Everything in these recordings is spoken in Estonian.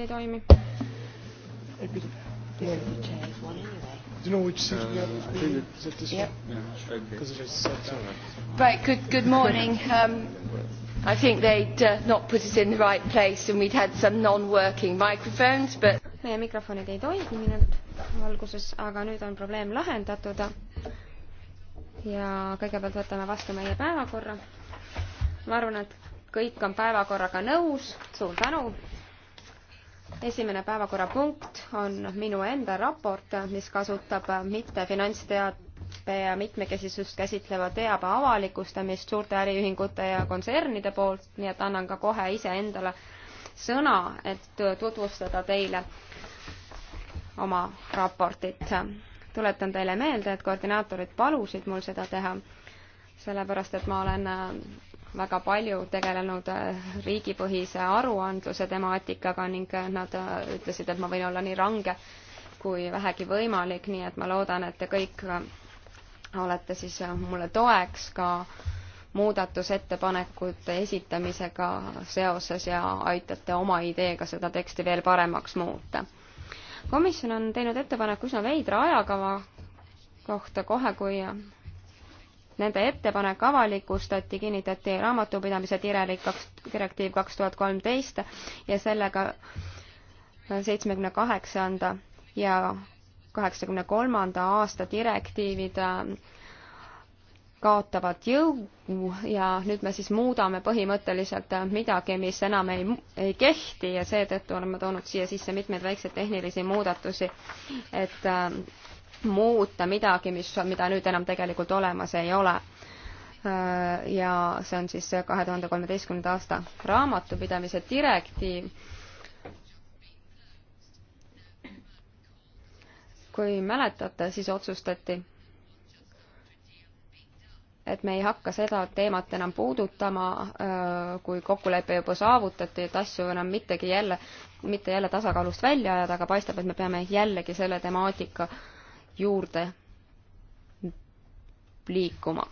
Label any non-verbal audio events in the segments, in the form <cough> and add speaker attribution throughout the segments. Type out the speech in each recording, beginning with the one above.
Speaker 1: ei toimi. Yeah.
Speaker 2: Do you know which seat we have with uh, me?
Speaker 3: Is it this yep. one? Yeah. Because it is set down.
Speaker 1: Right, good, good morning. Um, I think they'd uh, not put us in the right place and we'd had some non-working microphones, but... meie mikrofonid ei toiminud alguses, aga nüüd on probleem lahendatud. ja kõigepealt võtame vastu meie päevakorra. ma arvan, et kõik on päevakorraga nõus, suur tänu esimene päevakorrapunkt on minu enda raport, mis kasutab mitte finantsteabe ja mitmekesisust käsitleva teabe avalikustamist suurte äriühingute ja kontsernide poolt, nii et annan ka kohe iseendale sõna, et tutvustada teile oma raportit. tuletan teile meelde, et koordinaatorid palusid mul seda teha, sellepärast et ma olen väga palju tegelenud äh, riigipõhise aruandluse temaatikaga ning äh, nad äh, ütlesid, et ma võin olla nii range kui vähegi võimalik, nii et ma loodan, et te kõik olete siis mulle toeks ka muudatusettepanekute esitamisega seoses ja aitate oma ideega seda teksti veel paremaks muuta. komisjon on teinud ettepaneku üsna veidra ajakava kohta kohe, kui nende ettepanek avalikustati, kinnitati raamatupidamise direktiiv kaks, direktiiv kaks tuhat kolmteist ja sellega seitsmekümne kaheksanda ja kaheksakümne kolmanda aasta direktiivid äh, kaotavad jõu ja nüüd me siis muudame põhimõtteliselt midagi, mis enam ei, ei kehti ja seetõttu oleme toonud siia sisse mitmeid väikseid tehnilisi muudatusi, et äh, muuta midagi, mis, mida nüüd enam tegelikult olemas ei ole. Äh, ja see on siis kahe tuhande kolmeteistkümnenda aasta raamatupidamise direktiiv. kui mäletate, siis otsustati, et me ei hakka seda teemat enam puudutama, äh, kui kokkulepe juba saavutati, et asju enam mittegi jälle, mitte jälle tasakaalust välja ajada, aga paistab, et me peame jällegi selle temaatika äh, juurde liikuma.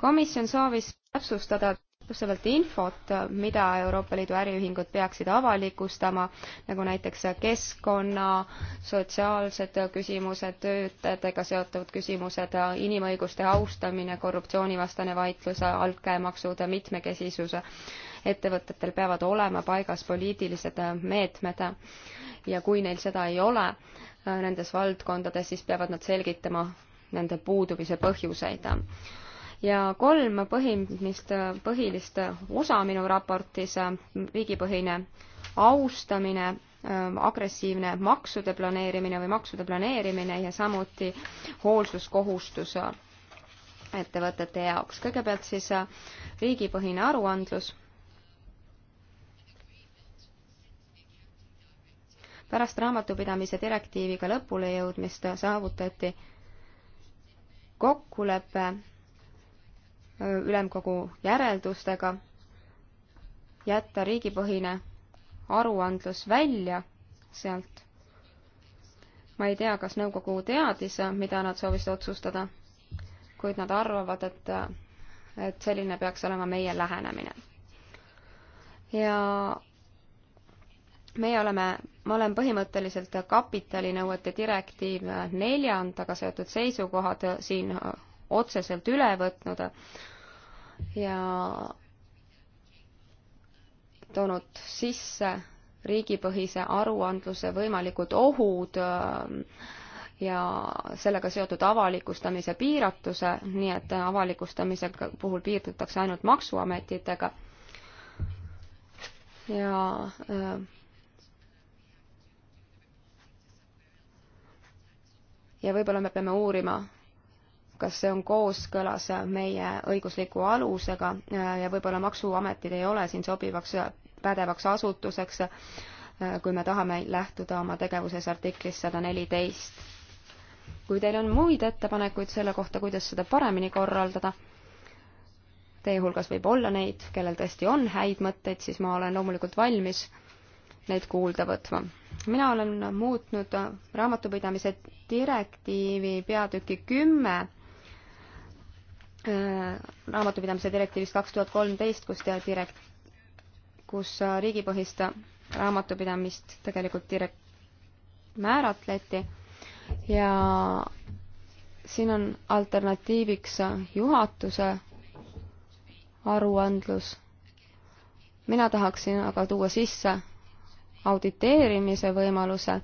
Speaker 1: komisjon soovis täpsustada täpsemalt infot, mida Euroopa Liidu äriühingud peaksid avalikustama, nagu näiteks keskkonna, sotsiaalsed küsimused, töötajatega seotud küsimused, inimõiguste austamine, korruptsioonivastane vaidlus, altkäemaksud, mitmekesisus. ettevõtetel peavad olema paigas poliitilised meetmed ja kui neil seda ei ole, Äh, nendes valdkondades, siis peavad nad selgitama nende puudumise põhjuseid. ja kolm põhimist, põhilist osa minu raportis, riigipõhine austamine, äh, agressiivne maksude planeerimine või maksude planeerimine ja samuti hoolsuskohustus ettevõtete jaoks. kõigepealt siis äh, riigipõhine aruandlus pärast raamatupidamise direktiiviga lõpulejõudmist saavutati kokkulepe ülemkogu järeldustega jätta riigipõhine aruandlus välja sealt. ma ei tea, kas nõukogu teadis, mida nad soovisid otsustada, kuid nad arvavad, et, et selline peaks olema meie lähenemine. ja meie oleme ma olen põhimõtteliselt kapitalinõuete direktiiv neljandaga seotud seisukohad siin otseselt üle võtnud ja toonud sisse riigipõhise aruandluse võimalikud ohud ja sellega seotud avalikustamise piiratuse, nii et avalikustamise puhul piirdutakse ainult maksuametitega. ja äh, ja võib-olla me peame uurima, kas see on kooskõlas meie õigusliku alusega äh, ja võib-olla Maksuametid ei ole siin sobivaks pädevaks asutuseks, äh, kui me tahame lähtuda oma tegevuses artiklist sada neliteist. kui teil on muid ettepanekuid selle kohta, kuidas seda paremini korraldada, teie hulgas võib olla neid, kellel tõesti on häid mõtteid, siis ma olen loomulikult valmis neid kuulda võtma. mina olen muutnud raamatupidamise direktiivi peatüki kümme äh, raamatupidamise direktiivist kaks tuhat kolmteist, kus tea direkt-, kus riigipõhist raamatupidamist tegelikult direkt-, määratleti ja siin on alternatiiviks juhatuse aruandlus. mina tahaksin aga tuua sisse auditeerimise võimaluse.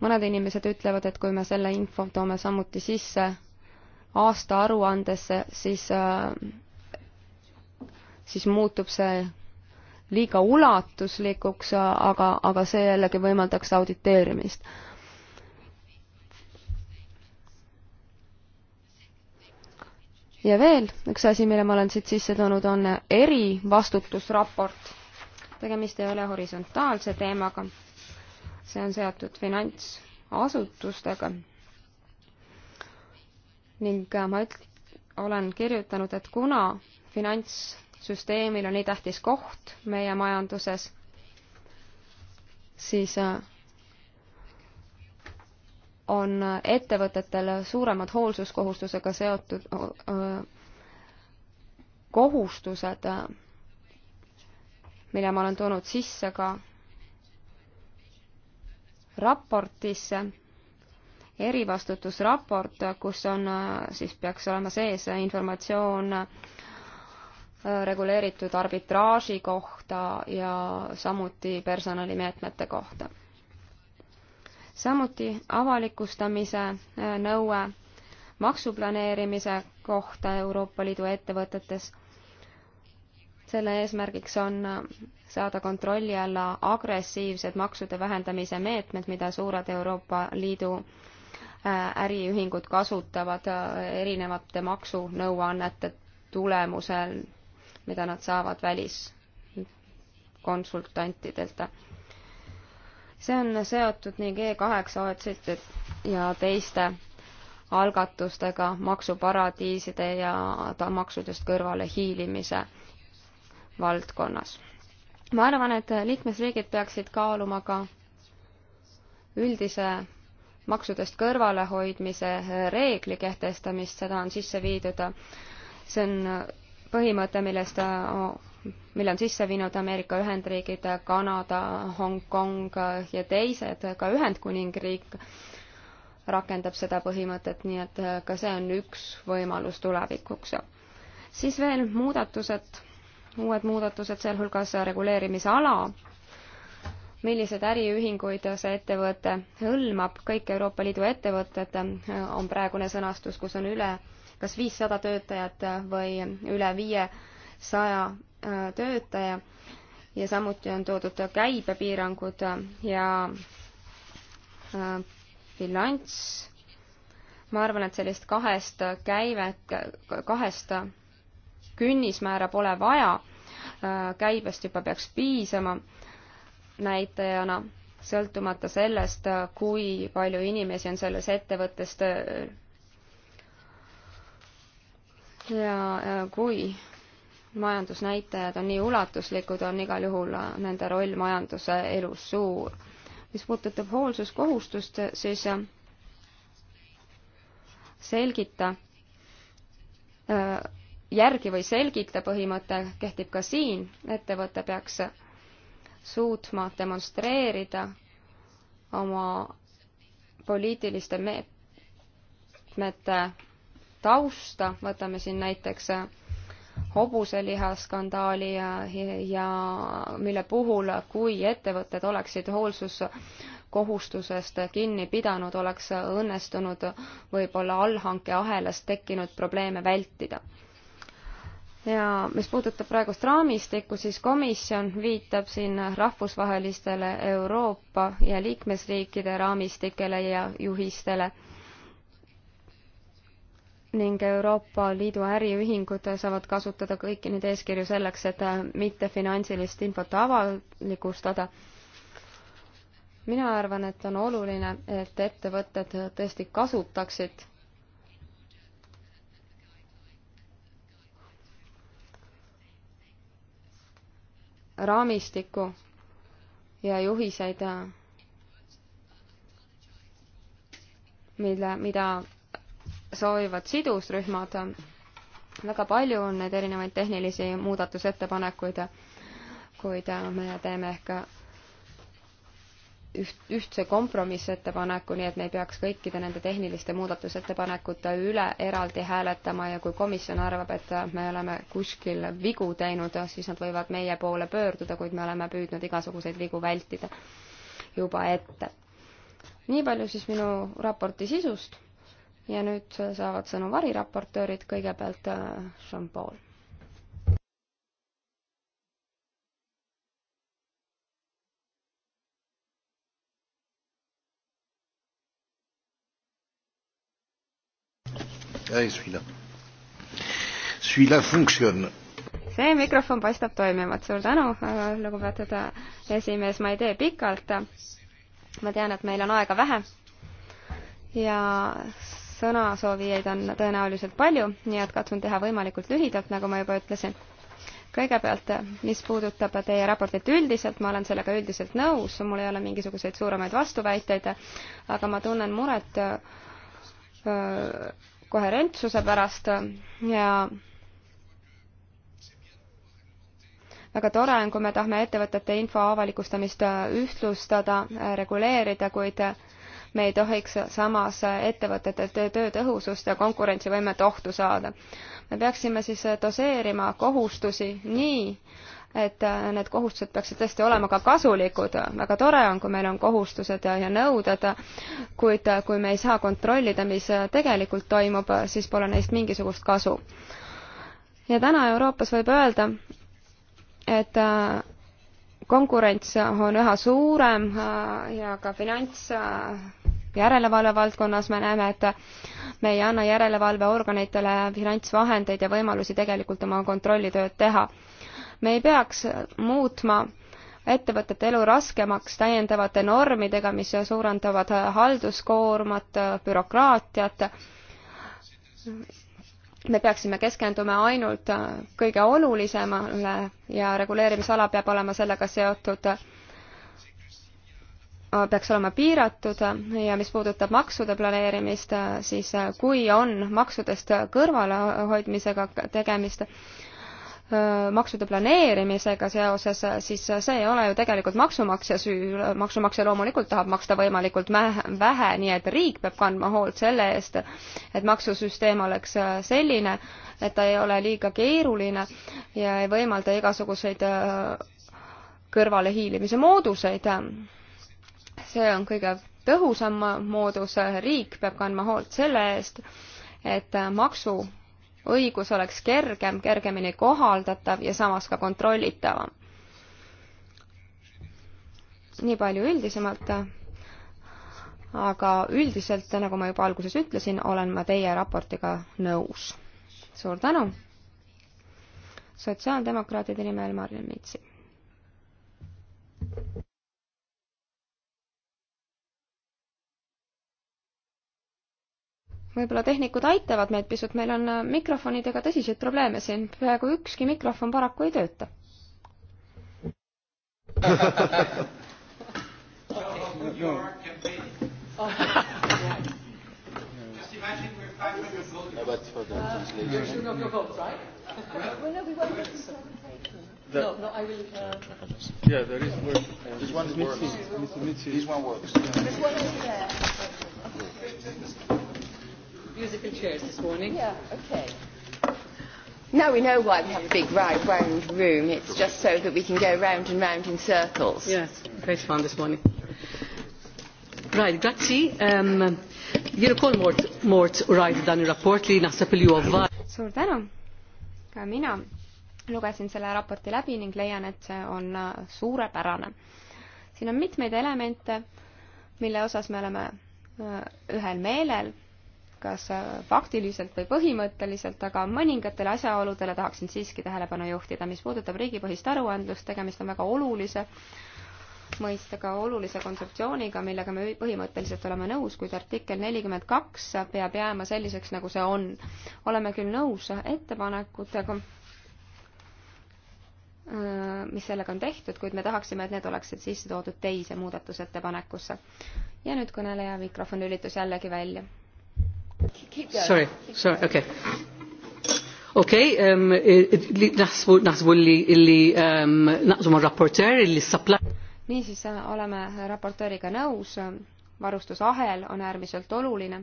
Speaker 1: mõned inimesed ütlevad, et kui me selle info toome samuti sisse aastaaruandesse, siis, äh, siis muutub see liiga ulatuslikuks, aga, aga see jällegi võimaldaks auditeerimist. ja veel üks asi, mille ma olen siit sisse toonud, on erivastutusraport tegemist ei ole horisontaalse teemaga, see on seotud finantsasutustega ning ma üt-, olen kirjutanud, et kuna finantssüsteemil on nii tähtis koht meie majanduses, siis äh, on ettevõtetel suuremad hoolsuskohustusega seotud äh, äh, kohustused mille ma olen toonud sisse ka raportisse, erivastutusraport, kus on, siis peaks olema sees informatsioon äh, reguleeritud arbitraaži kohta ja samuti personalimeetmete kohta. samuti avalikustamise äh, nõue maksuplaneerimise kohta Euroopa Liidu ettevõtetes selle eesmärgiks on äh, saada kontrolli alla agressiivsed maksude vähendamise meetmed, mida suured Euroopa Liidu äh, äriühingud kasutavad äh, erinevate maksunõuannete tulemusel, mida nad saavad väliskonsultantidelt. see on seotud nii G kaheksa OECD ja teiste algatustega maksuparadiiside ja maksudest kõrvale hiilimise valdkonnas. ma arvan, et liikmesriigid peaksid kaaluma ka üldise maksudest kõrvalehoidmise reegli kehtestamist, seda on sisse viidud, see on põhimõte, millest, mille on sisse viinud Ameerika Ühendriigid, Kanada, Hongkong ja teised, ka Ühendkuningriik rakendab seda põhimõtet, nii et ka see on üks võimalus tulevikuks. siis veel muudatused uued muudatused, sealhulgas reguleerimisala, millised äriühinguid see ettevõte hõlmab, kõik Euroopa Liidu ettevõtted äh, on praegune sõnastus, kus on üle kas viissada töötajat või üle viiesaja äh, töötaja ja samuti on toodud käibepiirangud ja äh, bilanss. ma arvan, et sellist kahest käivet, kahest künnismäära pole vaja, käibest juba peaks piisama näitajana, sõltumata sellest, kui palju inimesi on selles ettevõttes tööl. ja kui majandusnäitajad on nii ulatuslikud, on igal juhul nende roll majanduse elus suur. mis puudutab hoolsuskohustust, siis selgita äh, järgi või selgita põhimõte kehtib ka siin, ettevõte peaks suutma demonstreerida oma poliitiliste meetmete tausta, võtame siin näiteks hobuselihaskandaali ja, ja, ja mille puhul, kui ettevõtted oleksid hoolsuskohustusest kinni pidanud, oleks õnnestunud võib-olla allhankeahelas tekkinud probleeme vältida ja mis puudutab praegust raamistikku, siis komisjon viitab siin rahvusvahelistele Euroopa ja liikmesriikide raamistikele ja juhistele ning Euroopa Liidu äriühingud saavad kasutada kõiki neid eeskirju selleks, et mittefinantsilist infot avalikustada. mina arvan, et on oluline, et ettevõtted tõesti kasutaksid raamistikku ja juhiseid, mille, mida soovivad sidusrühmad. väga palju on neid erinevaid tehnilisi muudatusettepanekuid, kuid äh, me teeme ehk üht, ühtse kompromissettepaneku, nii et me ei peaks kõikide nende tehniliste muudatusettepanekute üle eraldi hääletama ja kui komisjon arvab, et me oleme kuskil vigu teinud, siis nad võivad meie poole pöörduda, kuid me oleme püüdnud igasuguseid vigu vältida juba ette. nii palju siis minu raporti sisust ja nüüd saavad sõnu variraportöörid, kõigepealt äh, Jean-Paul. see mikrofon paistab toimivat, suur tänu, äh, lugupeetud äh, esimees, ma ei tee pikalt. ma tean, et meil on aega vähe ja sõnasoovijaid on tõenäoliselt palju, nii et katsun teha võimalikult lühidalt, nagu ma juba ütlesin kõigepealt, äh, mis puudutab teie raportit üldiselt, ma olen sellega üldiselt nõus, mul ei ole mingisuguseid suuremaid vastuväiteid, aga ma tunnen muret koherentsuse pärast ja väga tore on, kui me tahame ettevõtete info avalikustamist ühtlustada, reguleerida, kuid me ei tohiks samas ettevõtete töö tõhusust ja konkurentsivõimet ohtu saada. me peaksime siis doseerima kohustusi nii, et äh, need kohustused peaksid tõesti olema ka kasulikud. väga tore on, kui meil on kohustused ja, ja nõuded, kuid äh, kui me ei saa kontrollida, mis äh, tegelikult toimub, siis pole neist mingisugust kasu. ja täna Euroopas võib öelda, et konkurents on üha suurem ja ka finants järelevalve valdkonnas me näeme, et me ei anna järelevalveorganitele finantsvahendeid ja võimalusi tegelikult oma kontrollitööd teha me ei peaks muutma ettevõtete elu raskemaks täiendavate normidega, mis suurendavad halduskoormat, bürokraatiat. me peaksime keskenduma ainult kõige olulisemale ja reguleerimisala peab olema sellega seotud peaks olema piiratud ja mis puudutab maksude planeerimist, siis kui on maksudest kõrvalehoidmisega tegemist, maksude planeerimisega seoses, siis see ei ole ju tegelikult maksumaksja süü, maksumaksja loomulikult tahab maksta võimalikult vähe, nii et riik peab kandma hoolt selle eest, et maksusüsteem oleks äh, selline, et ta ei ole liiga keeruline ja ei võimalda igasuguseid äh, kõrvalehiilimise mooduseid. see on kõige tõhusam moodus, riik peab kandma hoolt selle eest, et maksu õigus oleks kergem, kergemini kohaldatav ja samas ka kontrollitavam. nii palju üldisemalt, aga üldiselt, nagu ma juba alguses ütlesin, olen ma teie raportiga nõus. suur tänu! sotsiaaldemokraatide nimel Marlen Mitsi. võib-olla tehnikud aitavad meid pisut, meil on äh, mikrofonidega tõsiseid probleeme siin, peaaegu ükski mikrofon paraku ei tööta no. No. The, no, no, I will. Uh, yeah, there is work. Uh, this one works. This one works. This one is there. Okay musical chairs this morning. Yeah, okay. Now we know why we have a big right round room. It's just so that we can go round and round in circles. Yes, great fun this morning. Right, grazzi. Um, Jien ukoll mort, mort rajt dan ir-rapport li naħseb li huwa vvar. Suur tänu. Ka mina lugesin selle raporti läbi ning leian, et see on äh, suurepärane. siin on mitmeid elemente, mille osas me oleme äh, ühel meelel kas äh, faktiliselt või põhimõtteliselt, aga mõningatele asjaoludele tahaksin siiski tähelepanu juhtida. mis puudutab riigipõhist aruandlust, tegemist on väga olulise mõistega, olulise kontseptsiooniga, millega me põhimõtteliselt oleme nõus, kuid artikkel nelikümmend kaks peab jääma selliseks, nagu see on. oleme küll nõus ettepanekutega, äh, mis sellega on tehtud, kuid me tahaksime, et need oleksid sisse toodud teise muudatusettepanekusse. ja nüüd kõneleja mikrofon lülitus jällegi välja Keep going. Sorry,
Speaker 2: sorry, okay. Okay, um, naħsbu naħsbu li illi um, naqsu ma' rapporter illi supply.
Speaker 1: Niisiis äh, oleme raportööriga nõus, varustusahel on äärmiselt oluline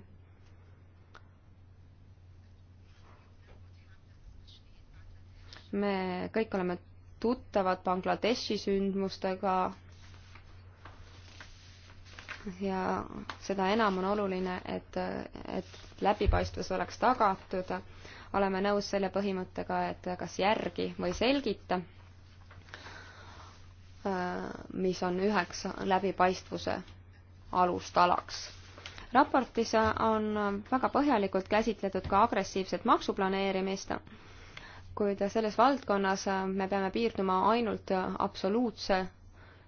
Speaker 1: me kõik oleme tuttavad Bangladeshi sündmustega, ja seda enam on oluline, et, et läbipaistvus oleks tagatud. oleme nõus selle põhimõttega, et kas järgi või selgita, mis on üheks läbipaistvuse alustalaks raportis on väga põhjalikult käsitletud ka agressiivset maksuplaneerimist, kuid selles valdkonnas me peame piirduma ainult absoluutse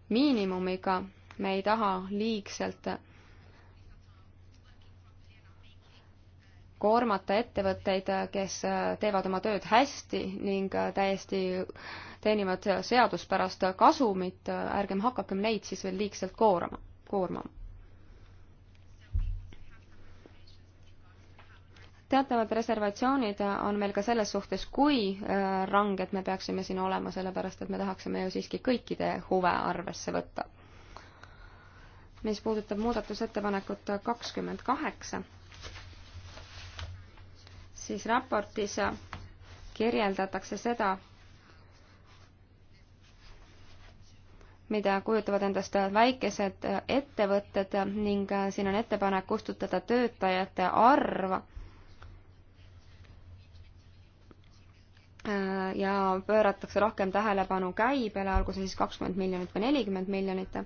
Speaker 1: miinimumiga me ei taha liigselt koormata ettevõtteid, kes teevad oma tööd hästi ning täiesti teenivad seaduspärast kasumit, ärgem hakakem neid siis veel liigselt koorama, koormama. teatavad reservatsioonid on meil ka selles suhtes, kui äh, ranged me peaksime siin olema, sellepärast et me tahaksime ju siiski kõikide huve arvesse võtta mis puudutab muudatusettepanekut kakskümmend kaheksa, siis raportis kirjeldatakse seda, mida kujutavad endast väikesed ettevõtted ning siin on ettepanek kustutada töötajate arv ja pööratakse rohkem tähelepanu käibele, olgu see siis kakskümmend miljonit või nelikümmend miljonit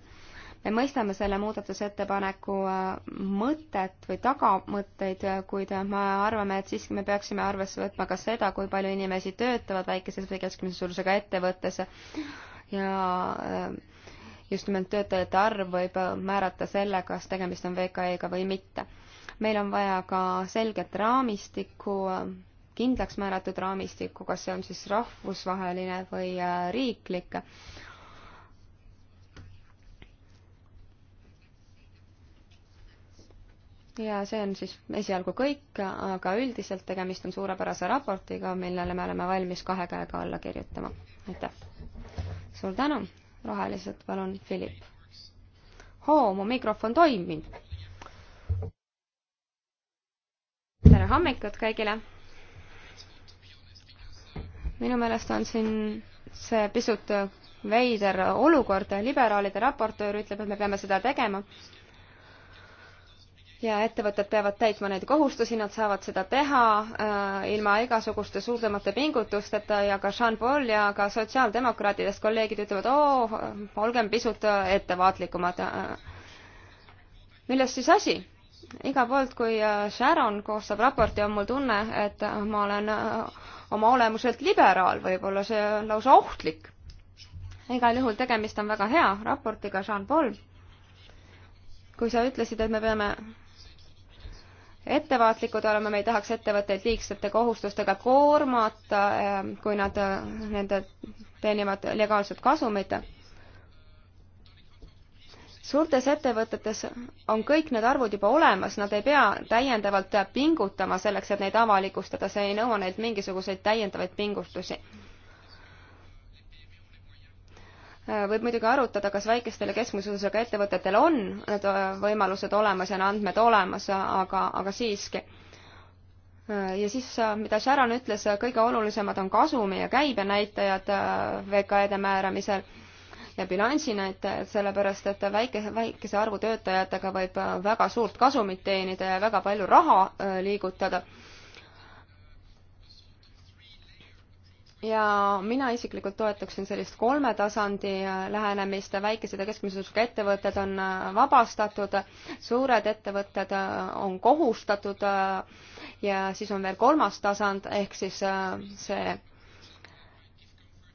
Speaker 1: me mõistame selle muudatusettepaneku äh, mõtet või tagamõtteid, äh, kuid äh, me arvame, et siiski me peaksime arvesse võtma ka seda, kui palju inimesi töötavad väikeses või keskmise suurusega ettevõttes ja just nimelt töötajate arv võib määrata selle, kas tegemist on VKE-ga või mitte. meil on vaja ka selget raamistikku, kindlaks määratud raamistikku, kas see on siis rahvusvaheline või riiklik ja see on siis esialgu kõik, aga üldiselt tegemist on suurepärase raportiga, millele me oleme valmis kahe käega alla kirjutama. aitäh! suur tänu, rohelised, palun, Philip. hoo, mu mikrofon toimib. tere hommikut kõigile! minu meelest on siin see pisut veider olukord, liberaalide raportöör ütleb, et me peame seda tegema ja ettevõtted peavad täitma neid kohustusi, nad saavad seda teha äh, ilma igasuguste suuremate pingutusteta ja ka Jean-Paul ja ka sotsiaaldemokraatidest kolleegid ütlevad, oo, olgem pisut äh, ettevaatlikumad äh,. milles siis asi? igalt poolt, kui äh, Sharon koostab raporti, on mul tunne, et äh, ma olen oma olemuselt liberaal, võib-olla see on lausa ohtlik. igal juhul tegemist on väga hea raportiga, Jean-Paul. kui sa ütlesid, et me peame ettevaatlikud olema, me ei tahaks ettevõtteid liigsete kohustustega koormata, ähm, kui nad, äh, nende teenivad legaalset kasumit. suurtes ettevõtetes on kõik need arvud juba olemas, nad ei pea täiendavalt pingutama selleks, et neid avalikustada, see ei nõua neilt mingisuguseid täiendavaid pingutusi Äh, võib muidugi arutada, kas väikestele keskmise suurusega ettevõtetel on need äh, võimalused olemas ja need andmed olemas, äh, aga, aga siiski. ja siis, mida Sharon ütles, kõige olulisemad on kasumi ja käibenäitajad VKE-de määramisel ja bilansinäitajad, sellepärast et väike, väikese arvu töötajatega võib väga suurt kasumit teenida ja väga palju raha liigutada ja mina isiklikult toetaksin sellist kolme tasandi äh, lähenemist, väikesed ja keskmise suurusega ettevõtted on äh, vabastatud, suured ettevõtted äh, on kohustatud ja siis on veel kolmas tasand, ehk siis see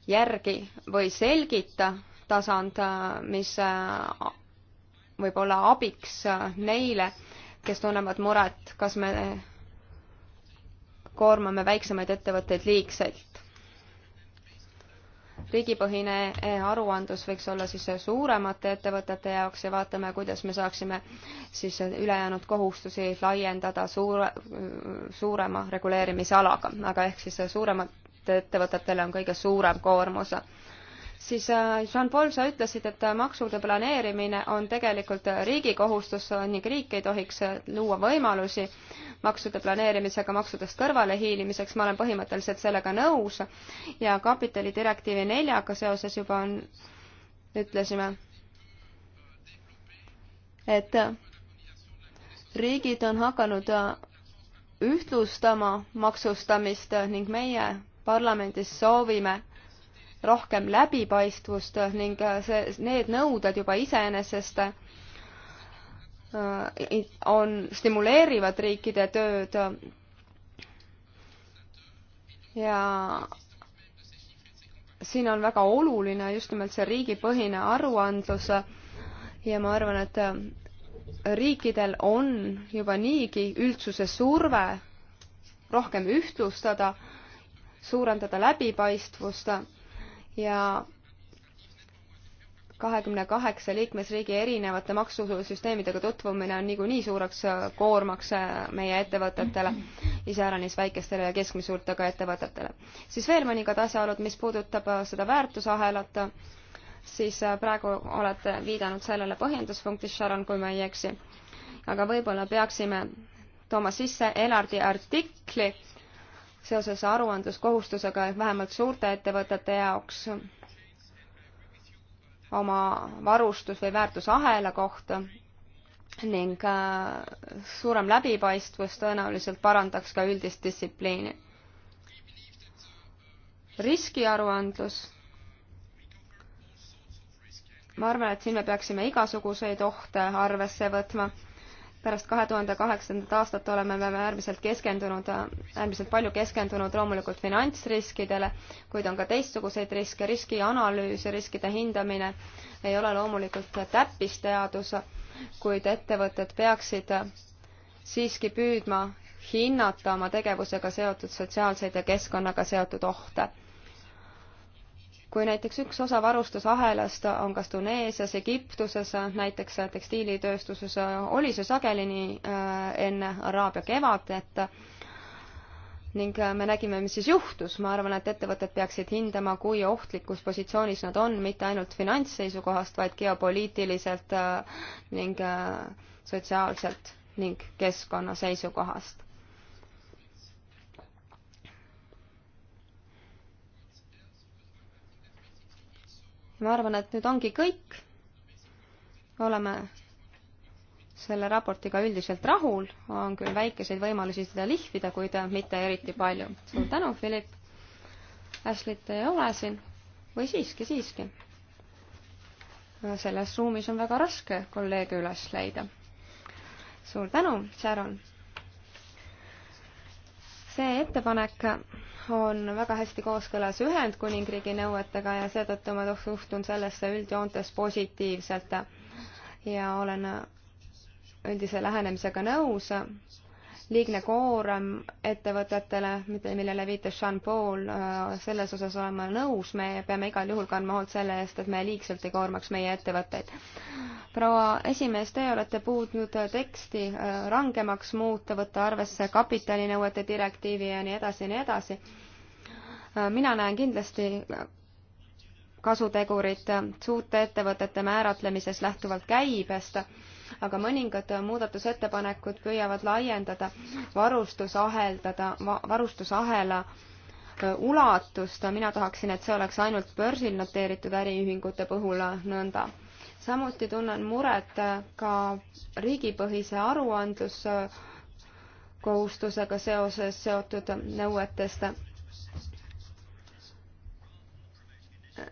Speaker 1: järgi või selgita tasand, mis võib olla abiks neile, kes tunnevad muret, kas me koormame väiksemaid ettevõtteid liigselt riigipõhine aruandlus võiks olla siis suuremate ettevõtete jaoks ja vaatame, kuidas me saaksime siis ülejäänud kohustusi laiendada suure, suurema reguleerimisalaga, aga ehk siis suurematele ettevõtetele on kõige suurem koormus siis äh, Jean-Paul, sa ütlesid, et äh, maksude planeerimine on tegelikult äh, riigi kohustus ning riik ei tohiks luua võimalusi maksude planeerimisega maksudest kõrvalehiilimiseks, ma olen põhimõtteliselt sellega nõus ja kapitalidirektiivi neljaga seoses juba on, ütlesime, et riigid on hakanud ühtlustama maksustamist ning meie parlamendis soovime rohkem läbipaistvust ning see, need nõuded juba iseenesest äh, on, stimuleerivad riikide tööd ja siin on väga oluline just nimelt see riigipõhine aruandlus ja ma arvan, et riikidel on juba niigi üldsuse surve rohkem ühtlustada, suurendada läbipaistvust ja kahekümne kaheksa liikmesriigi erinevate maksusüsteemidega tutvumine on niikuinii suureks koormaks meie ettevõtetele, iseäranis väikestele ja keskmise suurtega ettevõtetele. siis veel mõningad asjaolud, mis puudutab seda väärtusahelat, siis praegu olete viidanud sellele põhjenduspunktis, Sharon, kui ma ei eksi. aga võib-olla peaksime tooma sisse eraldi artikli seoses aruandluskohustusega vähemalt suurte ettevõtete jaoks oma varustus- või väärtusahela kohta ning äh, suurem läbipaistvus tõenäoliselt parandaks ka üldist distsipliini. riskiaruandlus. ma arvan, et siin me peaksime igasuguseid ohte arvesse võtma pärast kahe tuhande kaheksandat aastat oleme me äärmiselt keskendunud, äärmiselt palju keskendunud loomulikult finantsriskidele, kuid on ka teistsuguseid riske, riskianalüüs ja riskide hindamine ei ole loomulikult täppisteadus, kuid ettevõtted peaksid siiski püüdma hinnata oma tegevusega seotud sotsiaalseid ja keskkonnaga seotud ohte kui näiteks üks osa varustusahelast on kas Tuneesias, Egiptuses, näiteks tekstiilitööstuses oli see sageli nii äh, enne Araabia kevadet ning äh, me nägime, mis siis juhtus. ma arvan, et ettevõtted peaksid hindama, kui ohtlikus positsioonis nad on, mitte ainult finantsseisukohast, vaid geopoliitiliselt äh, ning sotsiaalselt ning keskkonna seisukohast ma arvan, et nüüd ongi kõik. oleme selle raportiga üldiselt rahul, on küll väikeseid võimalusi seda lihvida, kuid mitte eriti palju. suur tänu, Philip. Ashley't ei ole siin või siiski, siiski. selles ruumis on väga raske kolleege üles leida. suur tänu, Sharon. see ettepanek on väga hästi kooskõlas Ühendkuningriigi nõuetega ja seetõttu ma suhtun sellesse üldjoontes positiivselt ja olen üldise lähenemisega nõus liigne koorem ettevõtetele, millele viitas Jean-Paul, äh, selles osas olen ma nõus, me peame igal juhul kandma hoolt selle eest, et me liigselt ei koormaks meie ettevõtteid. proua esimees, teie olete puudnud teksti äh, rangemaks muuta, võtta arvesse kapitalinõuete direktiivi ja nii edasi ja nii edasi. Äh, mina näen kindlasti kasutegurit suurte ettevõtete määratlemises lähtuvalt käibest aga mõningad muudatusettepanekud püüavad laiendada varustusaheldada, varustusahela ulatust, mina tahaksin, et see oleks ainult börsil noteeritud äriühingute puhul nõnda samuti tunnen muret äh, ka riigipõhise aruandluskohustusega äh, seoses seotud nõuetest.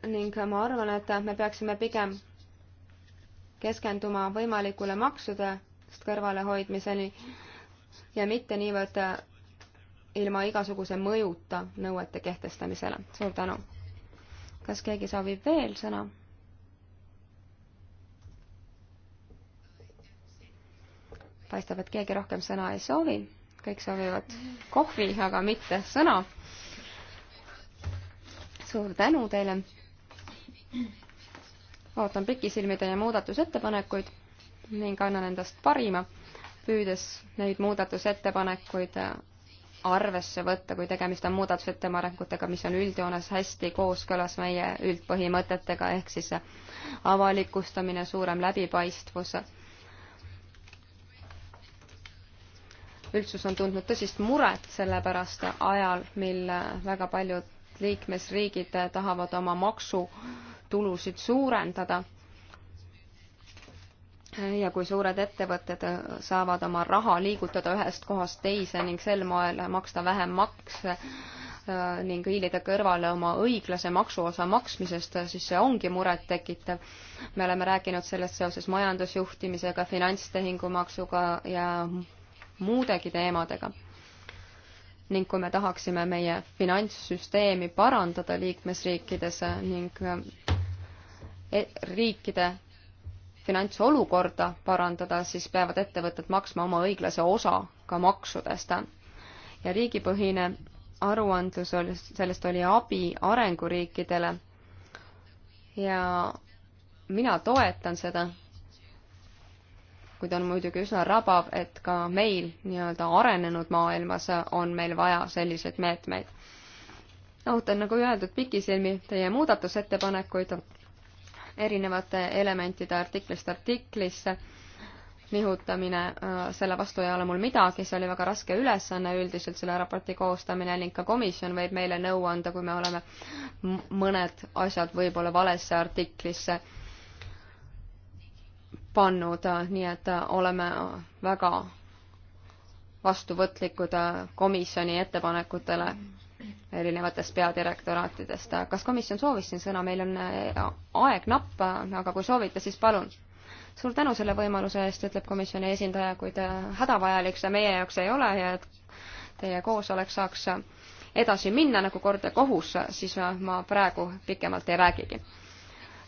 Speaker 1: ning ma arvan, et me peaksime pigem keskenduma võimalikule maksudest kõrvalehoidmiseni ja mitte niivõrd ilma igasuguse mõjuta nõuete kehtestamisele. suur tänu! kas keegi soovib veel sõna? paistab, et keegi rohkem sõna ei soovi, kõik soovivad kohvi, aga mitte sõna. suur tänu teile! ootan pikisilmi teie muudatusettepanekuid ning annan endast parima, püüdes neid muudatusettepanekuid arvesse võtta, kui tegemist on muudatusettepanekutega, mis on üldjoones hästi kooskõlas meie üldpõhimõtetega, ehk siis avalikustamine, suurem läbipaistvus. üldsus on tundnud tõsist muret selle pärast ajal, mil väga paljud liikmesriigid tahavad oma maksu äh, tulusid suurendada. ja kui suured ettevõtted saavad oma raha liigutada ühest kohast teise ning sel moel maksta vähem makse äh, ning hiilida kõrvale oma õiglase maksuosa maksmisest, siis see ongi murettekitav. me oleme rääkinud sellest seoses majandusjuhtimisega, finantstehingumaksuga ja muudegi teemadega ning kui me tahaksime meie finantssüsteemi parandada liikmesriikides ning E, riikide finantsolukorda parandada, siis peavad ettevõtted maksma oma õiglase osa ka maksudest. ja riigipõhine aruandlus oli, sellest oli abi arenguriikidele ja mina toetan seda, kuid on muidugi üsna rabav, et ka meil nii-öelda arenenud maailmas on meil vaja selliseid meetmeid. ootan, nagu öeldud, pikisilmi teie muudatusettepanekuid erinevate elementide artiklist artiklisse nihutamine, äh, selle vastu ei ole mul midagi, see oli väga raske ülesanne üldiselt, selle raporti koostamine ning ka komisjon võib meile nõu anda, kui me oleme mõned asjad võib-olla valesse artiklisse pannud, äh, nii et äh, oleme väga vastuvõtlikud komisjoni ettepanekutele erinevatest peadirektoraatidest. kas komisjon soovis siin sõna, meil on äh, aeg napp, aga kui soovite, siis palun. suur tänu selle võimaluse eest, ütleb komisjoni esindaja, kuid äh, hädavajalik see meie jaoks ei ole ja et teie koosolek saaks edasi minna nagu kord ja kohus, siis äh, ma praegu pikemalt ei räägigi.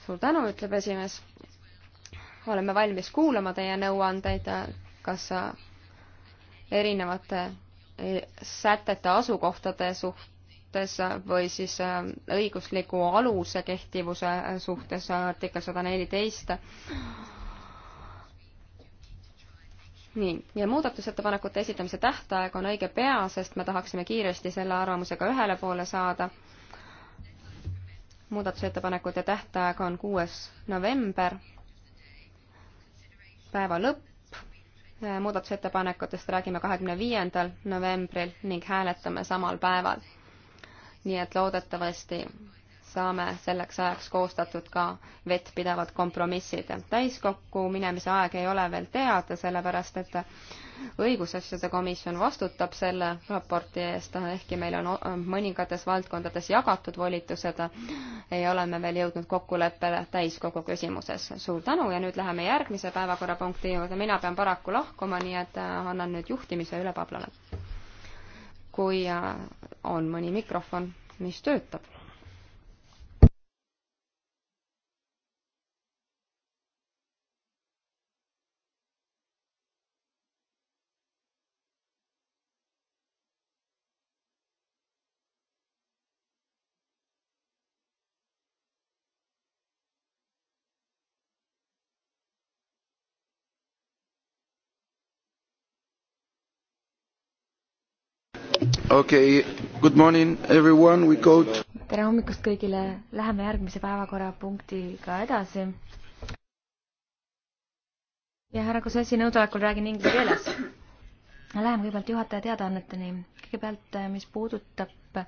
Speaker 1: suur tänu, ütleb esimees. oleme valmis kuulama teie nõuandeid, kas erinevate E, sätete asukohtade suhtes või siis e, õigusliku aluse kehtivuse e, suhtes artikkel sada neliteist. nii, ja muudatusettepanekute esitamise tähtaeg on õige pea, sest me tahaksime kiiresti selle arvamusega ühele poole saada. muudatusettepanekute tähtaeg on kuues november, päeva lõpp muudatusettepanekutest räägime kahekümne viiendal novembril ning hääletame samal päeval. nii et loodetavasti saame selleks ajaks koostatud ka vettpidavad kompromissid. täiskokku minemise aeg ei ole veel teada, sellepärast et õigusasjade komisjon vastutab selle raporti eest, ehkki meil on mõningates valdkondades jagatud volitused, ei ole me veel jõudnud kokkuleppele täiskogu küsimuses. suur tänu ja nüüd läheme järgmise päevakorrapunkti juurde. mina pean paraku lahkuma, nii et äh, annan nüüd juhtimise üle Pablale. kui äh, on mõni mikrofon, mis töötab
Speaker 2: okei okay., good morning everyone, we go to tere hommikust kõigile, läheme järgmise päevakorrapunktiga edasi. ja härra Kosessi nõusolekul räägin inglise keeles. Läheme kõigepealt juhataja teadaanneteni. kõigepealt, eh, mis puudutab äh,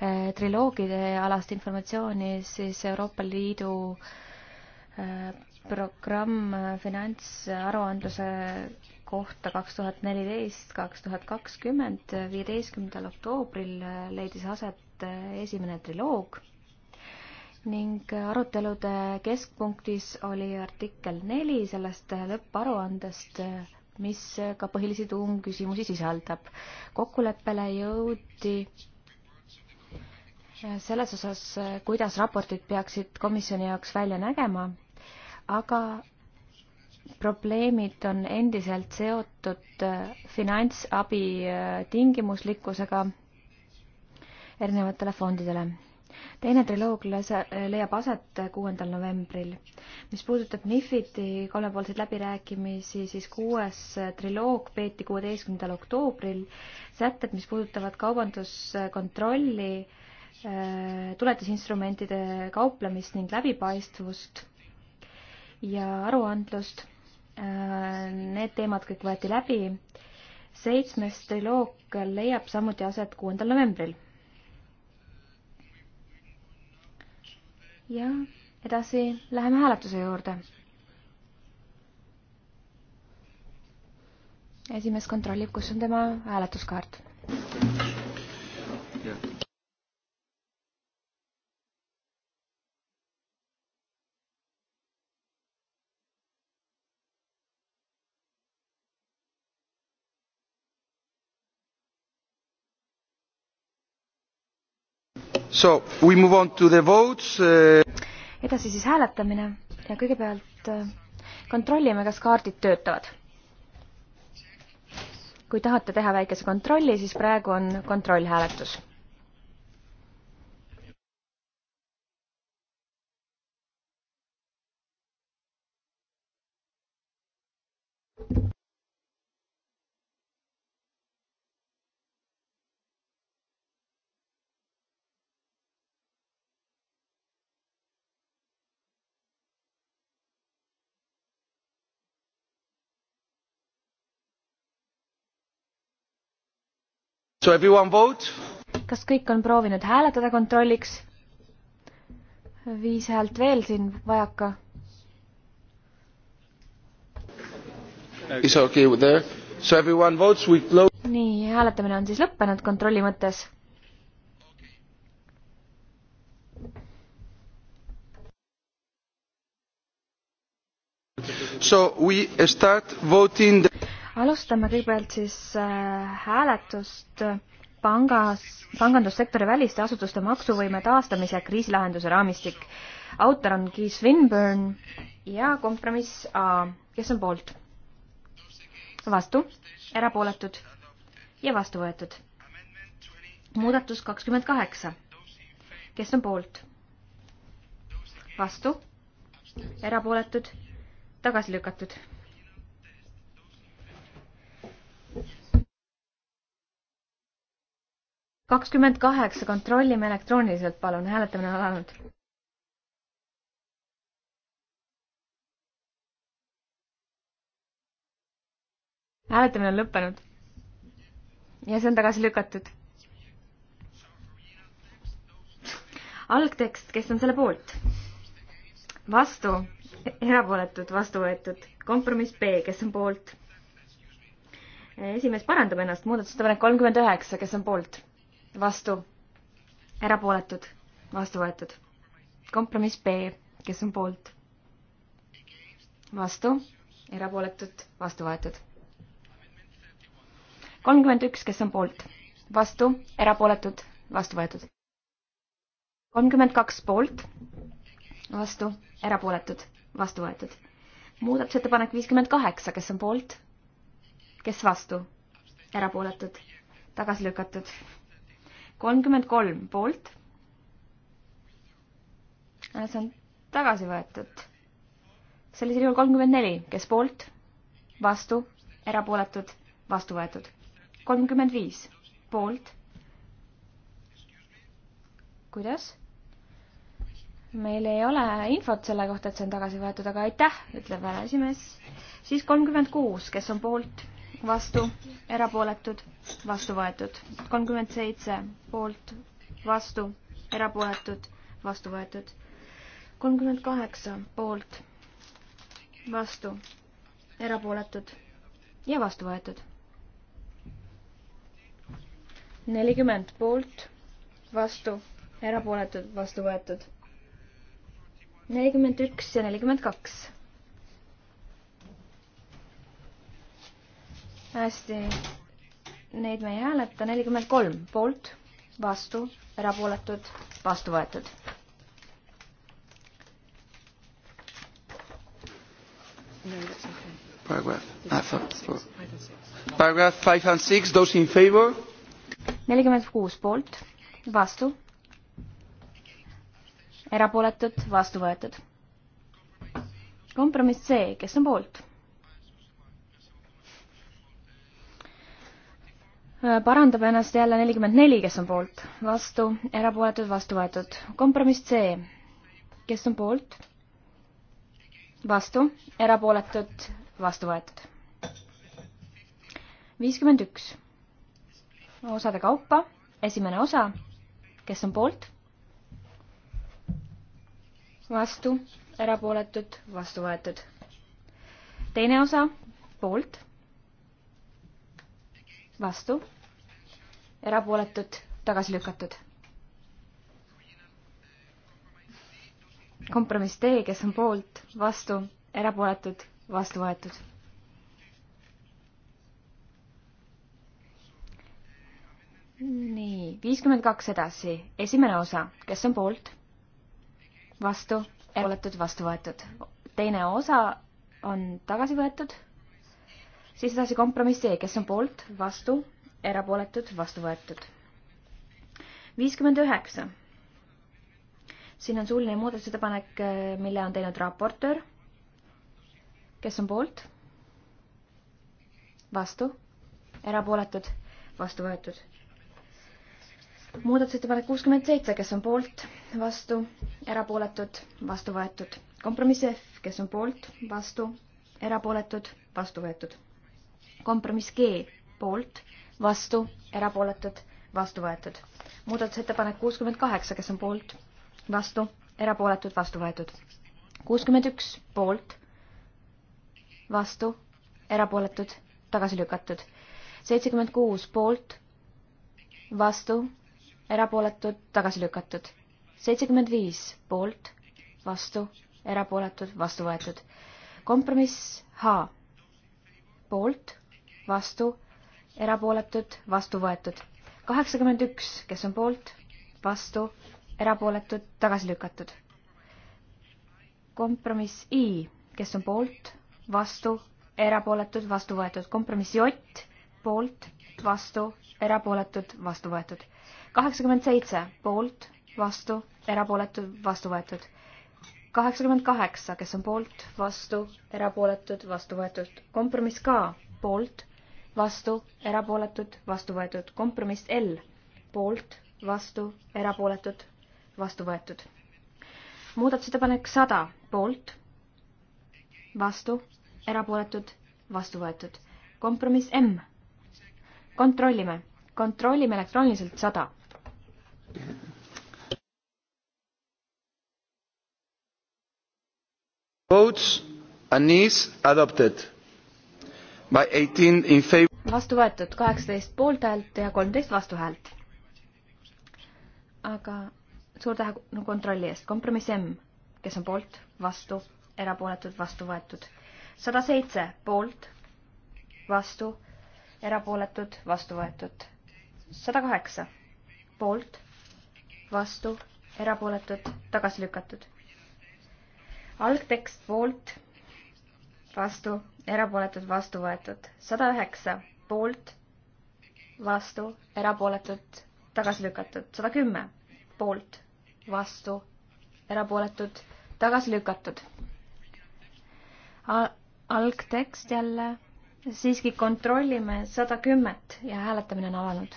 Speaker 2: eh, triloogide alast informatsiooni, siis Euroopa Liidu äh, programm finantsaruandluse kohta kaks tuhat neliteist, kaks tuhat kakskümmend, viieteistkümnendal oktoobril leidis aset esimene triloog ning arutelude keskpunktis oli artikkel neli sellest lõpparuandest, mis ka põhilisi tuumküsimusi sisaldab. kokkuleppele jõuti selles osas, kuidas raportid peaksid komisjoni jaoks välja nägema, aga probleemid on endiselt seotud äh, finantsabi äh, tingimuslikkusega erinevatele fondidele. teine triloog leiab aset kuuendal novembril. mis puudutab NIFIT-i kolmepoolseid läbirääkimisi, siis kuues äh, triloog peeti kuueteistkümnendal oktoobril. sätted, mis puudutavad kaubanduskontrolli, tuletisinstrumentide kauplemist ning läbipaistvust ja aruandlust Need teemad kõik võeti läbi. seitsmes triloog leiab samuti aset kuuendal novembril. ja edasi läheme hääletuse juurde. esimees kontrollib, kus on tema hääletuskaart. So we move on to the votes uh.... edasi siis hääletamine ja kõigepealt äh, kontrollime, kas kaardid töötavad. kui tahate teha väikese kontrolli, siis praegu on kontrollhääletus kas kõik on proovinud hääletada kontrolliks? viis häält veel siin vajaka. nii, hääletamine on siis lõppenud kontrolli mõttes so we start voting the alustame kõigepealt siis äh, hääletust pangas, pangandussektori väliste asutuste maksuvõime taastamise kriisilahenduse raamistik. autor on Keith Swinburne ja kompromiss A, kes on poolt? vastu, erapooletud ja vastu võetud. muudatus kakskümmend kaheksa. kes on poolt? vastu, erapooletud, tagasi lükatud kakskümmend kaheksa, kontrollime elektrooniliselt, palun,
Speaker 3: hääletamine on alanud. hääletamine on lõppenud.
Speaker 2: ja see on tagasi lükatud. algtekst, kes on selle poolt? vastu, erapooletud, vastu võetud. kompromiss B, kes on poolt? esimees parandab ennast, muudatusettepanek kolmkümmend üheksa, kes on poolt? vastu, erapooletud, vastu võetud. kompromiss B, kes on poolt? vastu, erapooletud, vastu võetud. kolmkümmend üks, kes on poolt? vastu, erapooletud, vastu võetud. kolmkümmend kaks poolt, vastu, erapooletud, vastu võetud. muudatusettepanek viiskümmend kaheksa, kes on poolt? kes vastu? erapooletud, tagasi lükatud kolmkümmend kolm poolt. Äh, see on tagasi võetud. sellisel juhul kolmkümmend neli, kes poolt, vastu, erapooletud, vastu võetud. kolmkümmend viis poolt. kuidas? meil ei ole infot selle kohta, et see on tagasi võetud, aga aitäh, ütleb härra esimees. siis kolmkümmend kuus, kes on poolt vastu, erapooletud, vastu võetud. kolmkümmend seitse poolt, vastu, erapooletud, vastu võetud. kolmkümmend kaheksa poolt, vastu, erapooletud ja vastu võetud. nelikümmend poolt, vastu, erapooletud, vastu võetud. nelikümmend üks ja nelikümmend kaks hästi, neid me ei hääleta, nelikümmend kolm poolt, vastu, erapooletud, vastu
Speaker 3: võetud. paragrahv five and six,
Speaker 1: those in favor?
Speaker 2: nelikümmend kuus poolt, vastu, erapooletud, vastu võetud. kompromiss C, kes on poolt? Äh, parandab ennast jälle nelikümmend neli, kes on poolt, vastu, erapooletud, vastu võetud. kompromiss C, kes on poolt, vastu, erapooletud, vastu võetud. viiskümmend üks, osade kaupa, esimene osa, kes on poolt, vastu, erapooletud, vastu võetud. teine osa, poolt vastu, erapooletud, tagasi lükatud. kompromiss D, kes on poolt, vastu, erapooletud, vastu võetud. nii, viiskümmend kaks edasi, esimene osa, kes on poolt, vastu, erapooletud, vastu võetud. teine osa on tagasi võetud, siis edasi kompromiss E, kes on poolt, vastu, erapooletud, vastu võetud. viiskümmend üheksa. siin on suuline muudatusettepanek, äh, mille on teinud raportöör. kes on poolt? vastu, erapooletud, vastu võetud. muudatusettepanek kuuskümmend seitse, kes on poolt, vastu, erapooletud, vastu võetud. kompromiss F, kes on poolt, vastu, erapooletud, vastu võetud. kompromiss G, poolt vastu, erapooletud, vastu võetud. muudatusettepanek kuuskümmend kaheksa, kes on poolt, vastu, erapooletud, vastu võetud. kuuskümmend üks poolt, vastu, erapooletud, tagasi lükatud. seitsekümmend kuus poolt, vastu, erapooletud, tagasi lükatud. seitsekümmend viis poolt, vastu, erapooletud, vastu võetud. kompromiss H poolt, vastu erapooletud, vastu võetud. kaheksakümmend üks, kes on poolt, vastu, erapooletud, tagasi lükatud. kompromiss I, kes on poolt, vastu, erapooletud, vastu võetud. kompromiss J, poolt, vastu, erapooletud, vastu võetud. kaheksakümmend seitse, poolt, vastu, erapooletud, vastu võetud. kaheksakümmend kaheksa, kes on poolt, vastu, erapooletud, vastu võetud. kompromiss K, poolt vastu, erapooletud, vastu võetud. kompromiss L, poolt, vastu, erapooletud, vastu võetud. muudatusettepanek sada, poolt, vastu, erapooletud, vastu võetud. kompromiss M. kontrollime, kontrollime elektrooniliselt sada. Votes, Anis, adopted vastu võetud kaheksateist poolthäält ja kolmteist vastuhäält. aga suur tähelepanu kontrolli eest, kompromiss M, kes on poolt, vastu, erapooletud, vastu võetud. sada seitse poolt, vastu, erapooletud, vastu võetud. sada kaheksa poolt, vastu, erapooletud, tagasi lükatud. algtekst poolt vastu, erapooletud, vastu võetud. sada üheksa poolt, vastu, erapooletud, tagasi lükatud. sada kümme poolt, vastu, erapooletud, tagasi lükatud. algtekst jälle, siiski kontrollime sada kümmet ja hääletamine on alanud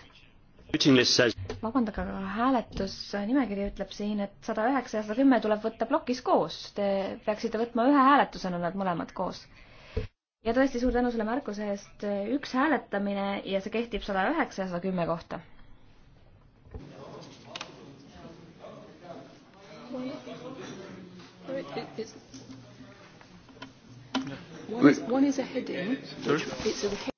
Speaker 2: vabandage, aga hääletusnimekiri ütleb siin, et sada üheksa ja sada kümme tuleb võtta plokis koos. Te peaksite võtma ühe hääletusena nad mõlemad koos. ja tõesti, suur tänu selle märkuse eest. üks hääletamine ja see kehtib sada üheksa ja sada kümme kohta. One is, one is a heading. Which, it's a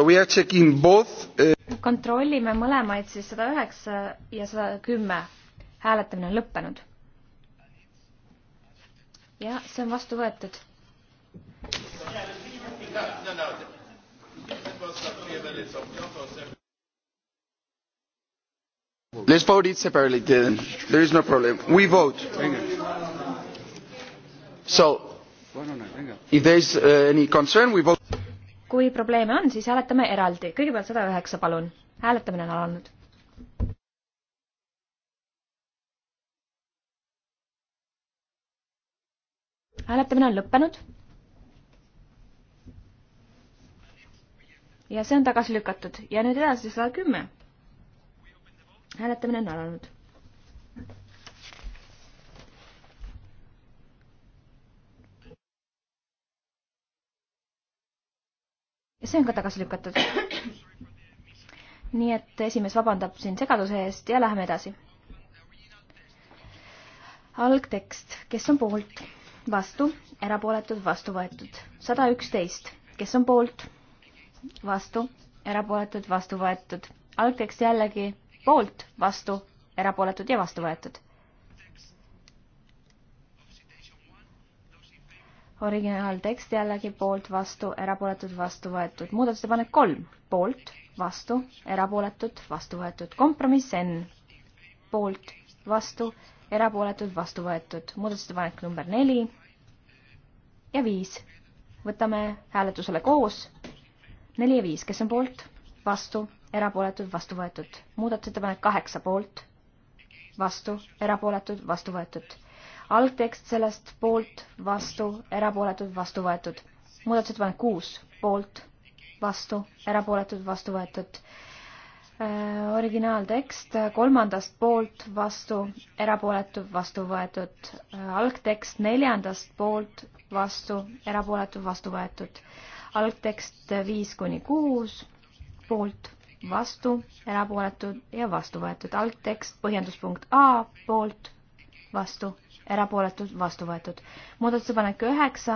Speaker 2: Uh, kontrollime mõlemaid siis sada üheksa ja sada kümme. hääletamine on lõppenud. ja see on vastu võetud. Let's vote it separately then. There is no problem. We vote. So, if there is uh, any concern, we vote kui probleeme on, siis hääletame eraldi. kõigepealt sada üheksa, palun. hääletamine on alanud. hääletamine on lõppenud. ja see on tagasi lükatud ja nüüd edasi sada kümme. hääletamine on alanud ja see on ka tagasi lükatud. nii et esimees vabandab siin segaduse eest ja läheme edasi. algtekst, kes on poolt, vastu, erapooletud, vastu võetud, sada üksteist, kes on poolt, vastu, erapooletud, vastu võetud, algtekst jällegi poolt, vastu, erapooletud ja vastu võetud originaaltekst jällegi poolt, vastu, erapooletud, vastu võetud. muudatusettepanek kolm, poolt, vastu, erapooletud, vastu võetud. kompromiss N, poolt, vastu, erapooletud, vastu võetud. muudatusettepanek number neli ja viis. võtame hääletusele koos. neli ja viis, kes on poolt, vastu, erapooletud, vastu võetud. muudatusettepanek kaheksa, poolt, vastu, erapooletud, vastu võetud algtekst sellest poolt, vastu, erapooletud, vastu võetud. muudatusettepanek kuus, poolt, vastu, erapooletud, vastu võetud äh, originaaltekst kolmandast poolt vastu, erapooletu vastu võetud. Äh, algtekst neljandast poolt vastu, erapooletu vastu võetud. algtekst viis kuni kuus poolt vastu, erapooletud ja vastu võetud. algtekst põhjenduspunkt A poolt vastu, erapooletud, vastu võetud. muudatusettepanek üheksa,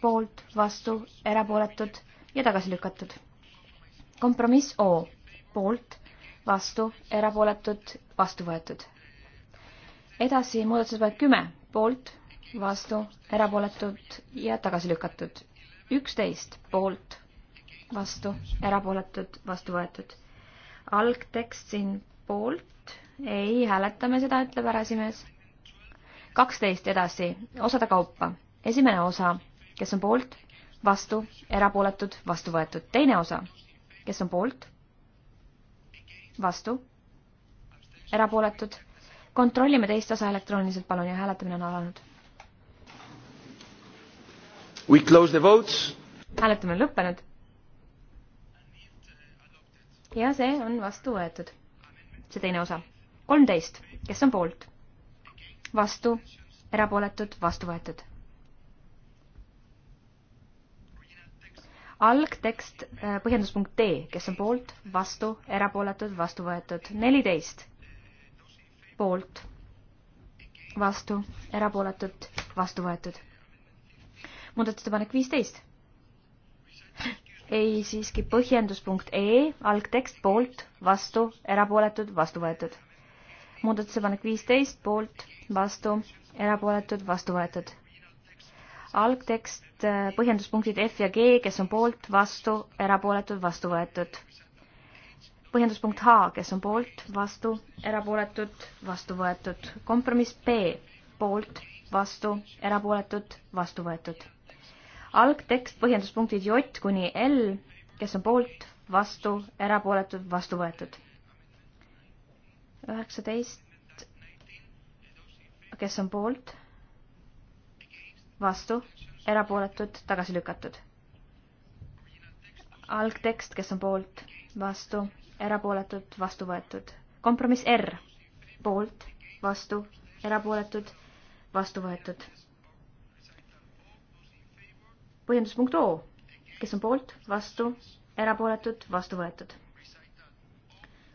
Speaker 2: poolt, vastu, erapooletud ja tagasi lükatud. kompromiss O, poolt, vastu, erapooletud, vastu võetud. edasi muudatusettepanek kümme, poolt, vastu, erapooletud ja tagasi lükatud. üksteist, poolt, vastu, erapooletud, vastu võetud. algtekst siin poolt, ei, hääletame seda, ütleb härrasimees kaksteist edasi, osade kaupa. esimene osa, kes on poolt, vastu, erapooletud, vastu võetud. teine osa, kes on poolt, vastu, erapooletud. kontrollime teist osa elektrooniliselt, palun, ja hääletamine on alanud. We close the votes. hääletamine on lõppenud. ja see on vastu võetud. see teine osa. kolmteist, kes on poolt vastu, erapooletud, vastu võetud. algtekst, äh, põhjenduspunkt D, kes on poolt, vastu, erapooletud, vastu võetud, neliteist, poolt, vastu, erapooletud, vastu võetud. muudatusettepanek viisteist ei siiski põhjenduspunkt E, algtekst poolt, vastu, erapooletud, vastu võetud muudatusepanek viisteist poolt, vastu, erapooletud, vastu võetud. algtekst, äh, põhjenduspunktid F ja G, kes on poolt, vastu, erapooletud, vastu võetud. põhjenduspunkt H, kes on poolt, vastu, erapooletud, vastu võetud. kompromiss B, poolt, vastu, erapooletud, vastu võetud. algtekst, põhjenduspunktid J kuni L, kes on poolt, vastu, erapooletud, vastu võetud üheksateist, kes on poolt, vastu, erapooletud, tagasi lükatud. algtekst, kes on poolt, vastu, erapooletud, vastu võetud. kompromiss R, poolt, vastu, erapooletud, vastu võetud. põhjenduspunkt O, kes on poolt, vastu, erapooletud, vastu võetud.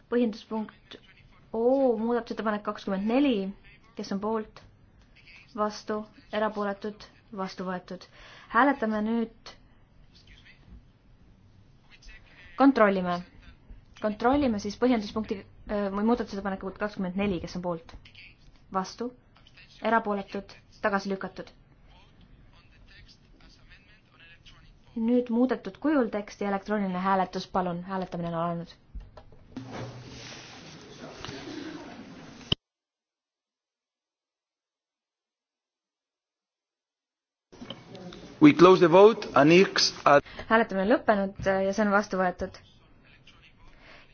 Speaker 2: põhjenduspunkt O muudatusettepanek kakskümmend neli, kes on poolt, vastu, erapooletud, vastu võetud. hääletame nüüd. kontrollime, kontrollime siis põhjenduspunkti äh, või muudatusettepanekut kakskümmend neli, kes on poolt, vastu, erapooletud, tagasi lükatud. nüüd muudetud kujul teksti elektrooniline hääletus, palun, hääletamine on alanud. We close the vote, annex ad... Uh, hääletamine on lõppenud äh, ja see on vastu võetud.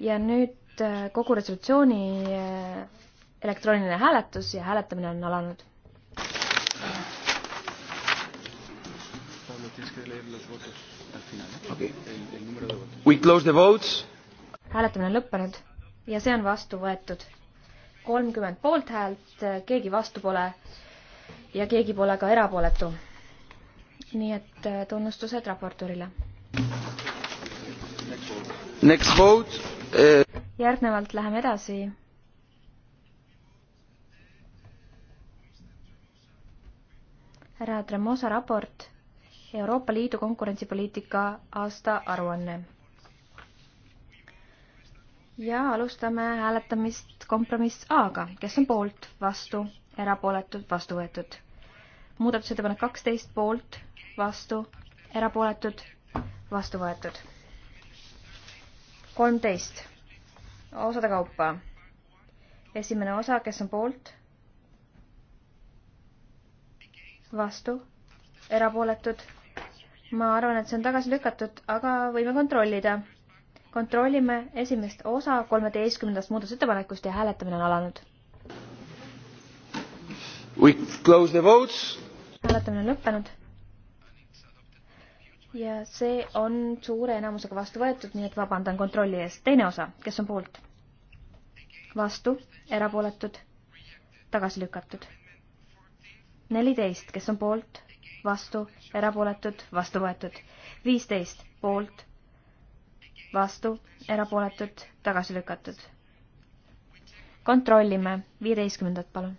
Speaker 2: ja nüüd äh, kogu resolutsiooni äh, elektrooniline hääletus ja hääletamine on alanud. Okay. We close the votes. hääletamine on lõppenud ja see on vastu võetud. kolmkümmend poolthäält, keegi vastu pole ja keegi pole ka erapooletu nii et äh, tunnustused raportöörile. Äh, järgnevalt läheme edasi. härra Tremosa raport Euroopa Liidu konkurentsipoliitika aastaaruanne. ja alustame hääletamist kompromiss A-ga, kes on poolt, vastu, erapooletud, vastu võetud. muudatusettepanek kaksteist poolt, vastu, erapooletud, vastu võetud. kolmteist, osade kaupa. esimene osa, kes on poolt? vastu, erapooletud. ma arvan, et see on tagasi lükatud, aga võime kontrollida. kontrollime esimest osa kolmeteistkümnendast muudatusettepanekust ja hääletamine on alanud. hääletamine on lõppenud ja see on suure enamusega vastu võetud, nii et vabandan kontrolli eest. teine osa, kes on poolt? vastu, erapooletud, tagasi lükatud. neliteist, kes on poolt? vastu, erapooletud, vastu võetud. viisteist, poolt, vastu, erapooletud, tagasi lükatud. kontrollime, viieteistkümnendat palun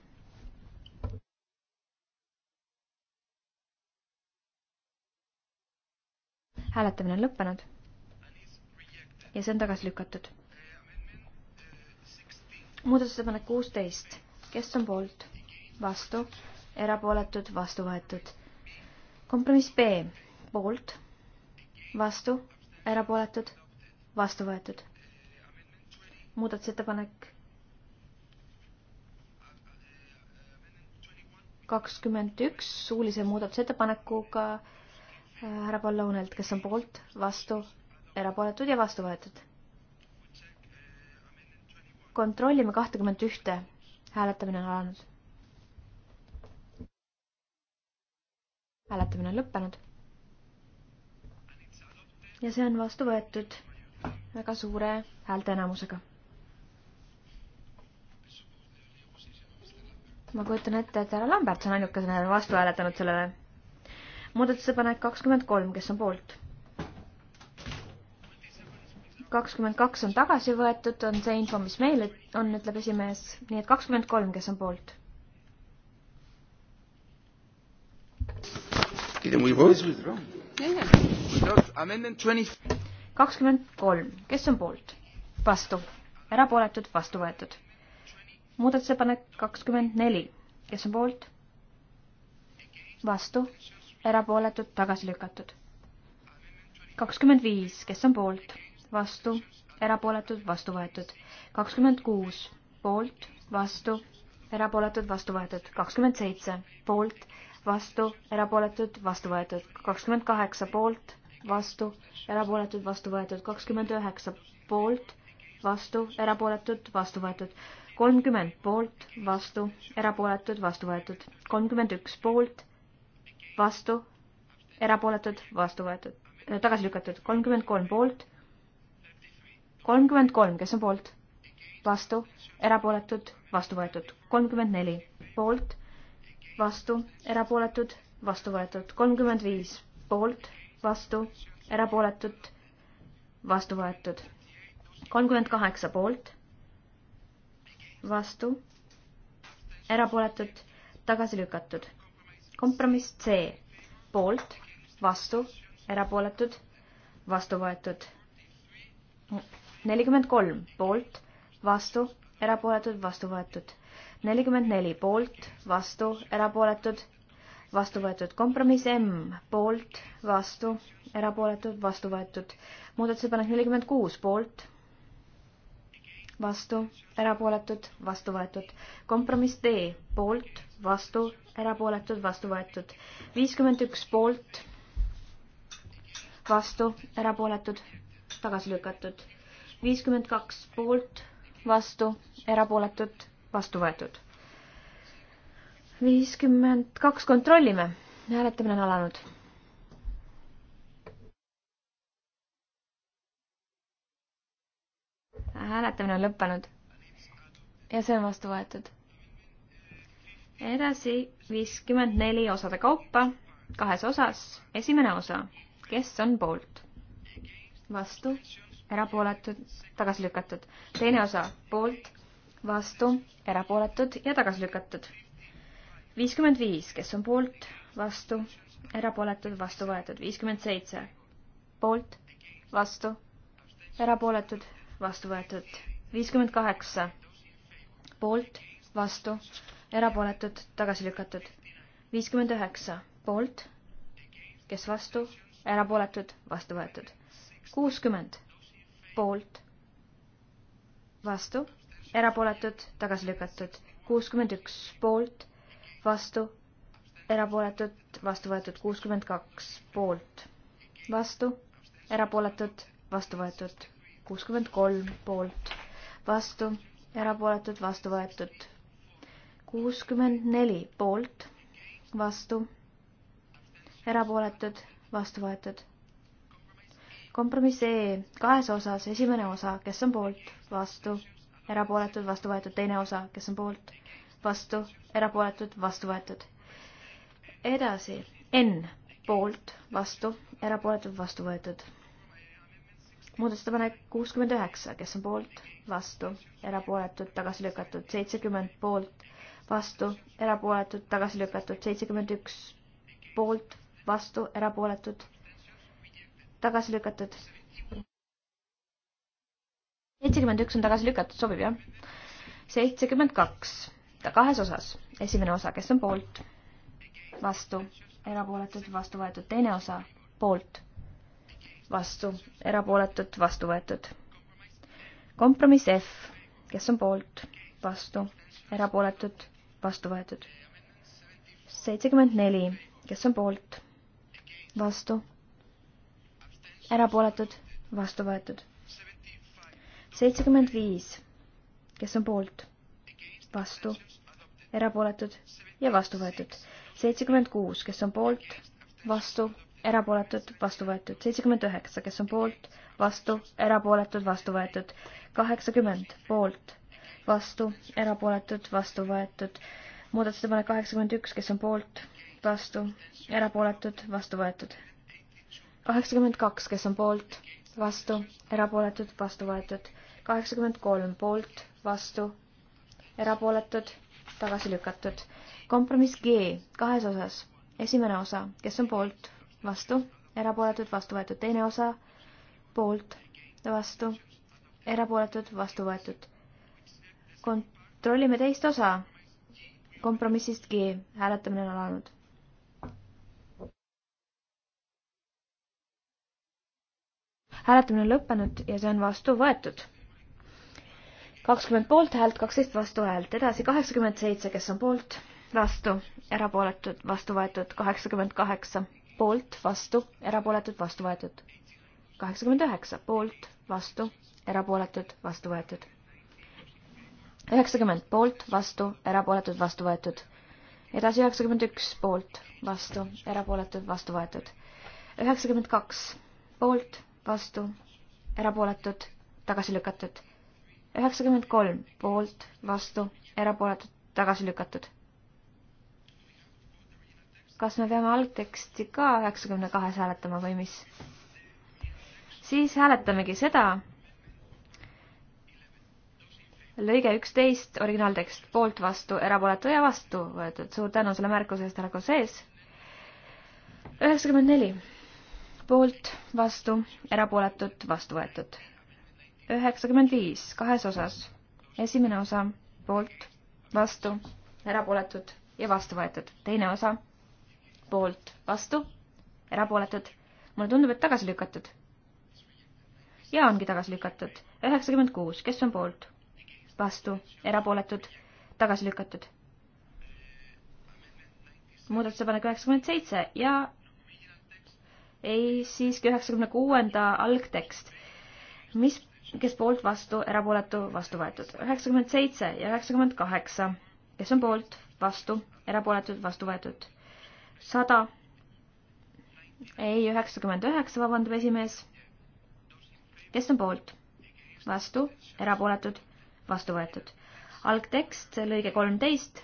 Speaker 2: hääletamine on lõppenud ja see on tagasi lükatud. muudatusettepanek kuusteist, kes on poolt, vastu, erapooletud, vastu võetud. kompromiss B, poolt, vastu, erapooletud, vastu võetud. muudatusettepanek kakskümmend üks suulise muudatusettepanekuga ka härra Pallonelt, kes on poolt, vastu, erapooletud ja vastu võetud. kontrollime kahtekümmet ühte. hääletamine on alanud. hääletamine on lõppenud. ja see on vastu võetud väga suure häälteenamusega. ma kujutan ette, et härra Lambert on ainukesena vastu hääletanud sellele muudatusettepanek kakskümmend kolm, kes on poolt? kakskümmend kaks on tagasi võetud, on see info, mis meil on, ütleb esimees, nii et kakskümmend kolm, kes on poolt. kakskümmend kolm, kes on poolt? vastu, erapooletud, vastu võetud. muudatusepanek kakskümmend neli, kes on poolt? vastu erapooletud, tagasi lükatud. kakskümmend viis, kes on poolt, vastu, erapooletud, vastu võetud. kakskümmend kuus, poolt, vastu, erapooletud, vastu võetud. kakskümmend seitse, poolt, vastu, erapooletud, vastu võetud. kakskümmend kaheksa, poolt, vastu, erapooletud, vastu võetud. kakskümmend üheksa, poolt, vastu, erapooletud, vastu võetud kolmkümmend poolt, vastu, erapooletud, vastu võetud, kolmkümmend üks poolt, vastu, erapooletud, vastu võetud, tagasi lükatud, kolmkümmend kolm poolt, kolmkümmend kolm, kes on poolt, vastu, erapooletud, vastu võetud, kolmkümmend neli poolt, vastu, erapooletud, vastu võetud, kolmkümmend viis poolt, vastu, erapooletud, vastu võetud, kolmkümmend kaheksa poolt, vastu, erapooletud, tagasi lükatud kompromiss C poolt, vastu, erapooletud, vastu võetud. nelikümmend kolm poolt, vastu, erapooletud, vastu võetud. nelikümmend neli poolt, vastu, erapooletud, vastu võetud. kompromiss M poolt, vastu, erapooletud, vastu võetud. muudatusepanek nelikümmend kuus poolt, vastu, erapooletud, vastu võetud. kompromiss D poolt, vastu, erapooletud, vastu võetud. viiskümmend üks poolt, vastu, erapooletud, tagasi lükatud. viiskümmend kaks poolt, vastu, erapooletud, vastu võetud. viiskümmend kaks, kontrollime. hääletamine on alanud hääletamine on lõppenud ja see on vastu võetud edasi viiskümmend neli osade kaupa, kahes osas, esimene osa, kes on poolt? vastu, erapooletud, tagasi lükatud. teine osa, poolt, vastu, erapooletud ja tagasi lükatud. viiskümmend viis, kes on poolt, vastu, erapooletud, vastu võetud. viiskümmend seitse, poolt, vastu, erapooletud, vastu võetud. viiskümmend kaheksa, poolt, vastu, erapooletud, tagasi lükatud. viiskümmend üheksa poolt, kes vastu, erapooletud, vastu võetud. kuuskümmend poolt, vastu, erapooletud, tagasi lükatud. kuuskümmend üks poolt, vastu, erapooletud, vastu võetud. kuuskümmend kaks poolt, vastu, erapooletud, vastu võetud. kuuskümmend kolm poolt, vastu, erapooletud, vastu võetud kuuskümmend neli poolt, vastu, erapooletud, vastu võetud. kompromiss E kahes osas, esimene osa, kes on poolt, vastu, erapooletud, vastu võetud, teine osa, kes on poolt, vastu, erapooletud, vastu võetud. edasi, N poolt, vastu, erapooletud, vastu võetud. muudatusettepanek kuuskümmend üheksa, kes on poolt, vastu, erapooletud, tagasi lükatud, seitsekümmend poolt, vastu, erapooletud, tagasi lükatud, seitsekümmend üks poolt, vastu, erapooletud, tagasi lükatud. seitsekümmend üks on tagasi lükatud, sobib jah? seitsekümmend kaks, kahes osas, esimene osa, kes on poolt, vastu, erapooletud, vastu võetud, teine osa, poolt, vastu, erapooletud, vastu võetud. kompromiss F, kes on poolt, vastu, erapooletud vastu võetud. seitsekümmend neli, kes on poolt, vastu, erapooletud, vastu võetud. seitsekümmend viis, kes on poolt, vastu, erapooletud ja vastu võetud. seitsekümmend kuus, kes on poolt, vastu, erapooletud, vastu võetud. seitsekümmend üheksa, kes on poolt, vastu, erapooletud, vastu võetud. kaheksakümmend, poolt vastu, erapooletud, vastu võetud. muudatusettepanek kaheksakümmend üks, kes on poolt, vastu, erapooletud, vastu võetud. kaheksakümmend kaks, kes on poolt, vastu, erapooletud, vastu võetud. kaheksakümmend kolm poolt, vastu, erapooletud, tagasi lükatud. kompromiss G kahes osas. esimene osa, kes on poolt, vastu, erapooletud, vastu võetud. teine osa, poolt, vastu, erapooletud, vastu võetud kontrollime teist osa. kompromissist G hääletamine on alanud. hääletamine on lõppenud ja see on vastu võetud. kakskümmend poolthäält, kaksteist vastuhäält, edasi kaheksakümmend seitse, kes on poolt, vastu, erapooletud, vastu võetud, kaheksakümmend kaheksa, poolt, vastu, erapooletud, vastu võetud. kaheksakümmend üheksa, poolt, vastu, erapooletud, vastu võetud üheksakümmend poolt, vastu, erapooletud, vastu võetud. edasi üheksakümmend üks poolt, vastu, erapooletud, vastu võetud. üheksakümmend kaks poolt, vastu, erapooletud, tagasi lükatud. üheksakümmend kolm poolt, vastu, erapooletud, tagasi lükatud. kas me peame algteksti ka üheksakümne kahes hääletama või mis? siis hääletamegi seda lõige üksteist, originaaltekst poolt, vastu, erapooletu ja vastu võetud. suur tänu selle märkuse eest, härra Kosees. üheksakümmend neli poolt, vastu, erapooletud, vastu võetud. üheksakümmend viis, kahes osas. esimene osa, poolt, vastu, erapooletud ja vastu võetud. teine osa, poolt, vastu, erapooletud. mulle tundub, et tagasi lükatud. ja ongi tagasi lükatud. üheksakümmend kuus, kes on poolt? vastu, erapooletud, tagasi lükatud. muudatusepanek üheksakümmend seitse ja ei, siiski üheksakümne kuuenda algtekst, mis, kes poolt, vastu, erapooletu, vastu võetud. üheksakümmend seitse ja üheksakümmend kaheksa, kes on poolt, vastu, erapooletud, vastu võetud. sada, ei, üheksakümmend üheksa, vabandab esimees, kes on poolt, vastu, erapooletud, vastu võetud. algtekst, lõige kolmteist.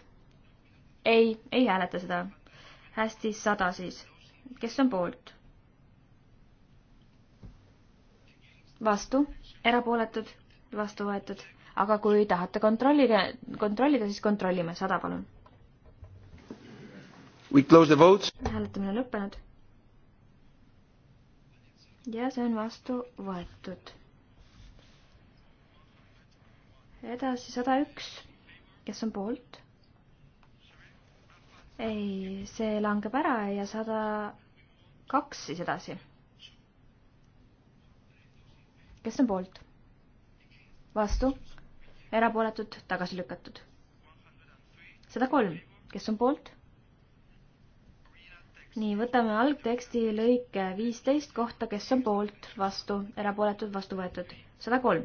Speaker 2: ei, ei hääleta seda. hästi, sada siis. kes on poolt? vastu, erapooletud, vastu võetud, aga kui tahate kontrollida, kontrollida, siis kontrollime, sada palun. hääletamine lõppenud. ja see on vastu võetud edasi sada üks, kes on poolt? ei, see langeb ära ja sada kaks siis edasi. kes on poolt? vastu, erapooletud, tagasi lükatud. sada kolm, kes on poolt? nii, võtame algteksti lõike viisteist kohta, kes on poolt, vastu, erapooletud, vastu võetud. sada kolm,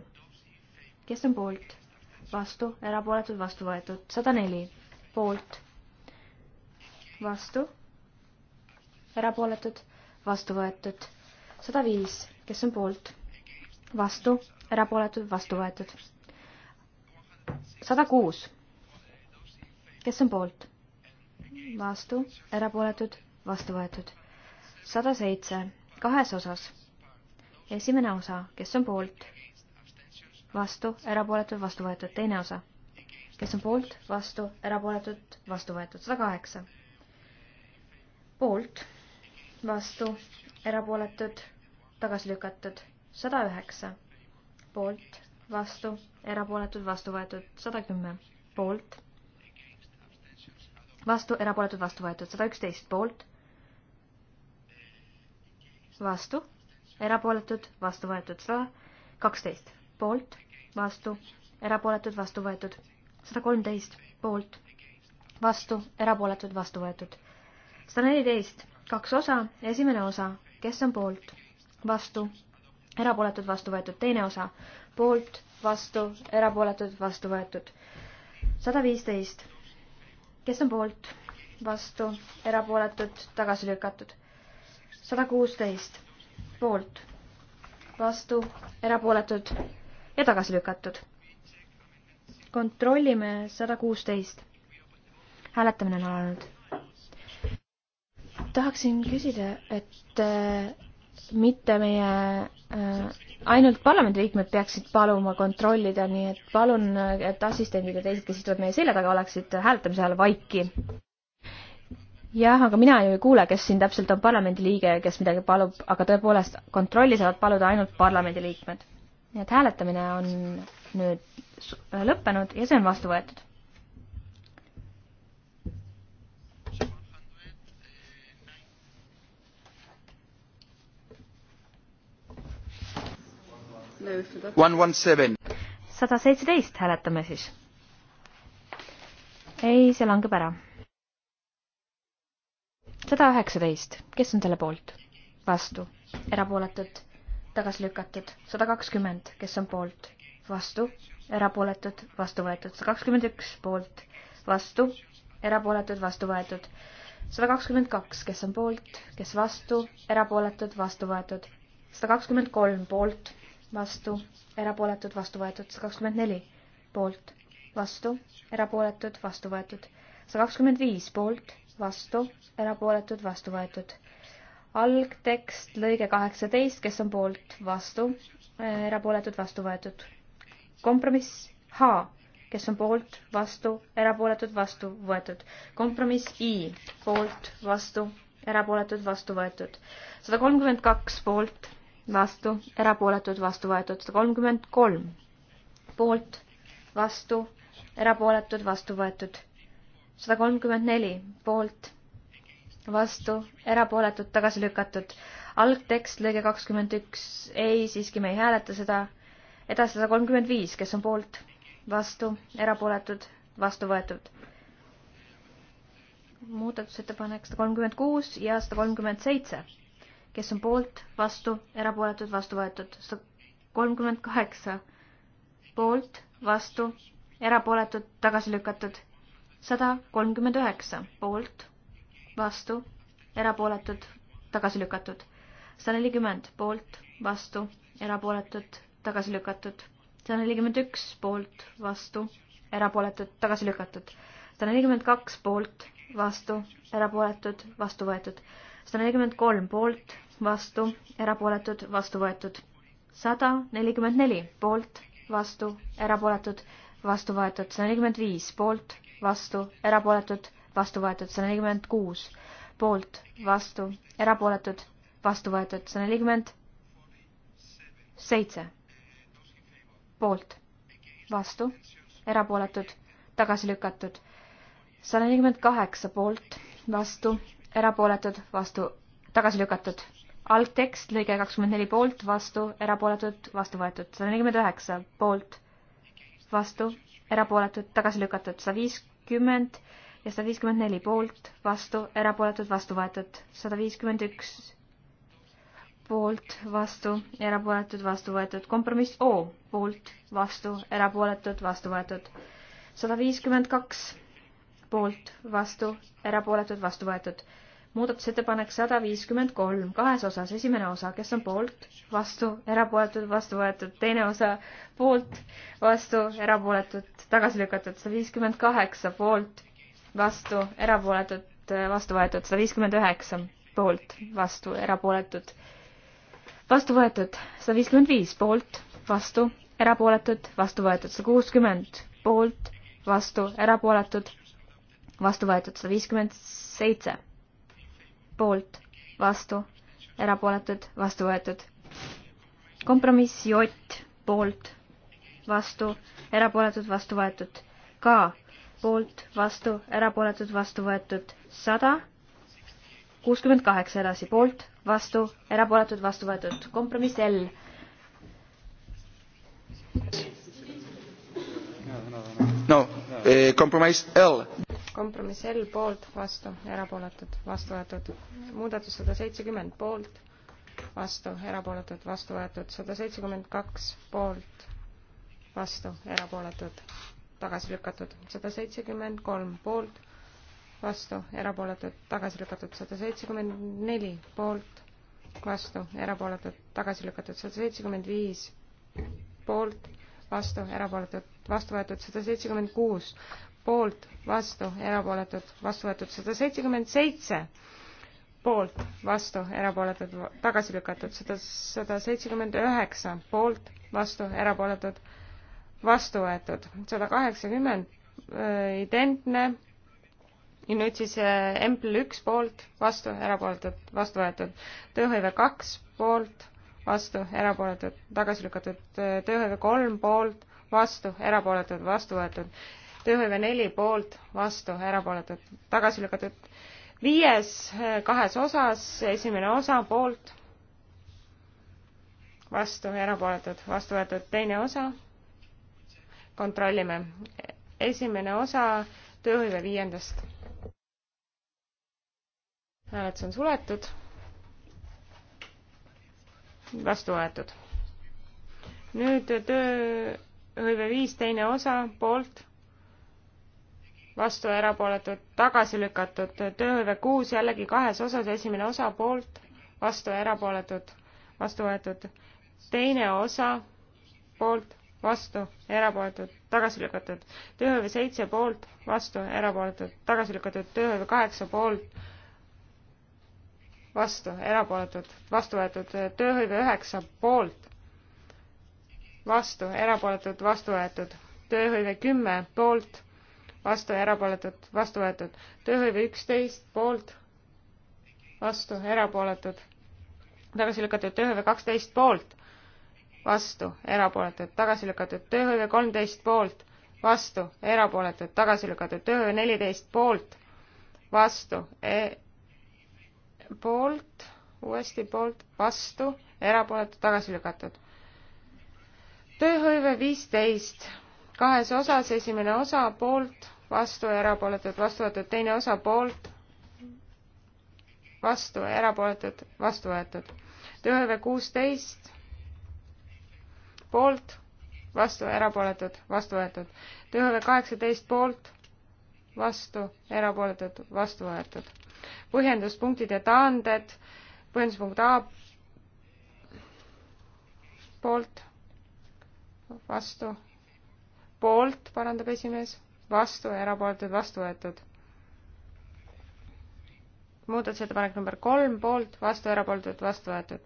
Speaker 2: kes on poolt? vastu, erapooletud, vastu võetud. sada neli poolt, vastu, erapooletud, vastu võetud. sada viis, kes on poolt, vastu, erapooletud, vastu võetud. sada kuus, kes on poolt, vastu, erapooletud, vastu võetud. sada seitse, kahes osas. esimene osa, kes on poolt vastu, erapooletud, vastu võetud, teine osa. kes on poolt, vastu, erapooletud, vastu võetud, sada kaheksa. poolt, vastu, erapooletud, tagasi lükatud, sada üheksa. poolt, vastu, erapooletud, vastu võetud, sada kümme. poolt, vastu, erapooletud, vastu võetud, sada üksteist, poolt, vastu, erapooletud, vastu võetud, sada kaksteist poolt, vastu, erapooletud, vastu võetud. sada kolmteist, poolt, vastu, erapooletud, vastu võetud. sada neliteist, kaks osa, esimene osa, kes on poolt, vastu, erapooletud, vastu võetud, teine osa, poolt, vastu, erapooletud, vastu võetud. sada viisteist, kes on poolt, vastu, erapooletud, tagasi lükatud. sada kuusteist, poolt, vastu, erapooletud, ja tagasi lükatud. kontrollime sada kuusteist. hääletamine on alanud. tahaksin küsida, et äh, mitte meie äh, ainult parlamendiliikmed peaksid paluma kontrollida, nii et palun, äh, et assistendid ja teised, kes istuvad meie selja taga, oleksid hääletamise ajal vaiki. jah, aga mina ju ei kuule, kes siin täpselt on parlamendiliige, kes midagi palub, aga tõepoolest, kontrolli saavad paluda ainult parlamendiliikmed nii et hääletamine on nüüd äh, lõppenud ja see on vastu võetud. sada seitseteist hääletame siis. ei, see langeb ära. sada üheksateist, kes on selle poolt? vastu, erapooletud tagasi lükatud, sada kakskümmend, kes on poolt, vastu, erapooletud, vastu võetud, sada kakskümmend üks poolt, vastu, erapooletud, vastu võetud, sada kakskümmend kaks, kes on poolt, kes vastu, erapooletud, vastu võetud, sada kakskümmend kolm poolt, vastu, erapooletud, vastu võetud, sada kakskümmend neli poolt, vastu, erapooletud, vastu võetud, sada kakskümmend viis poolt, vastu, erapooletud, vastu võetud algtekst, lõige kaheksateist, kes on poolt, vastu, erapooletud, vastu võetud. kompromiss H, kes on poolt, vastu, erapooletud, vastu võetud. kompromiss I, poolt, vastu, erapooletud, vastu võetud. sada kolmkümmend kaks poolt, vastu, erapooletud, vastu võetud. sada kolmkümmend kolm poolt, vastu, erapooletud, vastu võetud. sada kolmkümmend neli poolt vastu, erapooletud, tagasi lükatud. algtekst, lõige kakskümmend üks, ei, siiski me ei hääleta seda. edasi sada kolmkümmend viis, kes on poolt, vastu, erapooletud, vastu võetud. muudatusettepanek sada kolmkümmend kuus ja sada kolmkümmend seitse, kes on poolt, vastu, erapooletud, vastu võetud. sada kolmkümmend kaheksa, poolt, vastu, erapooletud, tagasi lükatud. sada kolmkümmend üheksa, poolt vastu, erapooletud, tagasi lükatud. sada nelikümmend poolt, vastu, erapooletud, tagasi lükatud. sada nelikümmend üks poolt, vastu, erapooletud, tagasi lükatud. sada nelikümmend kaks poolt, vastu, erapooletud, vastu võetud. sada nelikümmend kolm poolt, vastu, erapooletud, vastu võetud. sada nelikümmend neli poolt, vastu, erapooletud, vastu võetud. sada nelikümmend viis poolt, vastu, erapooletud vastu võetud sada nelikümmend kuus, poolt, vastu, erapooletud, vastu võetud sada nelikümmend seitse, poolt, vastu, erapooletud, tagasi lükatud, sada nelikümmend kaheksa poolt, vastu, erapooletud, vastu, tagasi lükatud, algtekst lõige kakskümmend neli poolt, vastu, erapooletud, vastu võetud, sada nelikümmend üheksa poolt, vastu, erapooletud, tagasi lükatud, sada viiskümmend ja sada viiskümmend neli poolt, vastu, erapooletud, vastu võetud. sada viiskümmend üks poolt, vastu, erapooletud, vastu võetud. kompromiss O poolt, vastu, erapooletud, vastu võetud. sada viiskümmend kaks poolt, vastu, erapooletud, vastu võetud. muudatusettepanek sada viiskümmend kolm kahes osas. esimene osa, kes on poolt, vastu, erapooletud, vastu võetud. teine osa poolt, vastu, erapooletud, tagasi lükatud. sada viiskümmend kaheksa poolt vastu, erapooletud, vastu võetud, sada viiskümmend üheksa poolt, vastu, erapooletud, vastu võetud, sada viiskümmend viis poolt, vastu, erapooletud, vastu võetud, sada kuuskümmend poolt, vastu, erapooletud, vastu võetud, sada viiskümmend seitse poolt, vastu, erapooletud, vastu võetud. kompromiss J poolt, vastu, erapooletud, vastu võetud, K poolt, vastu, erapooletud, vastu võetud sada, kuuskümmend kaheksa edasi poolt, vastu, erapooletud, vastu võetud, kompromiss L.
Speaker 1: no eh,
Speaker 3: kompromiss L. kompromiss L poolt, vastu, erapooletud, vastu võetud, muudatus sada seitsekümmend poolt, vastu, erapooletud, vastu võetud, sada seitsekümmend kaks poolt, vastu, erapooletud, tagasi lükatud, sada seitsekümmend kolm poolt, vastu, erapooletud, tagasi lükatud, sada seitsekümmend neli poolt, vastu, erapooletud, tagasi lükatud, sada seitsekümmend viis poolt, vastu, erapooletud, vastu võetud, sada seitsekümmend kuus poolt, vastu, erapooletud, vastu võetud, sada seitsekümmend seitse poolt, vastu, erapooletud, tagasi lükatud, sada, sada seitsekümmend üheksa poolt, vastu, erapooletud vastu võetud. sada kaheksakümmend äh, identne ja nüüd siis Empl äh, üks poolt, vastu, erapooletud, vastu võetud. tööhõive kaks poolt, vastu, erapooletud, tagasi lükatud. Äh, tööhõive kolm poolt, vastu, erapooletud, vastu võetud. tööhõive neli poolt, vastu, erapooletud, tagasi lükatud. viies kahes osas, esimene osa poolt, vastu, erapooletud, vastu võetud, teine osa kontrollime. esimene osa tööhõive viiendast. hääletus on suletud. vastu võetud. nüüd tööhõive viis teine osa poolt, vastu erapooletud, tagasi lükatud. tööhõive kuus jällegi kahes osas, esimene osa poolt, vastu erapooletud, vastu võetud. teine osa poolt, vastu, erapooletud, tagasi lükatud. tööhõive seitse poolt, vastu, erapooletud, tagasi lükatud. tööhõive kaheksa poolt, vastu, erapooletud, vastu võetud. tööhõive üheksa poolt, vastu, erapooletud, vastu võetud. tööhõive kümme poolt, vastu, erapooletud, vastu võetud. tööhõive üksteist poolt, vastu, erapooletud, tagasi lükatud. tööhõive kaksteist poolt vastu, erapooletud, tagasi lükatud, tööhõive kolmteist poolt, vastu, erapooletud, tagasi lükatud, tööhõive neliteist poolt, vastu e, poolt, uuesti poolt, vastu, erapooletud, tagasi lükatud. tööhõive viisteist, kahes osas, esimene osa poolt, vastu, erapooletud, vastu võetud, teine osa poolt, vastu, erapooletud, vastu võetud. tööhõive kuusteist, poolt, vastu, erapooletud, vastu võetud. tööhõive kaheksateist poolt, vastu, erapooletud, vastu võetud. põhjenduspunktid ja taanded, põhjenduspunkt A poolt, vastu, poolt, parandab esimees, vastu, erapooletud, vastu võetud muudatusettepanek number kolm poolt, vastu, erapooletud, vastu võetud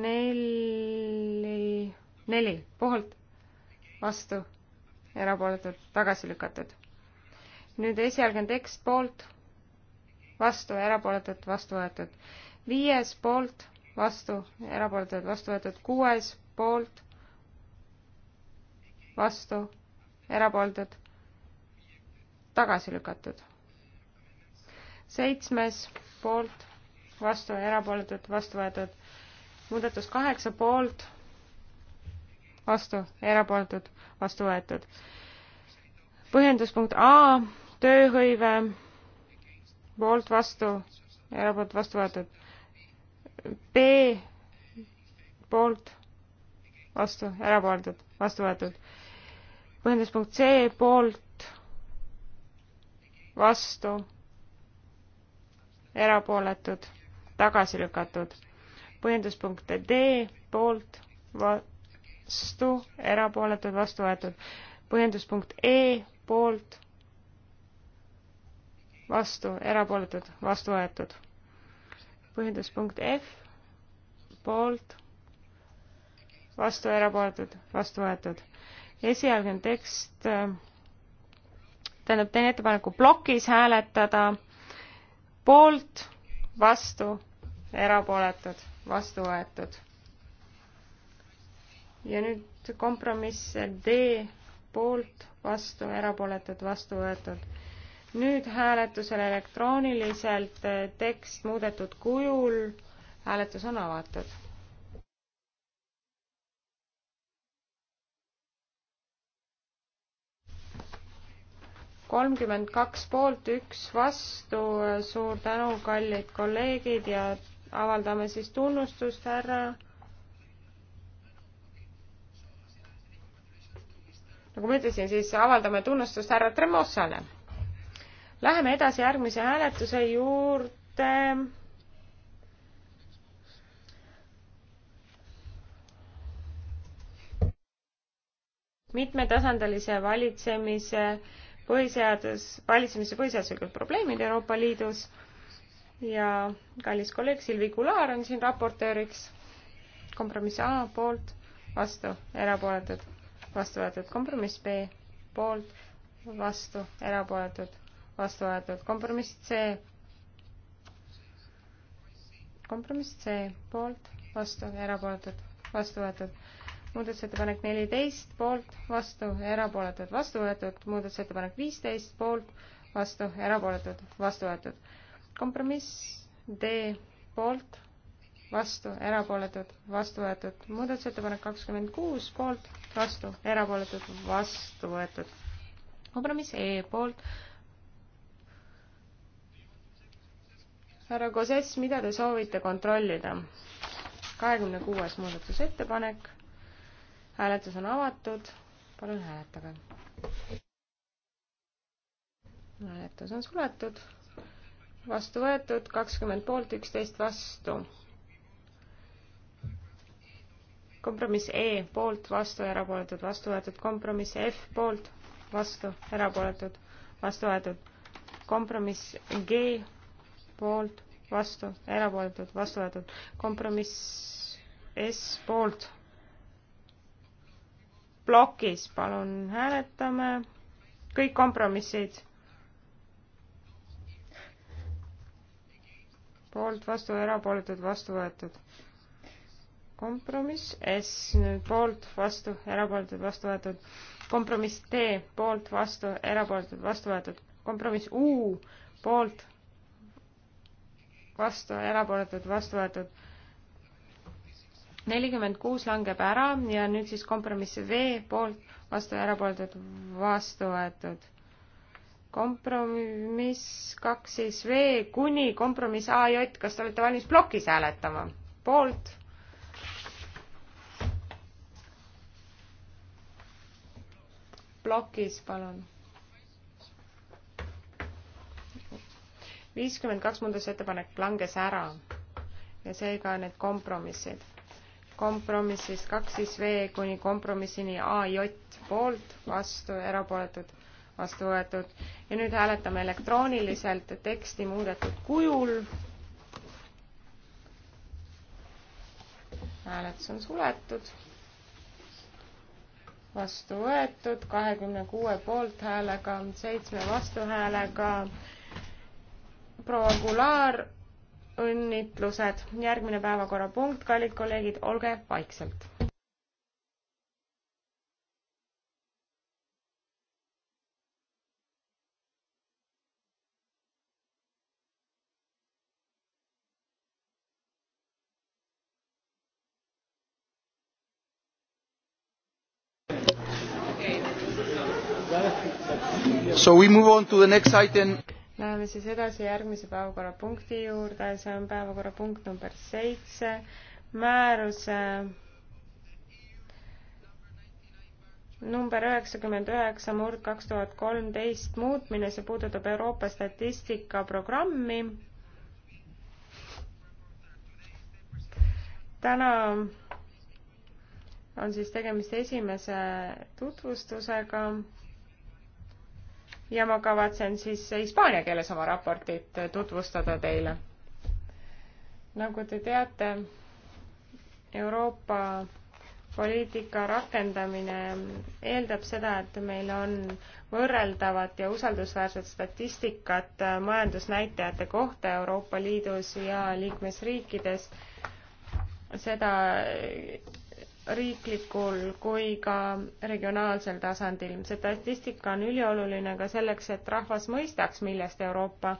Speaker 3: neli, neli poolt, vastu, erapooletud, tagasi lükatud. nüüd esialgne tekst poolt, vastu, erapooletud, vastu võetud. viies poolt, vastu, erapooletud, vastu võetud. kuues poolt, vastu, erapooletud, tagasi lükatud. seitsmes poolt vastu, erapooletud, vastu võetud. muudatus kaheksa poolt, vastu, erapooletud, vastu võetud. põhjenduspunkt A, tööhõive, poolt, vastu, erapooletud, vastu võetud. B, poolt, vastu, erapooletud, vastu võetud. põhjenduspunkt C, poolt, vastu, erapooletud tagasi lükatud. põhjenduspunkt D poolt, vastu, erapooletud, vastu võetud. põhjenduspunkt E poolt, vastu, erapooletud, vastu võetud. põhjenduspunkt F poolt, vastu, erapooletud, vastu võetud. esialgne tekst, tähendab, teen ettepaneku plokis hääletada poolt vastu, erapooletud, vastu võetud. ja nüüd kompromiss D poolt, vastu, erapooletud, vastu võetud. nüüd hääletusele elektrooniliselt tekst muudetud kujul. hääletus on avatud kolmkümmend kaks poolt, üks vastu, suur tänu, kallid kolleegid ja avaldame siis tunnustust härra. nagu ma ütlesin, siis avaldame tunnustust härra Tremossale. Läheme edasi järgmise hääletuse juurde. mitmetasandilise valitsemise põhiseadus, valitsemise põhiseaduslikud probleemid Euroopa Liidus ja kallis kolleeg Silvi Kular on siin raportööriks. kompromiss A poolt, vastu, erapooletud, vastu võetud, kompromiss B poolt, vastu, erapooletud, vastu võetud, kompromiss C. kompromiss C poolt, vastu, erapooletud, vastu võetud muudatusettepanek neliteist, poolt, vastu, erapooletud, vastu võetud, muudatusettepanek viisteist, poolt, vastu, erapooletud, vastu võetud. kompromiss D, poolt, vastu, erapooletud, vastu võetud, muudatusettepanek kakskümmend kuus, poolt, vastu, erapooletud, vastu võetud. kompromiss E, poolt. härra Koses, mida te soovite kontrollida? kahekümne kuues muudatusettepanek hääletus on avatud, palun hääletage. hääletus on suletud, vastu võetud kakskümmend poolt, üksteist vastu. kompromiss E poolt, vastu, erapooletud, vastu võetud, kompromiss F poolt, vastu, erapooletud, vastu võetud, kompromiss G poolt, vastu, erapooletud, vastu võetud, kompromiss S poolt plokis, palun hääletame. kõik kompromissid. poolt, vastu, erapooletud, vastu võetud. kompromiss S nüüd poolt, vastu, erapooletud, vastu võetud. kompromiss D poolt, vastu, erapooletud, vastu võetud. kompromiss U poolt, vastu, erapooletud, vastu võetud nelikümmend kuus langeb ära ja nüüd siis kompromiss V poolt vastu ja erapooletud vastu võetud. kompromiss kaks siis V kuni kompromiss AJ, kas te olete valmis plokis hääletama? poolt. plokis, palun. viiskümmend kaks muudatusettepanek langes ära ja seega need kompromissid kompromissist kaks siis V kuni kompromissini AJ poolt, vastu, erapooletud, vastu võetud. ja nüüd hääletame elektrooniliselt teksti muudetud kujul. hääletus on suletud. vastu võetud kahekümne kuue poolthäälega, seitsme vastuhäälega. proua Gular õnnitlused. järgmine päevakorrapunkt, kallid kolleegid, olge vaikselt.
Speaker 2: So we move on to the next item.
Speaker 3: Läheme siis edasi järgmise päevakorrapunkti juurde, see on päevakorrapunkt number seitse, määruse number üheksakümmend üheksa murd kaks tuhat kolmteist muutmine, see puudutab Euroopa statistikaprogrammi. täna on siis tegemist esimese tutvustusega ja ma kavatsen siis hispaania keeles oma raportit tutvustada teile. nagu te teate, Euroopa poliitika rakendamine eeldab seda, et meil on võrreldavat ja usaldusväärset statistikat majandusnäitajate kohta Euroopa Liidus ja liikmesriikides. seda riiklikul kui ka regionaalsel tasandil. see statistika on ülioluline ka selleks, et rahvas mõistaks, millest Euroopa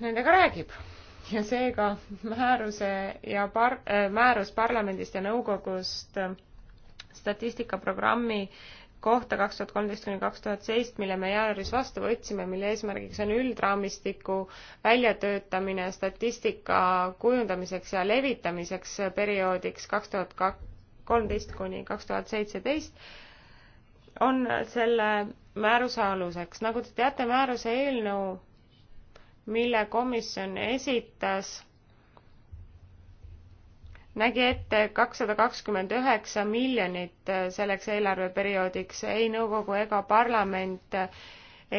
Speaker 3: nendega räägib. ja seega määruse ja par-, äh, määrus parlamendist ja nõukogust statistikaprogrammi kohta kaks tuhat kolmteist kuni kaks tuhat seitse, mille me jaanuaris vastu võtsime, mille eesmärgiks on üldraamistiku väljatöötamine statistika kujundamiseks ja levitamiseks perioodiks kaks tuhat kolmteist kuni kaks tuhat seitseteist, on selle määruse aluseks. nagu te teate, määruse eelnõu, mille komisjon esitas nägi ette kakssada kakskümmend üheksa miljonit äh, selleks eelarveperioodiks. ei nõukogu ega parlament äh,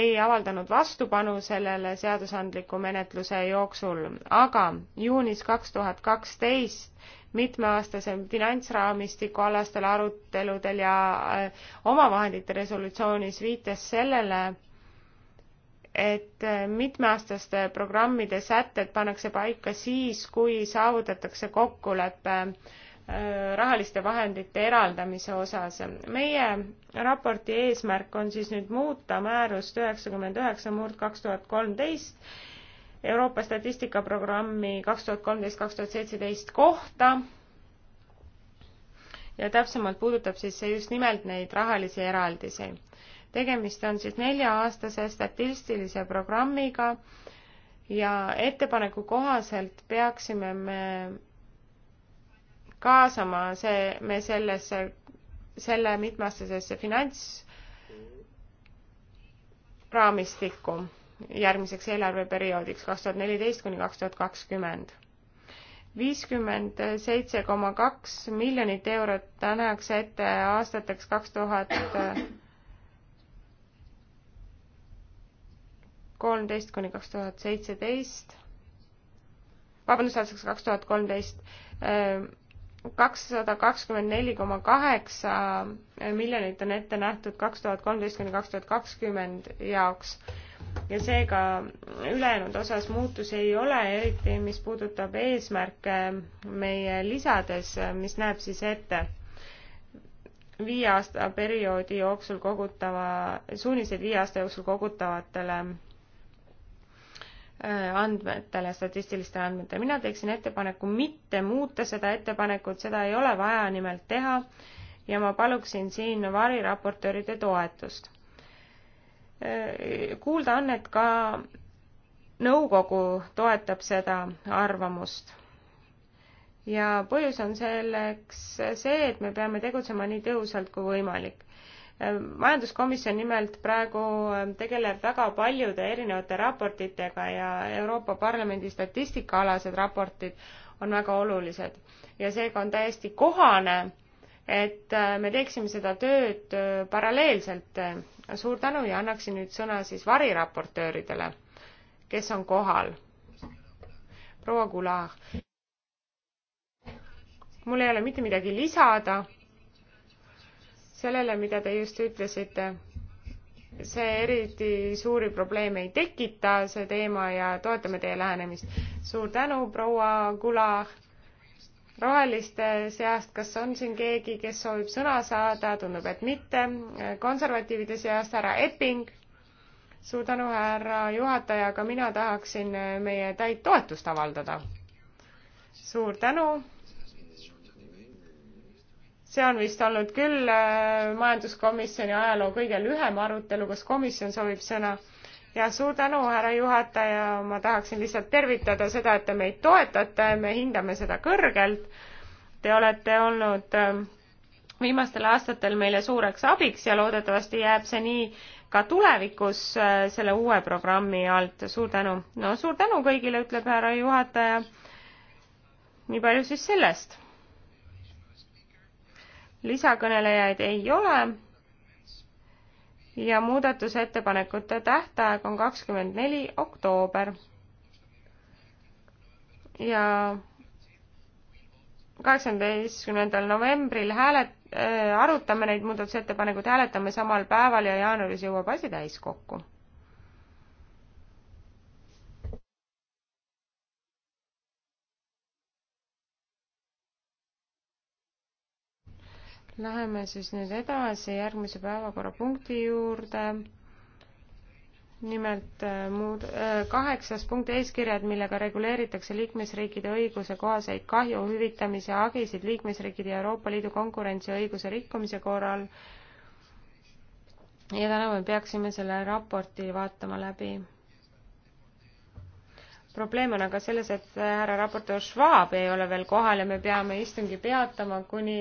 Speaker 3: ei avaldanud vastupanu sellele seadusandliku menetluse jooksul, aga juunis kaks tuhat kaksteist mitmeaastase finantsraamistiku alastel aruteludel ja äh, omavahendite resolutsioonis viitas sellele, et äh, mitmeaastaste programmide sätted pannakse paika siis, kui saavutatakse kokkulepe äh, rahaliste vahendite eraldamise osas. meie raporti eesmärk on siis nüüd muuta määrust üheksakümmend üheksa murd kaks tuhat kolmteist Euroopa statistikaprogrammi kaks tuhat kolmteist, kaks tuhat seitseteist kohta ja täpsemalt puudutab siis see just nimelt neid rahalisi eraldiseid tegemist on siis nelja-aastase statistilise programmiga ja ettepaneku kohaselt peaksime me kaasama see, me sellesse, selle mitmeaastasesse finantsraamistikku järgmiseks eelarveperioodiks kaks tuhat neliteist kuni kaks tuhat kakskümmend. viiskümmend seitse koma kaks miljonit eurot nähakse ette aastateks kaks tuhat kolmteist kuni kaks tuhat seitseteist, vabandust, aastaks kaks tuhat kolmteist, ähm, kakssada kakskümmend neli koma kaheksa miljonit on ette nähtud kaks tuhat kolmteist kuni kaks tuhat kakskümmend jaoks. ja seega ülejäänud osas muutusi ei ole, eriti mis puudutab eesmärke meie lisades, mis näeb siis ette viie aasta perioodi jooksul kogutava, suunised viie aasta jooksul kogutavatele Äh, andmetele, statistilistele andmetele. mina teeksin ettepaneku mitte muuta seda ettepanekut, seda ei ole vaja nimelt teha ja ma paluksin siin variraportööride toetust. Äh, kuulda on, et ka nõukogu toetab seda arvamust ja põhjus on selleks see, et me peame tegutsema nii tõhusalt kui võimalik. Ehm, majanduskomisjon nimelt praegu ehm, tegeleb väga paljude erinevate raportitega ja Euroopa Parlamendi statistikaalased raportid on väga olulised ja seega on täiesti kohane, et ehm, me teeksime seda tööd paralleelselt. suur tänu ja annaksin nüüd sõna siis variraportööridele, kes on kohal. proua Gulag. mul ei ole mitte midagi lisada sellele, mida te just ütlesite. see eriti suuri probleeme ei tekita, see teema, ja toetame teie lähenemist. suur tänu, proua Kula. roheliste seast, kas on siin keegi, kes soovib sõna saada, tundub, et mitte. konservatiivide seast härra Epping. suur tänu, härra juhataja, ka mina tahaksin meie täit toetust avaldada. suur tänu see on vist olnud küll äh, majanduskomisjoni ajaloo kõige lühem arutelu, kas komisjon soovib sõna? ja suur tänu, härra juhataja, ma tahaksin lihtsalt tervitada seda, et te meid toetate, me hindame seda kõrgelt. Te olete olnud äh, viimastel aastatel meile suureks abiks ja loodetavasti jääb see nii ka tulevikus äh, selle uue programmi alt. suur tänu. no suur tänu kõigile, ütleb härra juhataja. nii palju siis sellest lisakõnelejaid ei ole ja muudatusettepanekute tähtaeg on kakskümmend neli oktoober. ja kaheksateistkümnendal novembril häälet- äh,, arutame neid muudatusettepanekuid, hääletame samal päeval ja jaanuaris jõuab asi täiskokku Läheme siis nüüd edasi järgmise päevakorrapunkti juurde. nimelt äh, muud, äh, kaheksas punkt eeskirjad, millega reguleeritakse liikmesriikide õiguse kohaseid kahju hüvitamise hagisid liikmesriikide ja Euroopa Liidu konkurentsiõiguse rikkumise korral. ja täna me peaksime selle raporti vaatama läbi probleem on aga selles, et härra raportöör Schwab ei ole veel kohal ja me peame istungi peatama, kuni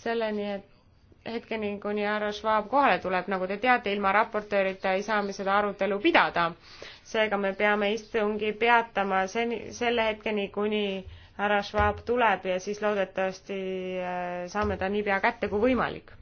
Speaker 3: selleni, et hetkeni, kuni härra Schwab kohale tuleb, nagu te teate, ilma raportöörita ei saa me seda arutelu pidada. seega me peame istungi peatama seni, selle hetkeni, kuni härra Schwab tuleb ja siis loodetavasti äh, saame ta niipea kätte kui võimalik.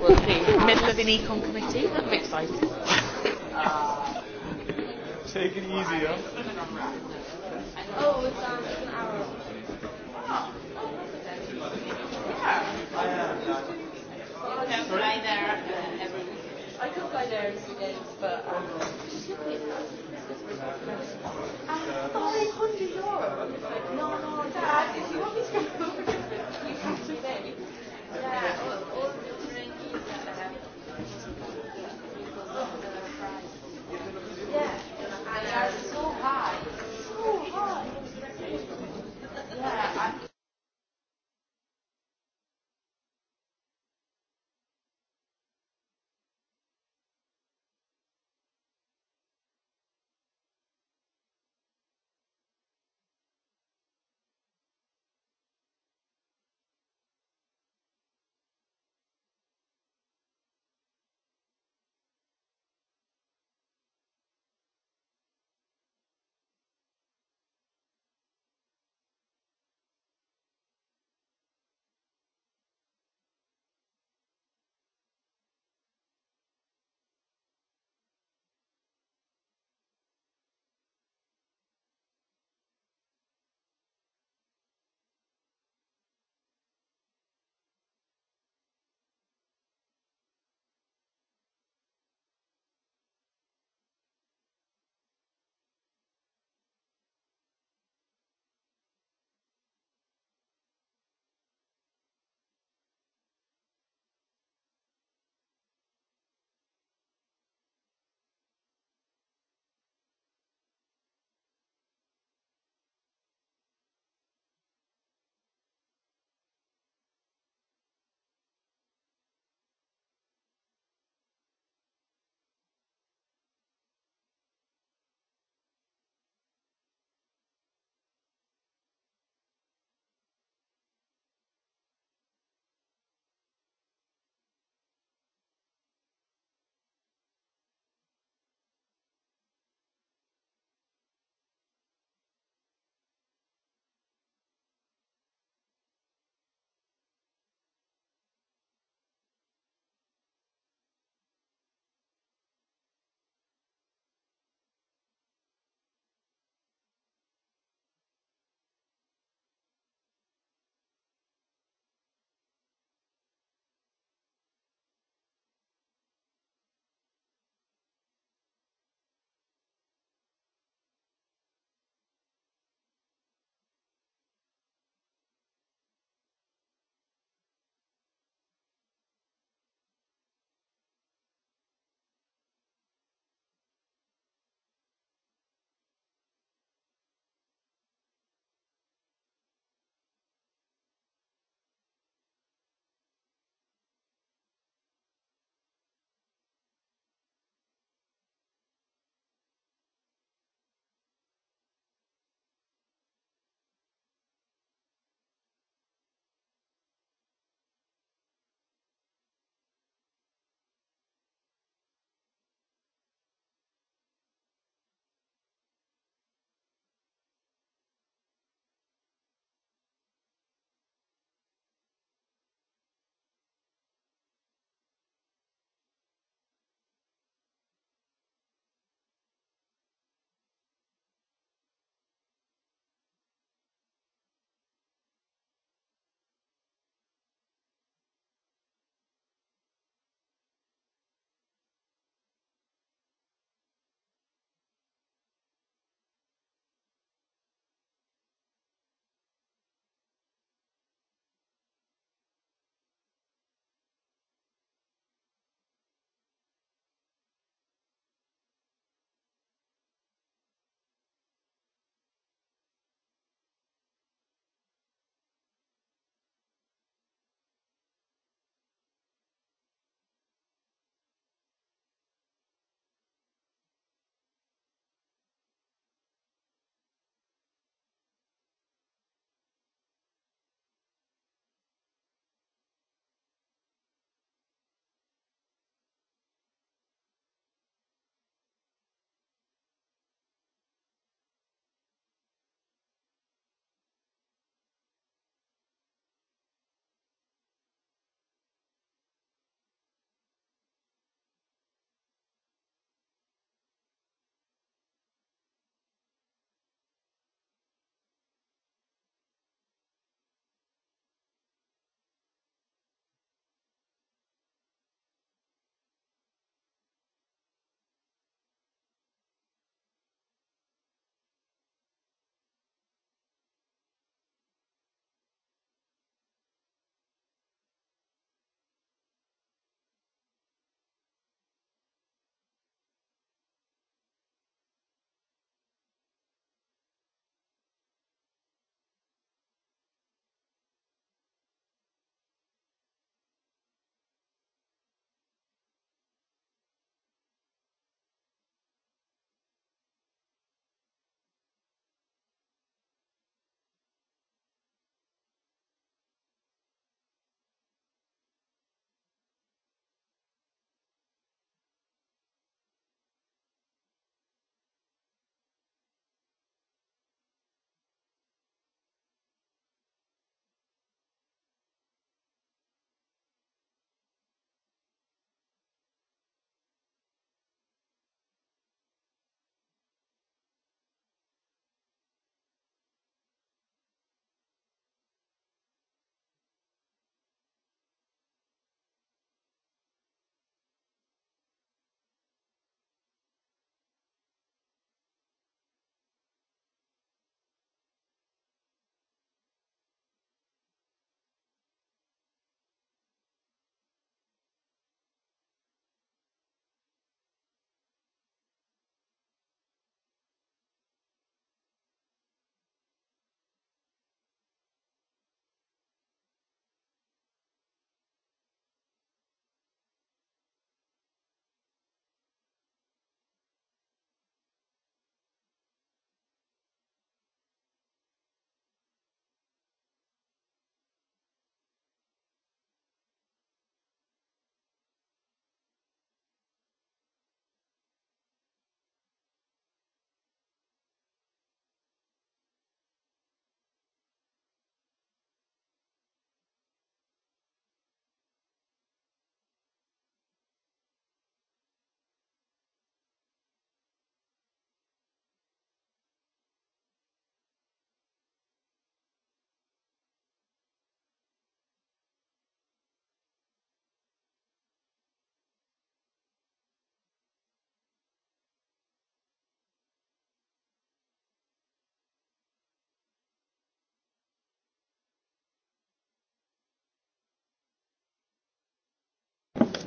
Speaker 2: we'll see. Middle of an econ committee.
Speaker 1: I'm excited. <laughs> Take it easy, huh?
Speaker 2: Oh, it's, um, it's an hour. Oh, yeah. I don't fly there uh, every week. I could fly there in two days, but um, just look at it.
Speaker 3: And 500 euros. It's like, no, no, Dad, if you want me to go over, <laughs> you have to pay. Yeah, all, all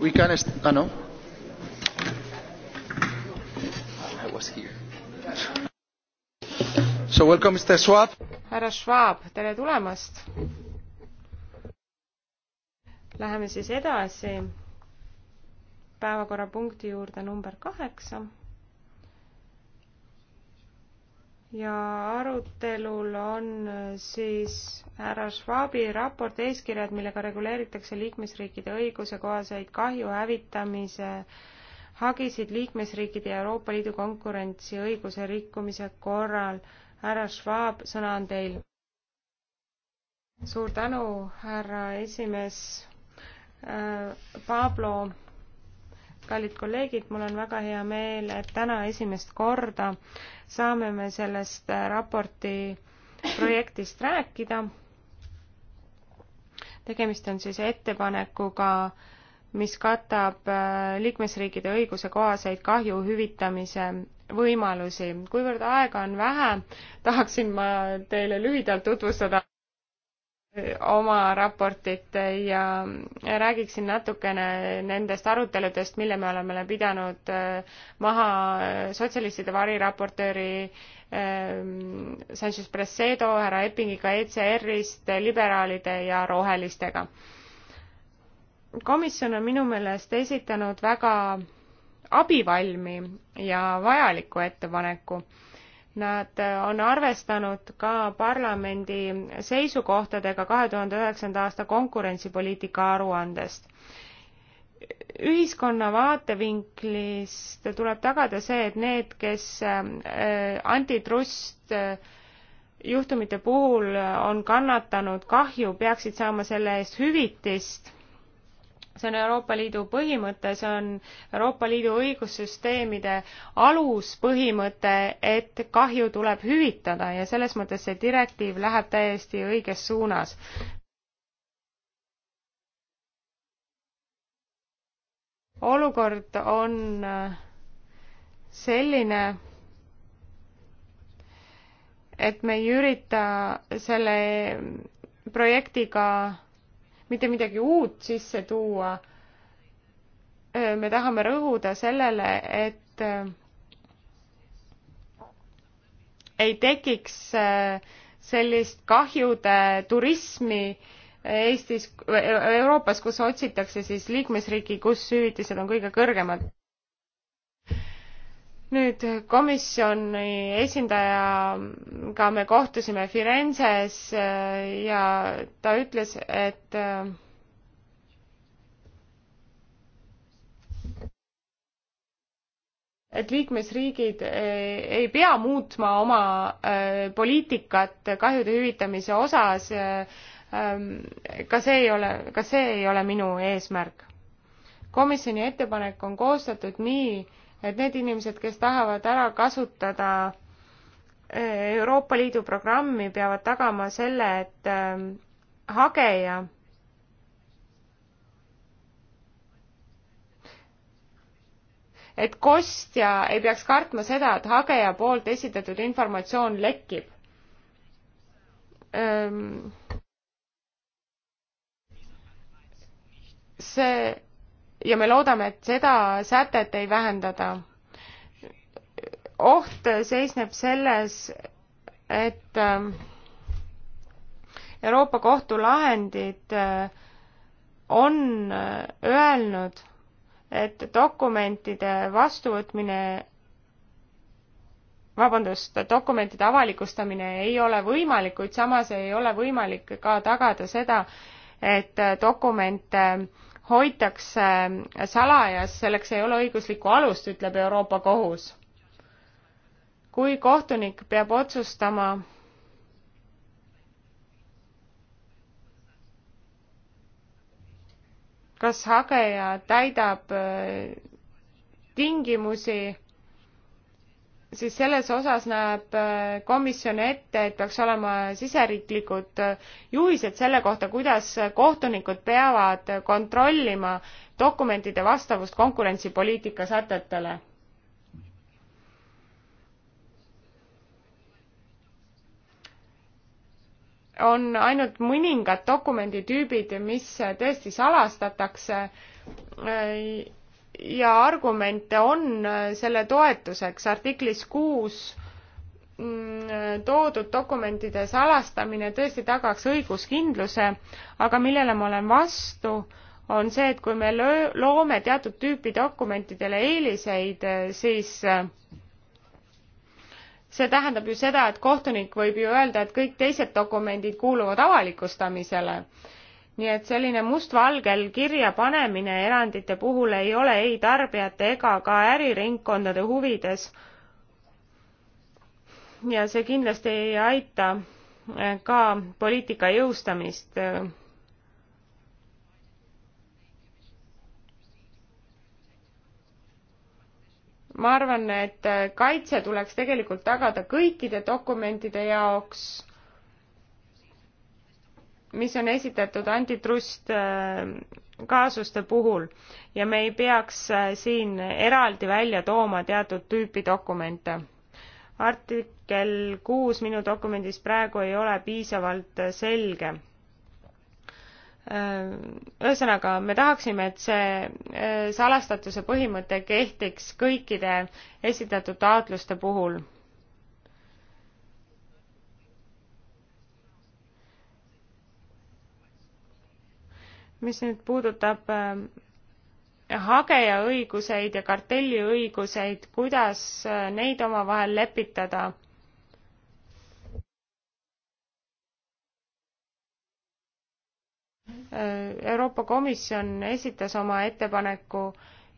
Speaker 2: we can est- ah no I was here so welcome Mr Schwab
Speaker 3: härra Schwab tere tulemast Läheme siis edasi päevakorrapunkti juurde number kaheksa ja arutelul on äh, siis härra Schwabi raport eeskirjad, millega reguleeritakse liikmesriikide õigusekohaseid kahju hävitamise hagisid liikmesriikide ja Euroopa Liidu konkurentsiõiguse rikkumise korral. härra Schwab, sõna on teil. suur tänu, härra esimees äh, Pablo kallid kolleegid, mul on väga hea meel, et täna esimest korda saame me sellest äh, raporti projektist rääkida. tegemist on siis ettepanekuga, mis katab äh, liikmesriikide õiguse kohaseid kahju hüvitamise võimalusi. kuivõrd aega on vähe, tahaksin ma teile lühidalt tutvustada oma raportit ja räägiksin natukene nendest aruteludest, mille me oleme pidanud äh, maha äh, sotsialistide variraportööri ähm, Sanchez Presedo, härra Eppingiga ECR-ist, äh, liberaalide ja rohelistega. komisjon on minu meelest esitanud väga abivalmi ja vajaliku ettepaneku Nad on arvestanud ka parlamendi seisukohtadega kahe tuhande üheksanda aasta konkurentsipoliitika aruandest. ühiskonna vaatevinklist tuleb tagada see, et need, kes äh, antitrust äh, juhtumite puhul on kannatanud kahju, peaksid saama selle eest hüvitist see on Euroopa Liidu põhimõte, see on Euroopa Liidu õigussüsteemide aluspõhimõte, et kahju tuleb hüvitada ja selles mõttes see direktiiv läheb täiesti õiges suunas. olukord on äh, selline, et me ei ürita selle projektiga mitte midagi uut sisse tuua. me tahame rõhuda sellele, et ei tekiks sellist kahjude turismi Eestis, Euroopas, kus otsitakse siis liikmesriiki, kus hüvitised on kõige kõrgemad nüüd komisjoni esindajaga me kohtusime Firenzes äh, ja ta ütles, et äh, et liikmesriigid äh, ei pea muutma oma poliitikat kahjude hüvitamise osas. Ähm, ka see ei ole, ka see ei ole minu eesmärk. komisjoni ettepanek on koostatud nii, et need inimesed, kes tahavad ära kasutada eh, Euroopa Liidu programmi, peavad tagama selle, et eh, hageja et kostja ei peaks kartma seda, et hageja poolt esitatud informatsioon lekib. Ehm, see ja me loodame, et seda sätet ei vähendada. oht seisneb selles, et ähm, Euroopa Kohtu lahendid äh, on äh, öelnud, et dokumentide vastuvõtmine, vabandust, dokumentide avalikustamine ei ole võimalik, kuid samas ei ole võimalik ka tagada seda, et äh, dokumente äh, hoitakse salajas, selleks ei ole õiguslikku alust, ütleb Euroopa Kohus. kui kohtunik peab otsustama kas hageja täidab äh, tingimusi siis selles osas näeb äh, komisjon ette, et peaks olema siseriiklikud äh, juhised selle kohta, kuidas kohtunikud peavad kontrollima dokumentide vastavust konkurentsipoliitika sätetele. on ainult mõningad dokumenditüübid, mis tõesti salastatakse äh, ja argumente on äh, selle toetuseks artiklis kuus mm, äh, toodud dokumentide salastamine tõesti tagaks õiguskindluse, aga millele ma olen vastu, on see, et kui me loome teatud tüüpi dokumentidele eeliseid, äh, siis see tähendab ju seda, et kohtunik võib ju öelda, et kõik teised dokumendid kuuluvad avalikustamisele nii et selline mustvalgel kirja panemine erandite puhul ei ole ei tarbijate ega ka äriringkondade huvides. ja see kindlasti ei aita eh, ka poliitika jõustamist. Eh, ma arvan, et eh, kaitse tuleks tegelikult tagada kõikide dokumentide jaoks mis on esitatud antitrust äh, kaasuste puhul ja me ei peaks äh, siin eraldi välja tooma teatud tüüpi dokumente. artikkel kuus minu dokumendis praegu ei ole piisavalt äh, selge. ühesõnaga, me tahaksime, et see salastatuse põhimõte kehtiks kõikide esitatud taotluste puhul mis nüüd puudutab äh, hagejaõiguseid ja kartelliõiguseid, kuidas äh, neid omavahel lepitada? Äh, Euroopa Komisjon esitas oma ettepaneku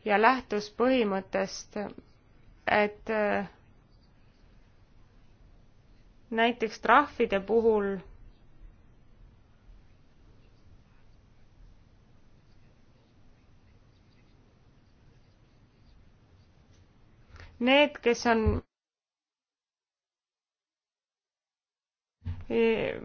Speaker 3: ja lähtus põhimõttest, et näiteks trahvide puhul Need, kes on e,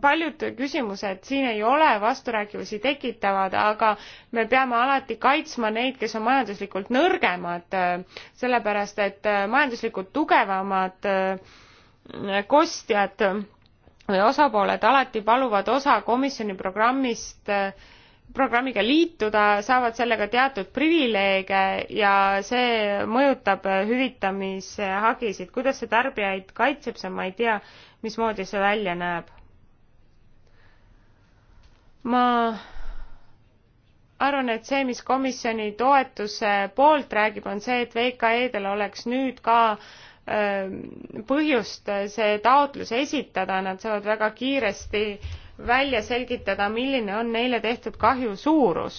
Speaker 3: paljud küsimused siin ei ole vasturääkivusi tekitavad, aga me peame alati kaitsma neid, kes on majanduslikult nõrgemad, sellepärast et majanduslikult tugevamad e, kostjad või osapooled alati paluvad osa komisjoni programmist äh, programmiga liituda, saavad sellega teatud privileege ja see mõjutab hüvitamishagisid. kuidas see tarbijaid kaitseb, see ma ei tea, mismoodi see välja näeb. ma arvan, et see, mis komisjoni toetuse poolt räägib, on see, et VKE-del oleks nüüd ka ähm, põhjust see taotlus esitada, nad saavad väga kiiresti äh, välja selgitada, milline on neile tehtud kahju suurus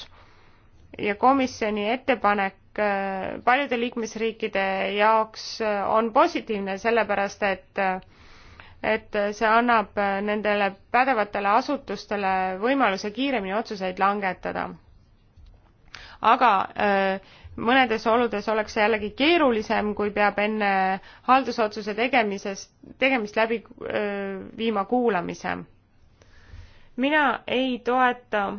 Speaker 3: ja komisjoni ettepanek äh, paljude liikmesriikide jaoks äh, on positiivne, sellepärast et et see annab äh, nendele pädevatele asutustele võimaluse kiiremini otsuseid langetada. aga mõnedes oludes oleks see jällegi keerulisem, kui peab enne haldusotsuse tegemisest, tegemist läbi viima kuulamise mina ei toeta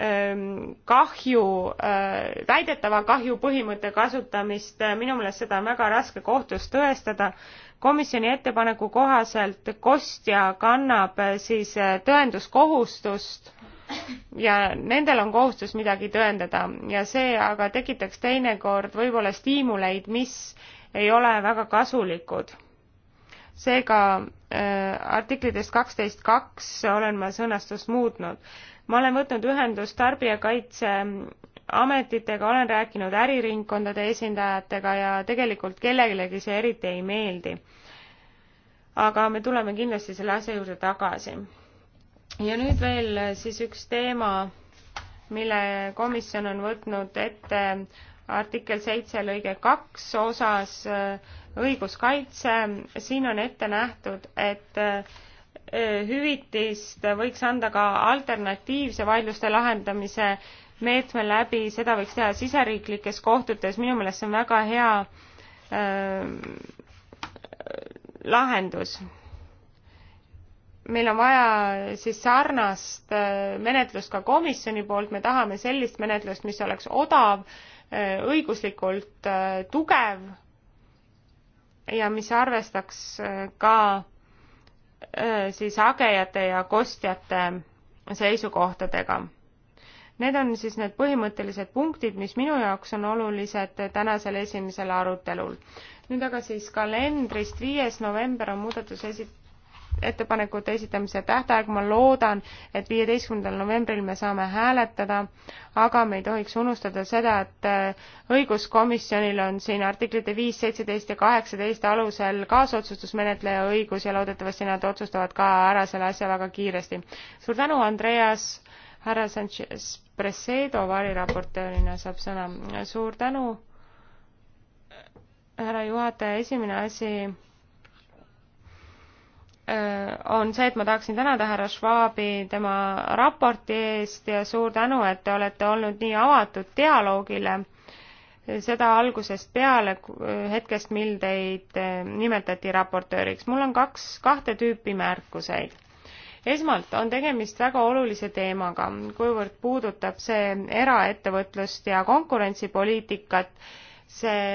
Speaker 3: ähm, kahju, äh, väidetava kahju põhimõtte kasutamist, minu meelest seda on väga raske kohtus tõestada. komisjoni ettepaneku kohaselt kostja kannab äh, siis äh, tõenduskohustust ja nendel on kohustus midagi tõendada ja see aga tekitaks teinekord võib-olla stiimuleid, mis ei ole väga kasulikud seega äh, artiklitest kaksteist kaks olen ma sõnastust muutnud. ma olen võtnud ühendust tarbijakaitseametitega, olen rääkinud äriringkondade esindajatega ja tegelikult kellelegi see eriti ei meeldi. aga me tuleme kindlasti selle asja juurde tagasi. ja nüüd veel siis üks teema, mille komisjon on võtnud ette artikkel seitse lõige kaks osas äh, õiguskaitse, siin on ette nähtud, et äh, hüvitist võiks anda ka alternatiivse vaidluste lahendamise meetme läbi, seda võiks teha siseriiklikes kohtutes, minu meelest see on väga hea äh, lahendus. meil on vaja siis sarnast äh, menetlust ka komisjoni poolt, me tahame sellist menetlust, mis oleks odav äh,, õiguslikult äh, tugev ja mis arvestaks äh, ka äh, siis hagejate ja kostjate seisukohtadega. Need on siis need põhimõttelised punktid, mis minu jaoks on olulised tänasel esimesel arutelul. nüüd aga siis kalendrist, viies november on muudatuse esit-, ettepanekute esitamise tähtaeg, ma loodan, et viieteistkümnendal novembril me saame hääletada, aga me ei tohiks unustada seda, et äh, õiguskomisjonil on siin artiklite viis, seitseteist ja kaheksateist alusel kaasotsustusmenetleja õigus ja loodetavasti nad otsustavad ka ära selle asja väga kiiresti. suur tänu, Andreas, härra Sanchez Presedo variraportöörina saab sõna. suur tänu, härra juhataja, esimene asi Äh, on see, et ma tahaksin tänada härra Schwabi tema raporti eest ja suur tänu, et te olete olnud nii avatud dialoogile, seda algusest peale, hetkest, mil teid äh, nimetati raportööriks. mul on kaks, kahte tüüpi märkuseid. esmalt on tegemist väga olulise teemaga, kuivõrd puudutab see eraettevõtlust ja konkurentsipoliitikat, see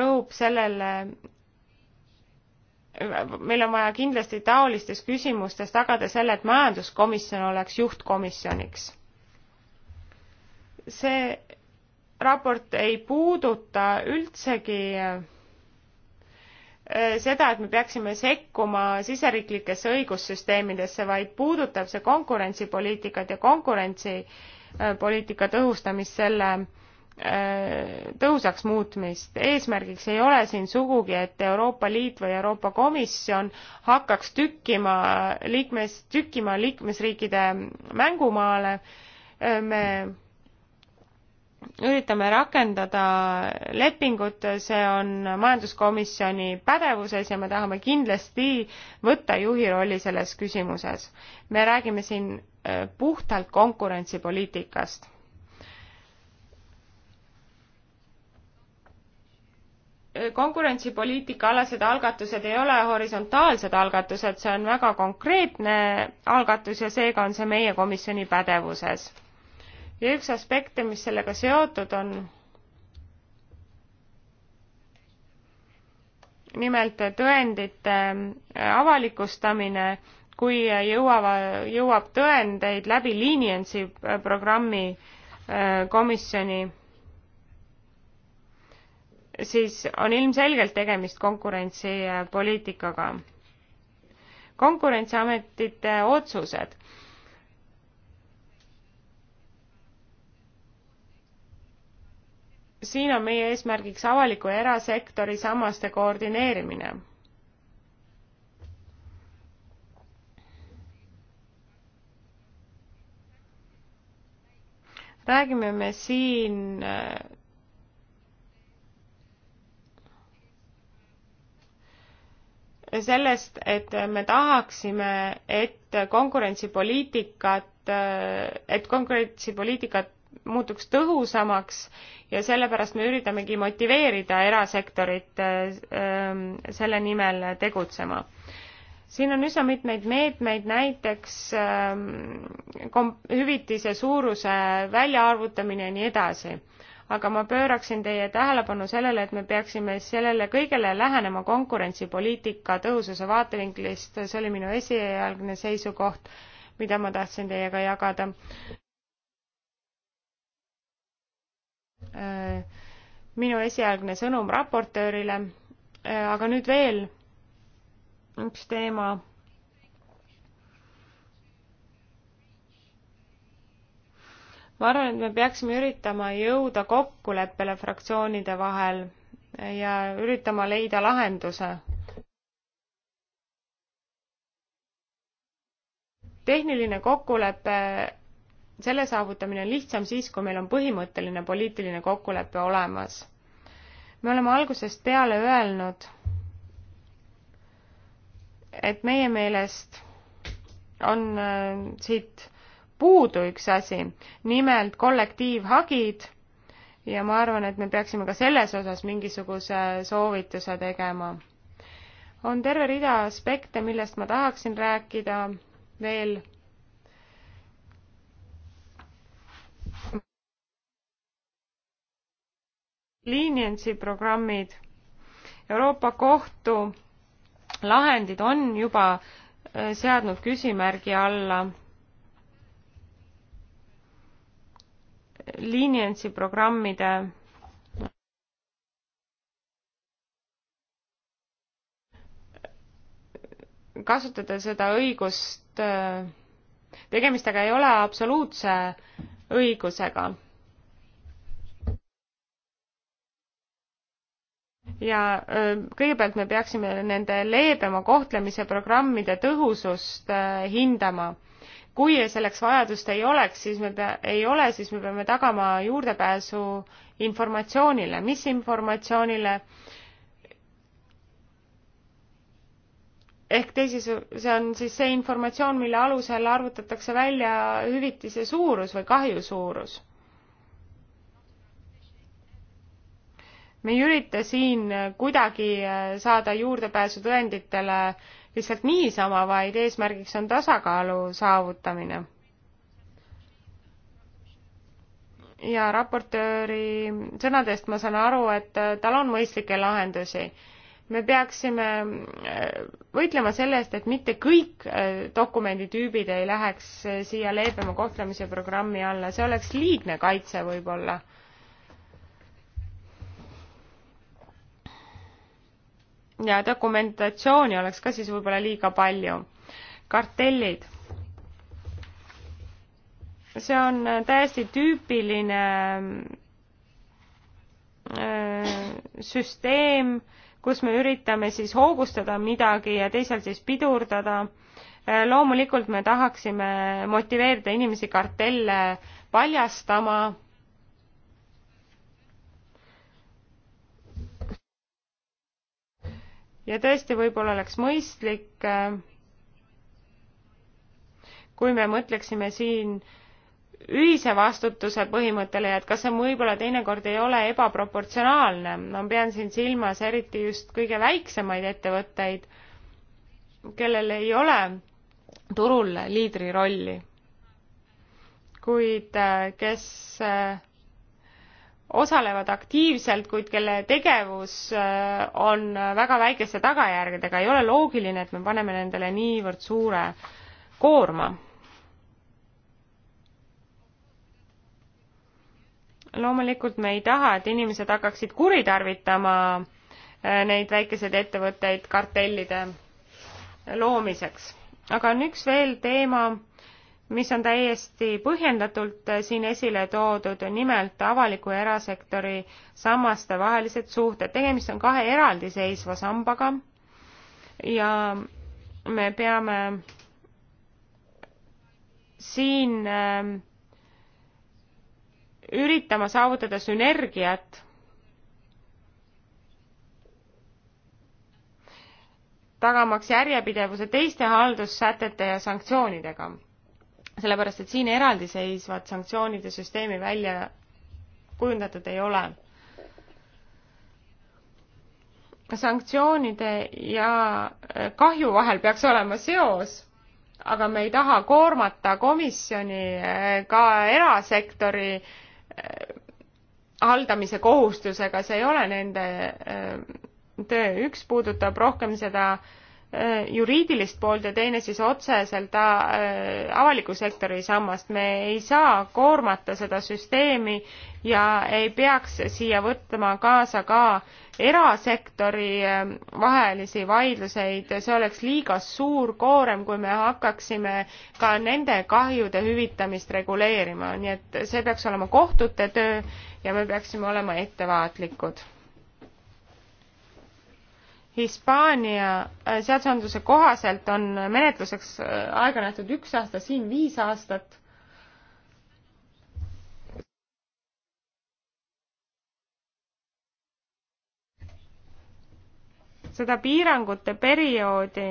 Speaker 3: rõhub sellele, meil on vaja kindlasti taolistes küsimustes tagada selle, et majanduskomisjon oleks juhtkomisjoniks. see raport ei puuduta üldsegi äh, seda, et me peaksime sekkuma siseriiklikesse õigussüsteemidesse, vaid puudutab see konkurentsipoliitikat ja konkurentsipoliitika tõhustamist selle tõhusaks muutmist. eesmärgiks ei ole siin sugugi, et Euroopa Liit või Euroopa Komisjon hakkaks tükkima liikmes, tükkima liikmesriikide mängumaale. me üritame rakendada lepingut, see on majanduskomisjoni pädevuses ja me tahame kindlasti võtta juhi rolli selles küsimuses. me räägime siin eh, puhtalt konkurentsipoliitikast konkurentsipoliitika alased algatused ei ole horisontaalsed algatused, see on väga konkreetne algatus ja seega on see meie komisjoni pädevuses. ja üks aspekte, mis sellega seotud on, nimelt tõendite äh, avalikustamine, kui jõuava, jõuab tõendeid läbi leniency äh, programmi äh, komisjoni siis on ilmselgelt tegemist konkurentsipoliitikaga. konkurentsiametite otsused siin on meie eesmärgiks avaliku ja erasektori sammaste koordineerimine. räägime me siin sellest, et me tahaksime, et konkurentsipoliitikat, et konkurentsipoliitikat muutuks tõhusamaks ja sellepärast me üritamegi motiveerida erasektorit ähm, selle nimel tegutsema. siin on üsna mitmeid meetmeid, näiteks ähm, kom-, hüvitise suuruse väljaarvutamine ja nii edasi aga ma pööraksin teie tähelepanu sellele, et me peaksime sellele kõigele lähenema konkurentsipoliitika tõhususe vaatevinklist, see oli minu esialgne seisukoht, mida ma tahtsin teiega jagada. Äh, minu esialgne sõnum raportöörile, äh, aga nüüd veel üks teema ma arvan, et me peaksime üritama jõuda kokkuleppele fraktsioonide vahel ja üritama leida lahenduse. tehniline kokkulepe, selle saavutamine on lihtsam siis, kui meil on põhimõtteline poliitiline kokkulepe olemas. me oleme algusest peale öelnud, et meie meelest on äh, siit äh, puudu üks asi, nimelt kollektiivhagid ja ma arvan, et me peaksime ka selles osas mingisuguse soovituse tegema. on terve rida aspekte, millest ma tahaksin rääkida veel. leniency programmid, Euroopa Kohtu lahendid on juba äh, seadnud küsimärgi alla leniency programmide kasutada seda õigust, tegemist aga ei ole absoluutse õigusega. ja kõigepealt me peaksime nende leebema kohtlemise programmide tõhusust hindama kui selleks vajadust ei oleks, siis me pea-, ei ole, siis me peame tagama juurdepääsu informatsioonile, mis informatsioonile, ehk teisisõnu, see on siis see informatsioon, mille alusel arvutatakse välja hüvitise suurus või kahju suurus. me ei ürita siin kuidagi saada juurdepääsu tõenditele äh, lihtsalt niisama, vaid eesmärgiks on tasakaalu saavutamine. ja raportööri sõnadest ma saan aru, et äh, tal on mõistlikke lahendusi. me peaksime äh, võitlema selle eest, et mitte kõik äh, dokumenditüübid ei läheks siia leebema kohtlemise programmi alla, see oleks liigne kaitse võib-olla ja dokumentatsiooni oleks ka siis võib-olla liiga palju. kartellid. see on täiesti tüüpiline äh, süsteem, kus me üritame siis hoogustada midagi ja teisel siis pidurdada. Äh, loomulikult me tahaksime motiveerida inimesi kartelle paljastama ja tõesti, võib-olla oleks mõistlik, äh, kui me mõtleksime siin ühise vastutuse põhimõttele ja et kas see võib-olla teinekord ei ole ebaproportsionaalne, ma pean siin silmas eriti just kõige väiksemaid ettevõtteid, kellel ei ole turul liidri rolli, kuid äh, kes äh, osalevad aktiivselt, kuid kelle tegevus äh, on äh, väga väikeste tagajärgedega, ei ole loogiline, et me paneme nendele niivõrd suure koorma. loomulikult me ei taha, et inimesed hakkaksid kuritarvitama äh, neid väikeseid ettevõtteid kartellide loomiseks. aga on üks veel teema mis on täiesti põhjendatult äh, siin esile toodud, nimelt avaliku ja erasektori sammaste vahelised suhted. tegemist on kahe eraldiseisva sambaga ja me peame siin äh, üritama saavutada sünergiat tagamaks järjepidevuse teiste haldussätete ja sanktsioonidega sellepärast et siin eraldiseisvat sanktsioonide süsteemi välja kujundatud ei ole. sanktsioonide ja äh, kahju vahel peaks olema seos, aga me ei taha koormata komisjoni äh, ka erasektori äh, haldamise kohustusega, see ei ole nende töö, üks puudutab rohkem seda äh, Äh, juriidilist poolt ja teine siis otseselt äh, avaliku sektori sammast. me ei saa koormata seda süsteemi ja ei peaks siia võtma kaasa ka erasektori äh, vahelisi vaidluseid, see oleks liiga suur koorem, kui me hakkaksime ka nende kahjude hüvitamist reguleerima, nii et see peaks olema kohtute töö ja me peaksime olema ettevaatlikud Hispaania äh, seadusandluse kohaselt on menetluseks äh, aega nähtud üks aasta, siin viis aastat. seda piirangute perioodi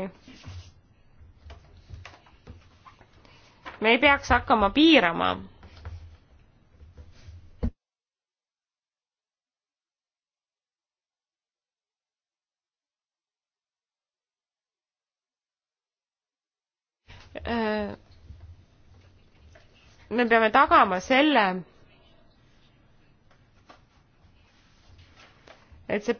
Speaker 3: me ei peaks hakkama piirama Äh, me peame tagama selle, et see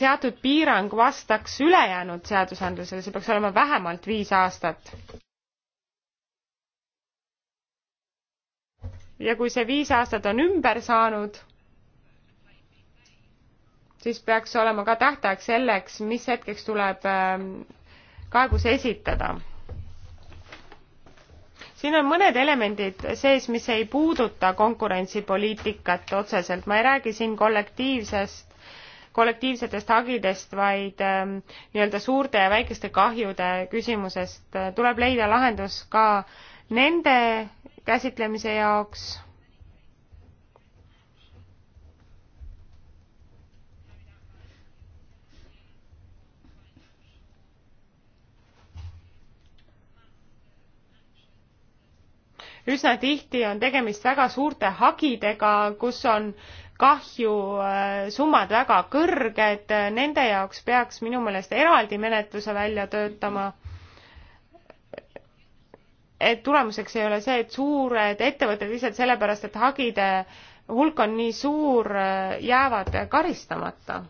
Speaker 3: seatud piirang vastaks ülejäänud seadusandlusele, see peaks olema vähemalt viis aastat. ja kui see viis aastat on ümber saanud, siis peaks olema ka tähtaeg selleks, mis hetkeks tuleb ähm, kaebus esitada siin on mõned elemendid sees, mis ei puuduta konkurentsipoliitikat otseselt, ma ei räägi siin kollektiivsest kollektiivsetest hagidest, vaid ähm, nii-öelda suurte ja väikeste kahjude küsimusest äh, tuleb leida lahendus ka nende käsitlemise jaoks üsna tihti on tegemist väga suurte hagidega, kus on kahjusummad äh, väga kõrged, nende jaoks peaks minu meelest eraldi menetluse välja töötama. et tulemuseks ei ole see, et suured ettevõtted lihtsalt sellepärast, et hagide hulk on nii suur, äh, jäävad karistamata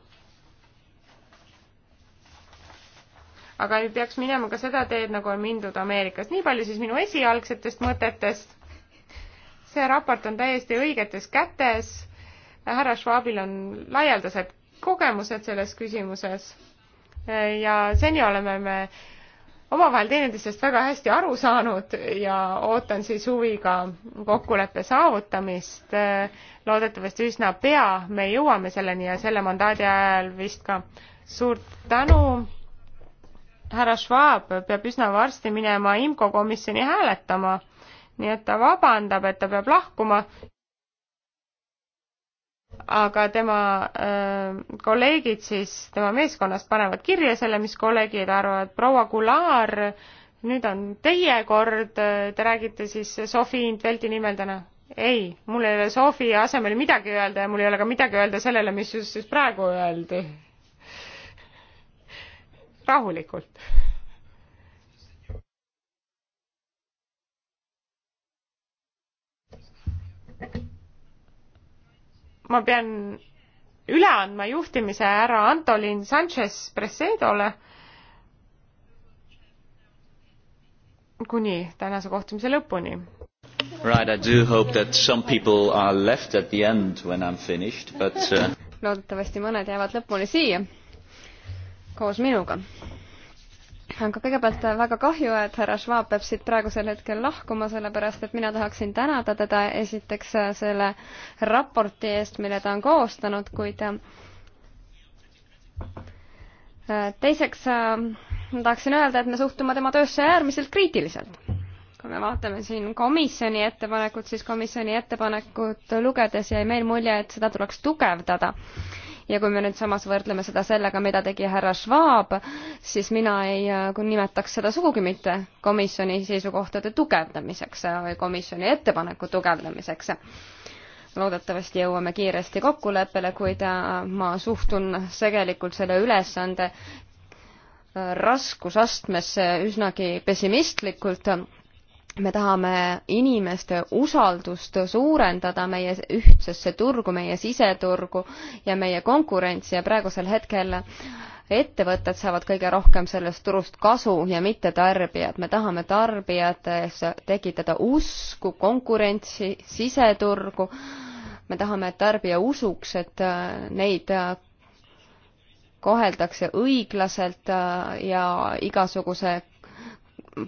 Speaker 3: aga ei peaks minema ka seda teed, nagu on mindud Ameerikas. nii palju siis minu esialgsetest mõtetest. see raport on täiesti õigetes kätes. härra Schwabil on laialdased kogemused selles küsimuses ja seni oleme me omavahel teineteisest väga hästi aru saanud ja ootan siis huviga kokkuleppe saavutamist. loodetavasti üsna pea me jõuame selleni ja selle mandaadi ajal vist ka. suurt tänu härra Schwab peab üsna varsti minema IMCO komisjoni hääletama, nii et ta vabandab, et ta peab lahkuma. aga tema äh, kolleegid siis, tema meeskonnast panevad kirja selle, mis kolleegid arvavad, proua Goulart, nüüd on teie kord, te räägite siis Sofi Intveldi nimel täna? ei, mul ei ole Sofi asemel midagi öelda ja mul ei ole ka midagi öelda sellele, mis just, just praegu öeldi rahulikult. ma pean üle andma juhtimise härra Antolin Sanchez Presedole kuni tänase kohtumise lõpuni.
Speaker 2: Right, I do hope that some people are left at the end when I am finished, but uh...
Speaker 1: loodetavasti mõned jäävad lõpuni siia koos minuga. aga kõigepealt väga kahju, et härra Schwab peab siit praegusel hetkel lahkuma, sellepärast et mina tahaksin tänada teda esiteks selle raporti eest, mille ta on koostanud, kuid äh, teiseks äh, ma tahaksin öelda, et me suhtume tema töösse äärmiselt kriitiliselt. kui me vaatame siin komisjoni ettepanekut, siis komisjoni ettepanekut lugedes jäi meil mulje, et seda tuleks tugevdada ja kui me nüüd samas võrdleme seda sellega, mida tegi härra Schwab, siis mina ei äh, nimetaks seda sugugi mitte komisjoni seisukohtade tugevdamiseks äh, või komisjoni ettepaneku tugevdamiseks. loodetavasti jõuame kiiresti kokkuleppele, kuid äh, ma suhtun tegelikult selle ülesande raskusastmesse üsnagi pessimistlikult me tahame inimeste usaldust suurendada meie ühtsesse turgu, meie siseturgu ja meie konkurentsi ja praegusel hetkel ettevõtted saavad kõige rohkem sellest turust kasu ja mitte tarbijad. me tahame tarbijates tekitada usku, konkurentsi, siseturgu. me tahame, et tarbija usuks, et neid koheldakse õiglaselt ja igasuguse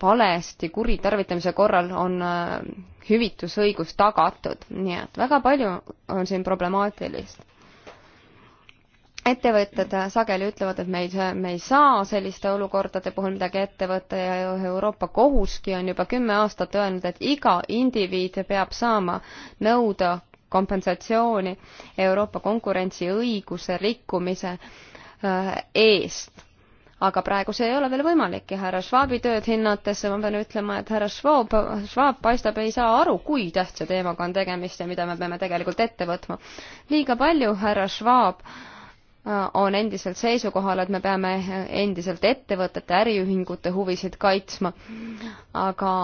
Speaker 1: valesti kuritarvitamise korral on äh, hüvitusõigus tagatud, nii et väga palju on siin problemaatilist ettevõtjad sageli ütlevad, et me ei, me ei saa selliste olukordade puhul midagi ette võtta ja Euroopa Kohuski on juba kümme aastat öelnud, et iga indiviid peab saama nõuda kompensatsiooni Euroopa konkurentsiõiguse rikkumise äh, eest aga praegu see ei ole veel võimalik ja härra Schwabi tööd hinnates ma pean ütlema, et härra Schwab, Schwab paistab, ei saa aru, kui tähtsa teemaga on tegemist ja mida me peame tegelikult ette võtma. liiga palju härra Schwab äh, on endiselt seisukohal, et me peame äh, endiselt ettevõtete, äriühingute huvisid kaitsma. aga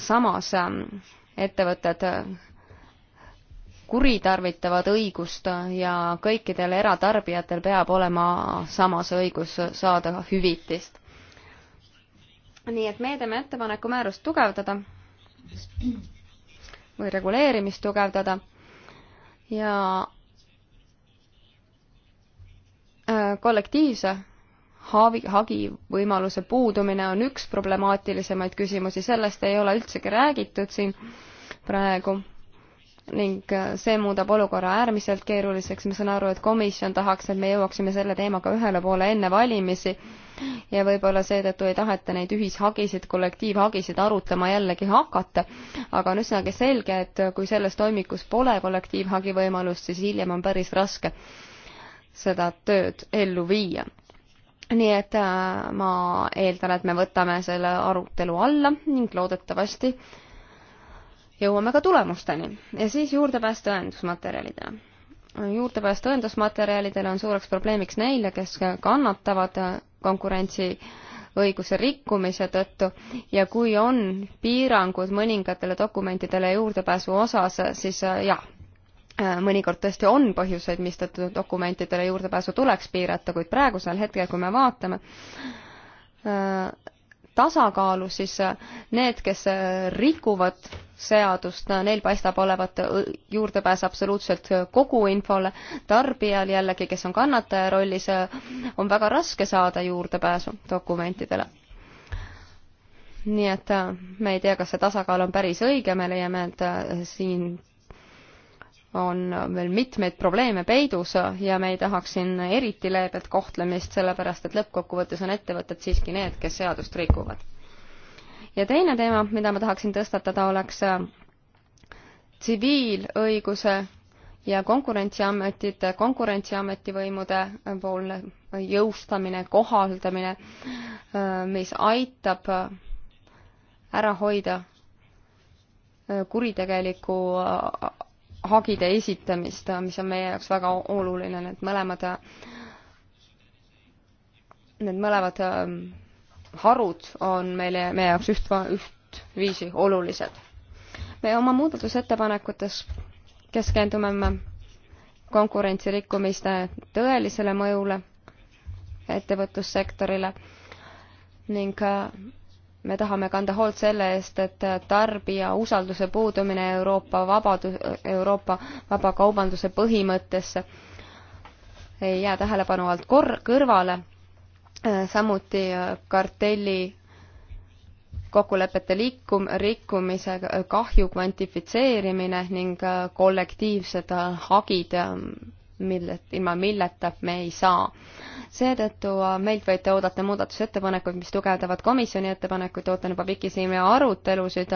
Speaker 1: samas ähm, ettevõtted äh, kuritarvitavad õigust ja kõikidel eratarbijatel peab olema samas õigus saada hüvitist. nii et meie teeme ettepaneku määrust tugevdada või reguleerimist tugevdada ja äh, kollektiivse haavi, hagi võimaluse puudumine on üks problemaatilisemaid küsimusi, sellest ei ole üldsegi räägitud siin praegu ning äh, see muudab olukorra äärmiselt keeruliseks, ma saan aru, et komisjon tahaks, et me jõuaksime selle teemaga ühele poole enne valimisi ja võib-olla seetõttu ei taheta neid ühishagisid, kollektiivhagisid arutama jällegi hakata, aga on üsnagi selge, et kui selles toimikus pole kollektiivhagi võimalust, siis hiljem on päris raske seda tööd ellu viia nii et äh, ma eeldan, et me võtame selle arutelu alla ning loodetavasti äh, jõuame ka tulemusteni ja siis juurdepääs tõendusmaterjalidele. juurdepääs tõendusmaterjalidele on suureks probleemiks neile, kes kannatavad konkurentsi õiguse rikkumise tõttu ja kui on piirangud mõningatele dokumentidele juurdepääsu osas, siis äh, jah, äh, mõnikord tõesti on põhjuseid, mistõttu dokumentidele juurdepääsu tuleks piirata, kuid praegusel hetkel, kui me vaatame, äh, tasakaalu, siis äh, need, kes äh, rikuvad seadust, äh, neil paistab olevat juurdepääs absoluutselt kogu infole, tarbijal jällegi, kes on kannataja rollis, on väga raske saada juurdepääsu dokumentidele. nii et me ei tea, kas see tasakaal on päris õige, me leiame, et siin on veel mitmeid probleeme peidus ja me ei tahaks siin eriti leebet kohtlemist, sellepärast et lõppkokkuvõttes on ettevõtted siiski need, kes seadust rikuvad. ja teine teema, mida ma tahaksin tõstatada, oleks äh, tsiviilõiguse ja konkurentsiametite, konkurentsiameti võimude poolne jõustamine, kohaldamine, äh, mis aitab äh, ära hoida kuritegeliku hagide esitamist, mis on meie jaoks väga oluline, need mõlemad, need mõlemad ähm, harud on meile, meie jaoks üht, ühtviisi olulised. me oma muudatusettepanekutes keskendume me konkurentsirikkumiste tõelisele mõjule ettevõtlussektorile ning äh, me tahame kanda hoolt selle eest, et tarbija usalduse puudumine Euroopa vabadus, Euroopa vabakaubanduse põhimõttesse ei jää tähelepanu alt kor-, kõrvale, samuti äh, kartelli kokkulepete liikum-, rikkumise kahju kvantifitseerimine ning äh, kollektiivsed hagid, äh, mille, ilma milleta me ei saa seetõttu äh, meilt võite oodata muudatusettepanekuid, mis tugevdavad komisjoni ettepanekuid, ootan juba pikisilmi arutelusid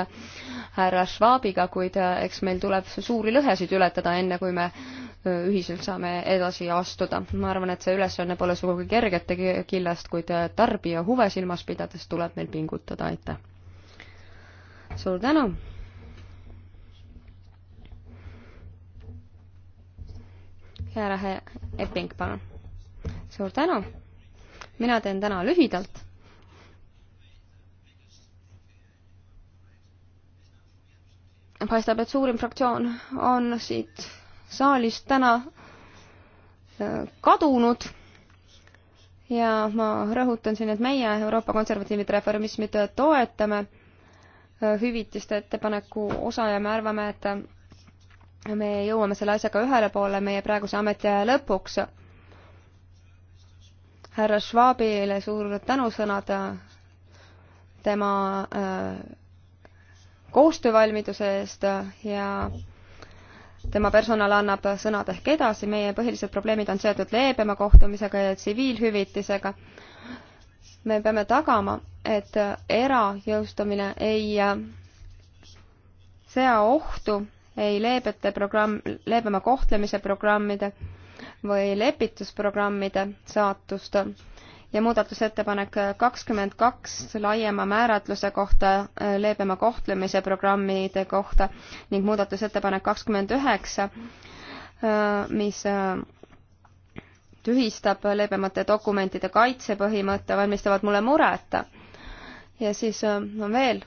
Speaker 1: härra Schwabiga, kuid äh, eks meil tuleb suuri lõhesid ületada, enne kui me äh, ühiselt saame edasi astuda. ma arvan, et see ülesanne pole sugugi kergete killast, kuid tarbija huve silmas pidades tuleb meil pingutada, aitäh! suur tänu! Hea rahe, Epping, palun! suur tänu. mina teen täna lühidalt. paistab, et suurim fraktsioon on siit saalist täna äh, kadunud ja ma rõhutan siin, et meie Euroopa konservatiivid reformismid toetame äh, hüvitiste ettepaneku osa ja me arvame, et äh, me jõuame selle asjaga ühele poole meie praeguse ametiaja lõpuks härra Schwabile suur tänusõnad tema äh, koostöövalmiduse eest ja tema personal annab sõnad ehk edasi, meie põhilised probleemid on seotud leebema kohtumisega ja tsiviilhüvitisega. me peame tagama, et erajõustumine ei äh, sea ohtu ei leebete programm, leebema kohtlemise programmide või lepitusprogrammide saatust ja muudatusettepanek kakskümmend kaks laiema määratluse kohta leebema kohtlemise programmide kohta ning muudatusettepanek kakskümmend üheksa, mis tühistab leebemate dokumentide kaitse põhimõtte, valmistavad mulle muret. ja siis on veel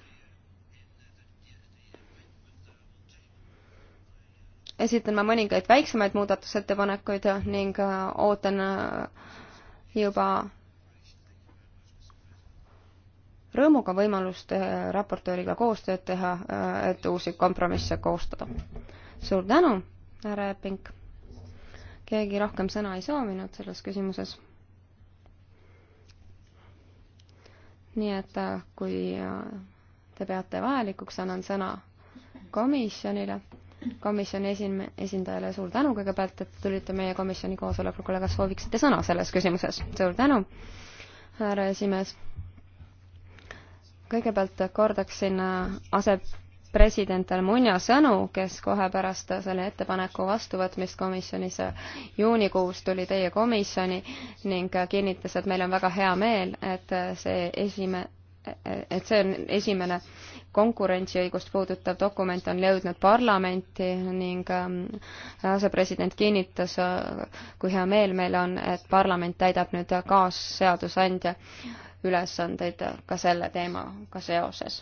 Speaker 1: esitan ma mõningaid väiksemaid muudatusettepanekuid ning äh, ootan äh, juba rõõmuga võimalust äh, raportööriga koostööd teha, et uusi kompromisse koostada. suur tänu, härra Epping. keegi rohkem sõna ei soovinud selles küsimuses. nii et kui te peate vajalikuks, annan sõna komisjonile komisjoni esim-, esindajale suur tänu kõigepealt, et tulite meie komisjoni koosolekule, kas sooviksite sõna selles küsimuses? suur tänu, härra esimees. kõigepealt kordaksin äh, asepresident Almunia sõnu, kes kohe pärast selle ettepaneku vastuvõtmist komisjonis äh, juunikuus tuli teie komisjoni ning äh, kinnitas, et meil on väga hea meel, et see esime-, et see on esimene konkurentsiõigust puudutav dokument on jõudnud parlamenti ning ähm, asepresident kinnitas, äh, kui hea meel meil on, et parlament täidab nüüd kaasseadusandja ülesandeid ka selle teemaga seoses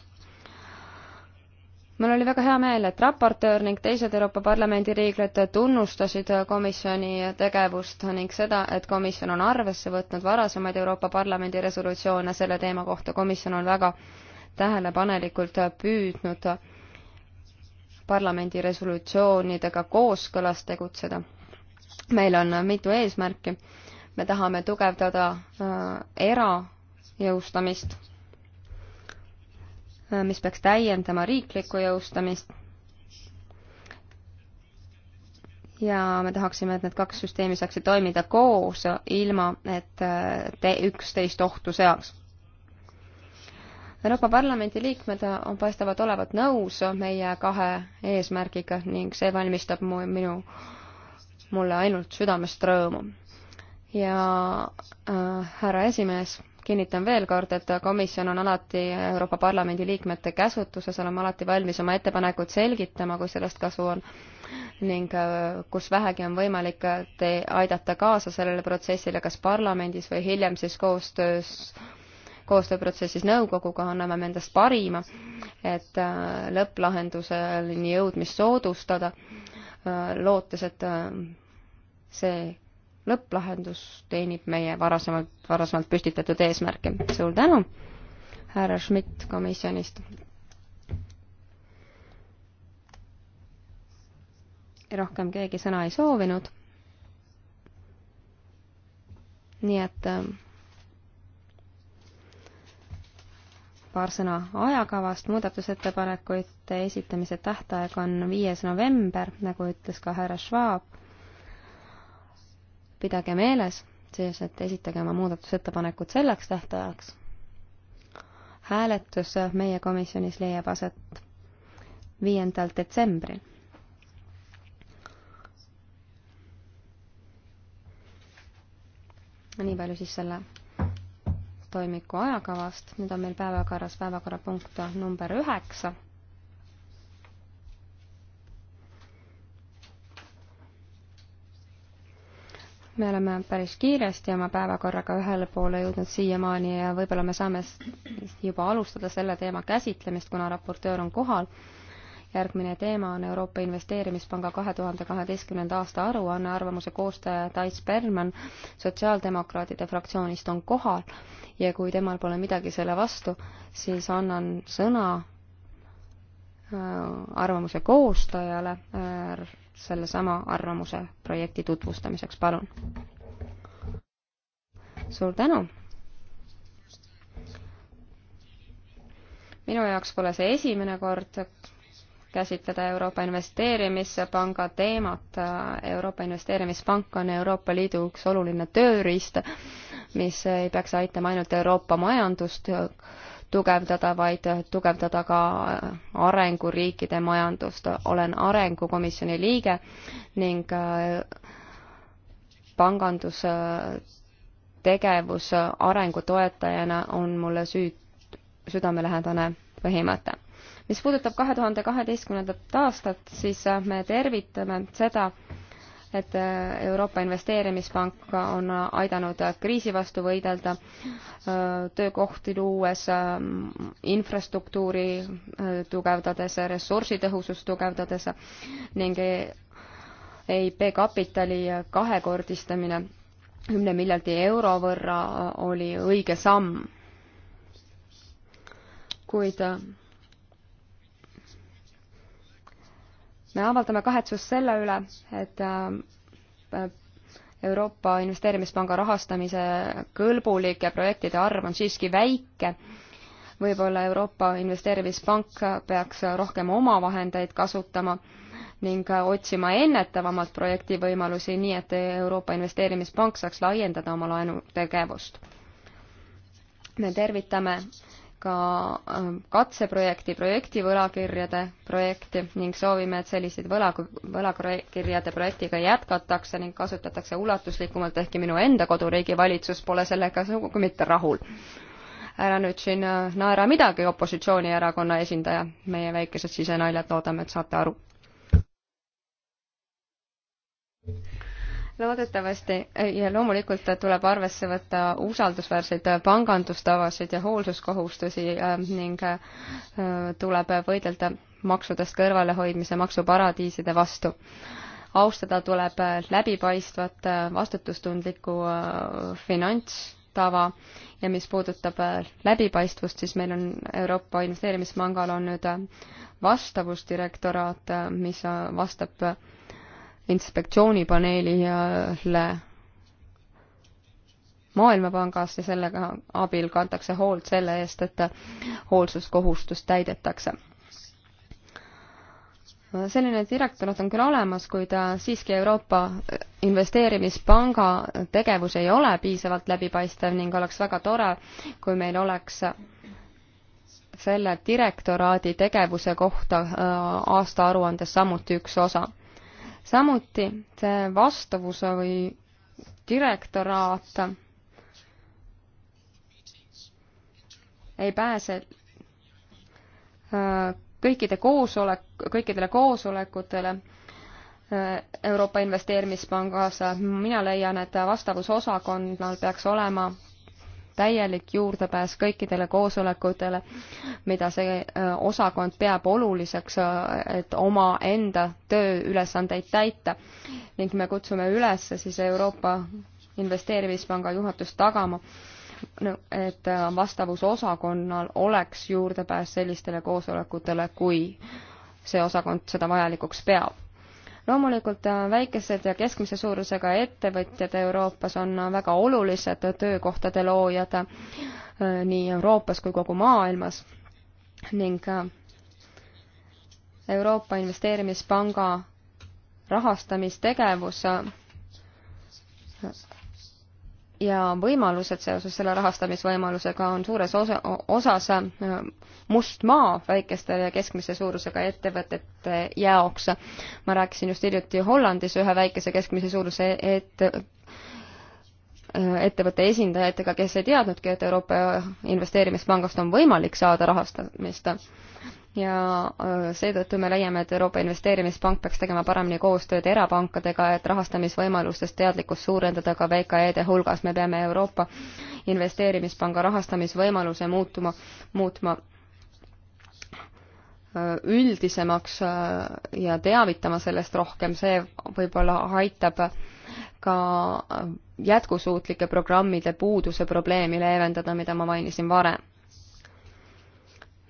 Speaker 1: mul oli väga hea meel, et raportöör ning teised Euroopa Parlamendi liikmed tunnustasid komisjoni tegevust ning seda, et komisjon on arvesse võtnud varasemaid Euroopa Parlamendi resolutsioone selle teema kohta. komisjon on väga tähelepanelikult püüdnud parlamendi resolutsioonidega kooskõlas tegutseda. meil on mitu eesmärki. me tahame tugevdada äh, erajõustamist, äh, mis peaks täiendama riiklikku jõustamist. ja me tahaksime, et need kaks süsteemi saaksid toimida koos, ilma et äh, te üksteist ohtu seaks Euroopa Parlamendi liikmed on, paistavad olevat nõus meie kahe eesmärgiga ning see valmistab mu, minu, mulle ainult südamest rõõmu. ja äh, härra esimees, kinnitan veel kord, et komisjon on alati Euroopa Parlamendi liikmete käsutuses, oleme alati valmis oma ettepanekuid selgitama, kui sellest kasu on ning äh, kus vähegi on võimalik te aidata kaasa sellele protsessile, kas parlamendis või hiljem siis koostöös äh, koostööprotsessis nõukoguga, anname me endast parima, et äh, lõpplahenduseni jõudmist soodustada, äh, lootes, et äh, see lõpplahendus teenib meie varasemalt, varasemalt püstitatud eesmärke. suur tänu, härra Schmidt komisjonist. rohkem keegi sõna ei soovinud. nii et paar sõna ajakavast, muudatusettepanekute esitamise tähtaeg on viies november, nagu ütles ka härra Schwab. pidage meeles, siis et esitage oma muudatusettepanekud selleks tähtajaks. hääletus meie komisjonis leiab aset viiendal detsembril. nii palju siis selle toimiku ajakavast. nüüd on meil päevakorras päevakorrapunkt number üheksa. me oleme päris kiiresti oma päevakorraga ühele poole jõudnud siiamaani ja võib-olla me saame juba alustada selle teema käsitlemist, kuna raportöör on kohal järgmine teema on Euroopa Investeerimispanga kahe tuhande kaheteistkümnenda aasta aruanne, arvamuse koostaja Tais Berman Sotsiaaldemokraatide fraktsioonist on kohal ja kui temal pole midagi selle vastu, siis annan sõna äh, arvamuse koostajale äh, sellesama arvamuse projekti tutvustamiseks, palun. suur tänu minu jaoks pole see esimene kord, käsitleda Euroopa Investeerimispanga teemat. Euroopa Investeerimispank on Euroopa Liidu üks oluline tööriist, mis ei peaks aitama ainult Euroopa majandust tugevdada, vaid tugevdada ka arenguriikide majandust. olen Arengukomisjoni liige ning äh, pangandustegevus äh, arengu toetajana on mulle süü-, südamelähedane põhimõte mis puudutab kahe tuhande kaheteistkümnendat aastat, siis äh, me tervitame seda, et äh, Euroopa Investeerimispank on äh, aidanud kriisi vastu võidelda, töökohti luues, ähm, infrastruktuuri tugevdades, ressursitõhusust tugevdades ning EIP e kapitali kahekordistamine kümne miljardi euro võrra oli õige samm. kuid me avaldame kahetsust selle üle, et äh, Euroopa Investeerimispanga rahastamise kõlbulike projektide arv on siiski väike. võib-olla Euroopa Investeerimispank peaks rohkem omavahendeid kasutama ning otsima ennetavamalt projektivõimalusi, nii et Euroopa Investeerimispank saaks laiendada oma laenutegevust. me tervitame ka ähm, katseprojekti, projektivõlakirjade projekti ning soovime, et selliseid võla, võlakirjade projektiga jätkatakse ning kasutatakse ulatuslikumalt, ehkki minu enda koduriigi valitsus pole sellega sugugi mitte rahul. ära nüüd siin äh, naera midagi, opositsioonierakonna esindaja, meie väikesed sisenaljad, loodame, et saate aru loodetavasti äh, ja loomulikult tuleb arvesse võtta usaldusväärseid pangandustavasid ja hoolsuskohustusi äh, ning äh, tuleb võidelda maksudest kõrvalehoidmise maksuparadiiside vastu. austada tuleb läbipaistvat vastutustundlikku finantstava ja mis puudutab läbipaistvust, siis meil on Euroopa Investeerimispangal on nüüd vastavusdirektoraat, mis vastab inspektsioonipaneelile Maailmapangas ja sellega abil kantakse hoolt selle eest, et hoolsuskohustust täidetakse. selline direktorat on küll olemas, kuid siiski Euroopa Investeerimispanga tegevus ei ole piisavalt läbipaistev ning oleks väga tore, kui meil oleks selle direktoraadi tegevuse kohta äh, aastaaruandes samuti üks osa samuti see vastavuse või direktoraat ei pääse äh, kõikide koosolek, kõikidele koosolekutele äh, Euroopa Investeerimispangas, mina leian, et vastavusosakonnal peaks olema täielik juurdepääs kõikidele koosolekutele, mida see äh, osakond peab oluliseks, äh, et omaenda tööülesandeid täita. ning me kutsume üles siis Euroopa Investeerimispanga juhatust tagama, et äh, vastavusosakonnal oleks juurdepääs sellistele koosolekutele, kui see osakond seda vajalikuks peab loomulikult äh, väikesed ja keskmise suurusega ettevõtjad Euroopas on äh, väga olulised töökohtade loojad äh, nii Euroopas kui kogu maailmas ning Euroopa Investeerimispanga rahastamistegevus ja võimalused seoses selle rahastamisvõimalusega on suures osa, osas äh, must maa väikeste ja keskmise suurusega ettevõtete jaoks. ma rääkisin just hiljuti Hollandis ühe väikese keskmise suuruse et-, äh, ettevõtte esindajatega, kes ei teadnudki, et Euroopa Investeerimispangast on võimalik saada rahastamist ja äh, seetõttu me leiame, et Euroopa Investeerimispank peaks tegema paremini koostööd erapankadega, et rahastamisvõimalustest teadlikkust suurendada ka VKE-de hulgas. me peame Euroopa Investeerimispanga rahastamisvõimaluse muutuma, muutma äh, üldisemaks äh, ja teavitama sellest rohkem, see võib-olla aitab ka jätkusuutlike programmide puuduse probleemi leevendada, mida ma mainisin varem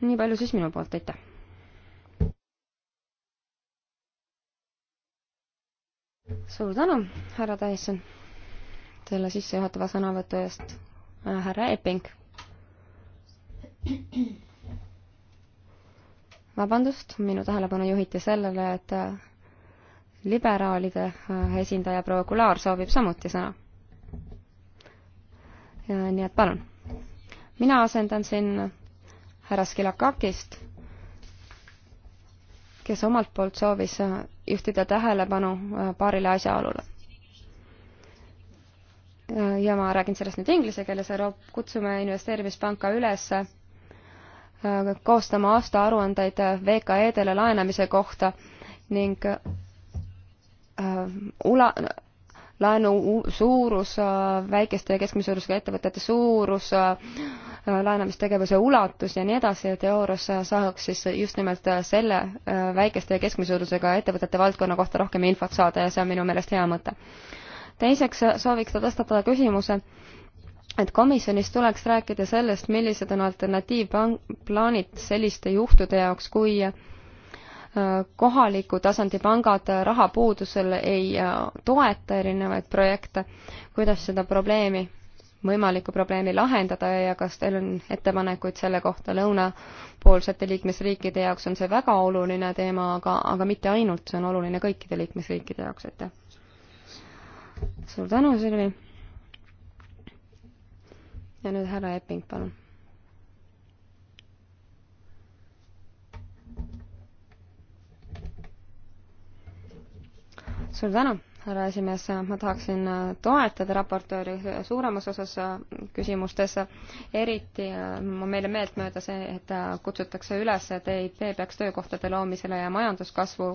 Speaker 1: nii palju siis minu poolt, aitäh! suur tänu, härra Tõnisson, selle sissejuhatava sõnavõtu eest, äh, härra Epping. vabandust, minu tähelepanu juhiti sellele, et äh, liberaalide äh, esindaja proua Kulaar soovib samuti sõna. nii et palun. mina asendan siin härra Skilakakist, kes omalt poolt soovis äh, juhtida tähelepanu äh, paarile asjaolule. Äh, ja ma räägin sellest nüüd inglise keeles, kutsume investeerimispanka üles koostama aastaaruandeid VKE-dele laenamise kohta ning ula-, laenu suurus, äh, väikeste ja keskmise suurusega ettevõtete suurus, äh, laenamistegevuse ulatus ja nii edasi, et EUROS äh, saaks siis just nimelt selle väikeste ja keskmise suurusega ettevõtete valdkonna kohta rohkem infot saada ja see on minu meelest hea mõte. teiseks sooviks ta tõstatada küsimuse, et komisjonis tuleks rääkida sellest, millised on alternatiivplaanid selliste juhtude jaoks, kui kohaliku tasandi pangad rahapuudusel ei äh, toeta erinevaid projekte. kuidas seda probleemi, võimalikku probleemi lahendada ja kas teil on ettepanekuid selle kohta lõunapoolsete liikmesriikide jaoks on see väga oluline teema, aga, aga mitte ainult, see on oluline kõikide liikmesriikide jaoks, aitäh. suur tänu, Silvi. ja nüüd härra Epping, palun suur tänu, härra esimees, ma tahaksin äh, toetada raportööri suuremas osas äh, küsimustes, eriti äh, meile meeltmööda see, et kutsutakse üles, et EIP peaks töökohtade loomisele ja majanduskasvu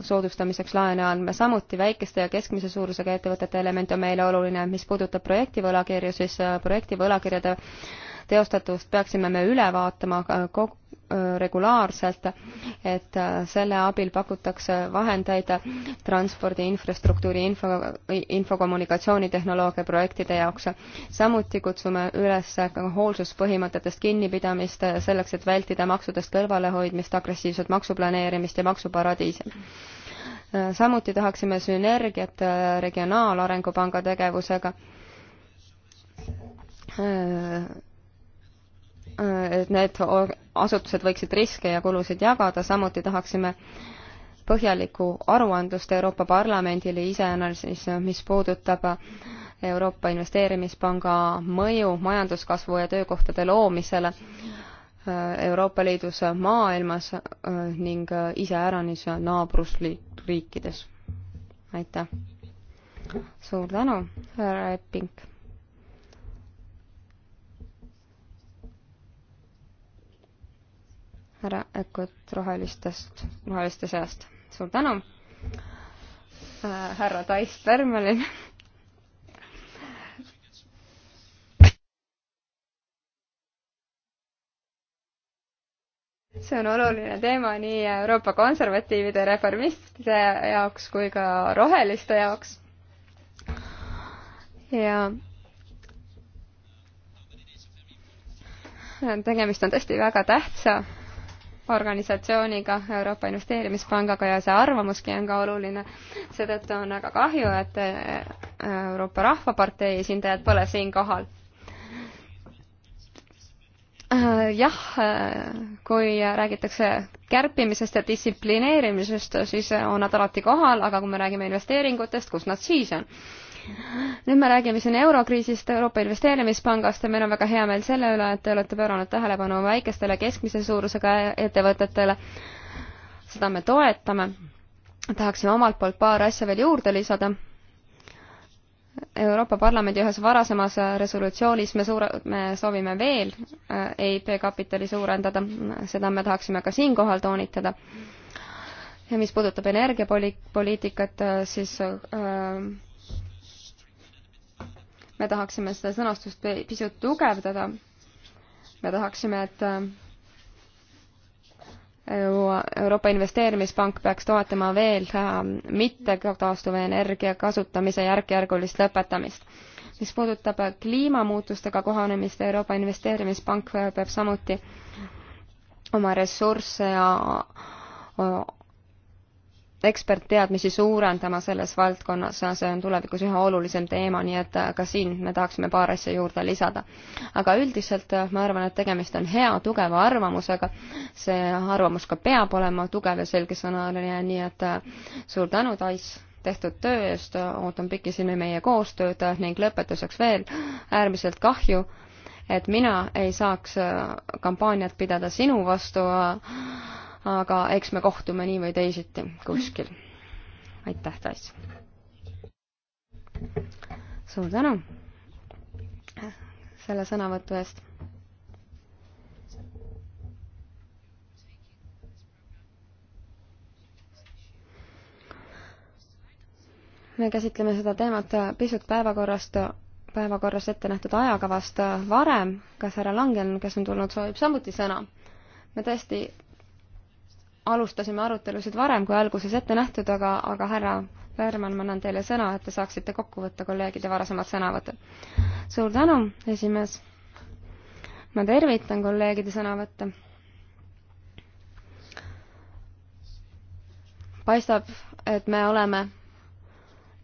Speaker 1: soodustamiseks laene andma, samuti väikeste ja keskmise suurusega ettevõtete element on meile oluline, mis puudutab projektivõlakirju, siis projektivõlakirjade teostatust peaksime me üle vaatama kogu regulaarselt, et äh, selle abil pakutakse vahendeid transpordi infrastruktuuri info, infokommunikatsioonitehnoloogia projektide jaoks. samuti kutsume üles ka hoolsuspõhimõtetest kinnipidamist selleks, et vältida maksudest kõrvalehoidmist, agressiivset maksuplaneerimist ja maksuparadiise samuti tahaksime sünergiat Regionaalarengupanga tegevusega äh, Äh, et need asutused võiksid riske ja kulusid jagada, samuti tahaksime põhjalikku aruandlust Euroopa Parlamendile iseenesest, mis puudutab Euroopa Investeerimispanga mõju majanduskasvu ja töökohtade loomisele äh, Euroopa Liidus, maailmas äh, ning iseäranis naabrusriikides. aitäh! suur tänu, härra Epping! härra Ökut rohelistest, roheliste seast. suur tänu äh,, härra Tais Pärmelin see on oluline teema nii Euroopa konservatiivide reformistide jaoks kui ka roheliste jaoks. ja tegemist on tõesti väga tähtsa organisatsiooniga, Euroopa Investeerimispangaga ja see arvamuski on ka oluline. seetõttu on väga kahju, et äh, Euroopa Rahvapartei esindajad pole siin kohal. Äh, jah, äh, kui räägitakse kärpimisest ja distsiplineerimisest, siis on nad alati kohal, aga kui me räägime investeeringutest, kus nad siis on? nüüd me räägime siin eurokriisist, Euroopa Investeerimispangast ja meil on väga hea meel selle üle, et te olete pööranud tähelepanu väikestele keskmise suurusega ettevõtetele. seda me toetame. tahaksime omalt poolt paar asja veel juurde lisada. Euroopa Parlamendi ühes varasemas resolutsioonis me suure, me soovime veel äh, EIP kapitali suurendada, seda me tahaksime ka siinkohal toonitada ja mis puudutab energiapoliitikat, äh, siis äh, me tahaksime seda sõnastust pisut tugevdada. me tahaksime, et äh, Euroopa Investeerimispank peaks toetama veel äh, mitte taastuvenergia kasutamise järk-järgulist lõpetamist. mis puudutab kliimamuutustega kohanemist, Euroopa Investeerimispank peab samuti oma ressursse ja ekspertteadmisi suurendama selles valdkonnas, see on tulevikus üha olulisem teema, nii et ka siin me tahaksime paar asja juurde lisada. aga üldiselt ma arvan, et tegemist on hea, tugeva arvamusega, see arvamus ka peab olema tugev ja selgesõnaline, nii et suur tänu, Tais, tehtud töö eest, ootan pikisilmi meie koostööd ning lõpetuseks veel äärmiselt kahju, et mina ei saaks kampaaniat pidada sinu vastu aga eks me kohtume nii või teisiti kuskil. aitäh, Tass! suur tänu selle sõnavõtu eest me käsitleme seda teemat pisut päevakorrast, päevakorras ette nähtud ajakavast varem. kas härra Langen, kes on tulnud, soovib samuti sõna? me tõesti alustasime arutelusid varem kui alguses ette nähtud, aga, aga härra Berman, ma annan teile sõna, et te saaksite kokku võtta kolleegide varasemad sõnavõtud. suur tänu, esimees. ma tervitan kolleegide sõnavõtte. paistab, et me oleme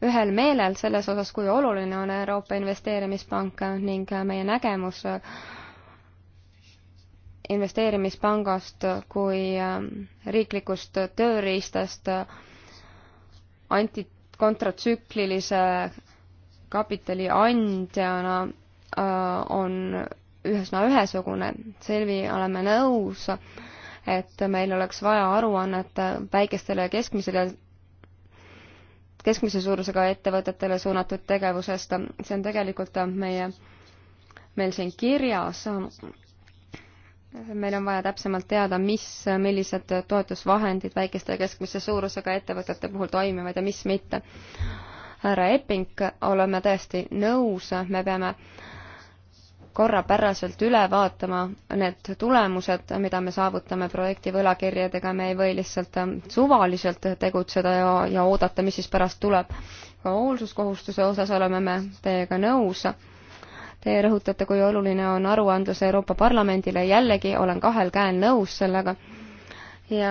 Speaker 1: ühel meelel selles osas, kui oluline on Euroopa Investeerimispank ning meie nägemus äh, investeerimispangast kui ähm, riiklikust tööriistast äh, antikontratsüklilise kapitali andjana äh, on üsna ühesugune. Selvi, oleme nõus, et meil oleks vaja aruannet väikestele ja keskmisele keskmise suurusega ettevõtetele suunatud tegevusest, see on tegelikult meie, meil siin kirjas meil on vaja täpsemalt teada, mis, millised toetusvahendid väikeste ja keskmise suurusega ettevõtete puhul toimivad ja mis mitte. härra Epping, oleme täiesti nõus, me peame korrapäraselt üle vaatama need tulemused, mida me saavutame projekti võlakirjadega, me ei või lihtsalt suvaliselt tegutseda ja, ja oodata, mis siis pärast tuleb. ka hoolsuskohustuse osas oleme me teiega nõus Teie rõhutate, kui oluline on aruandlus Euroopa Parlamendile, jällegi olen kahel käel nõus sellega ja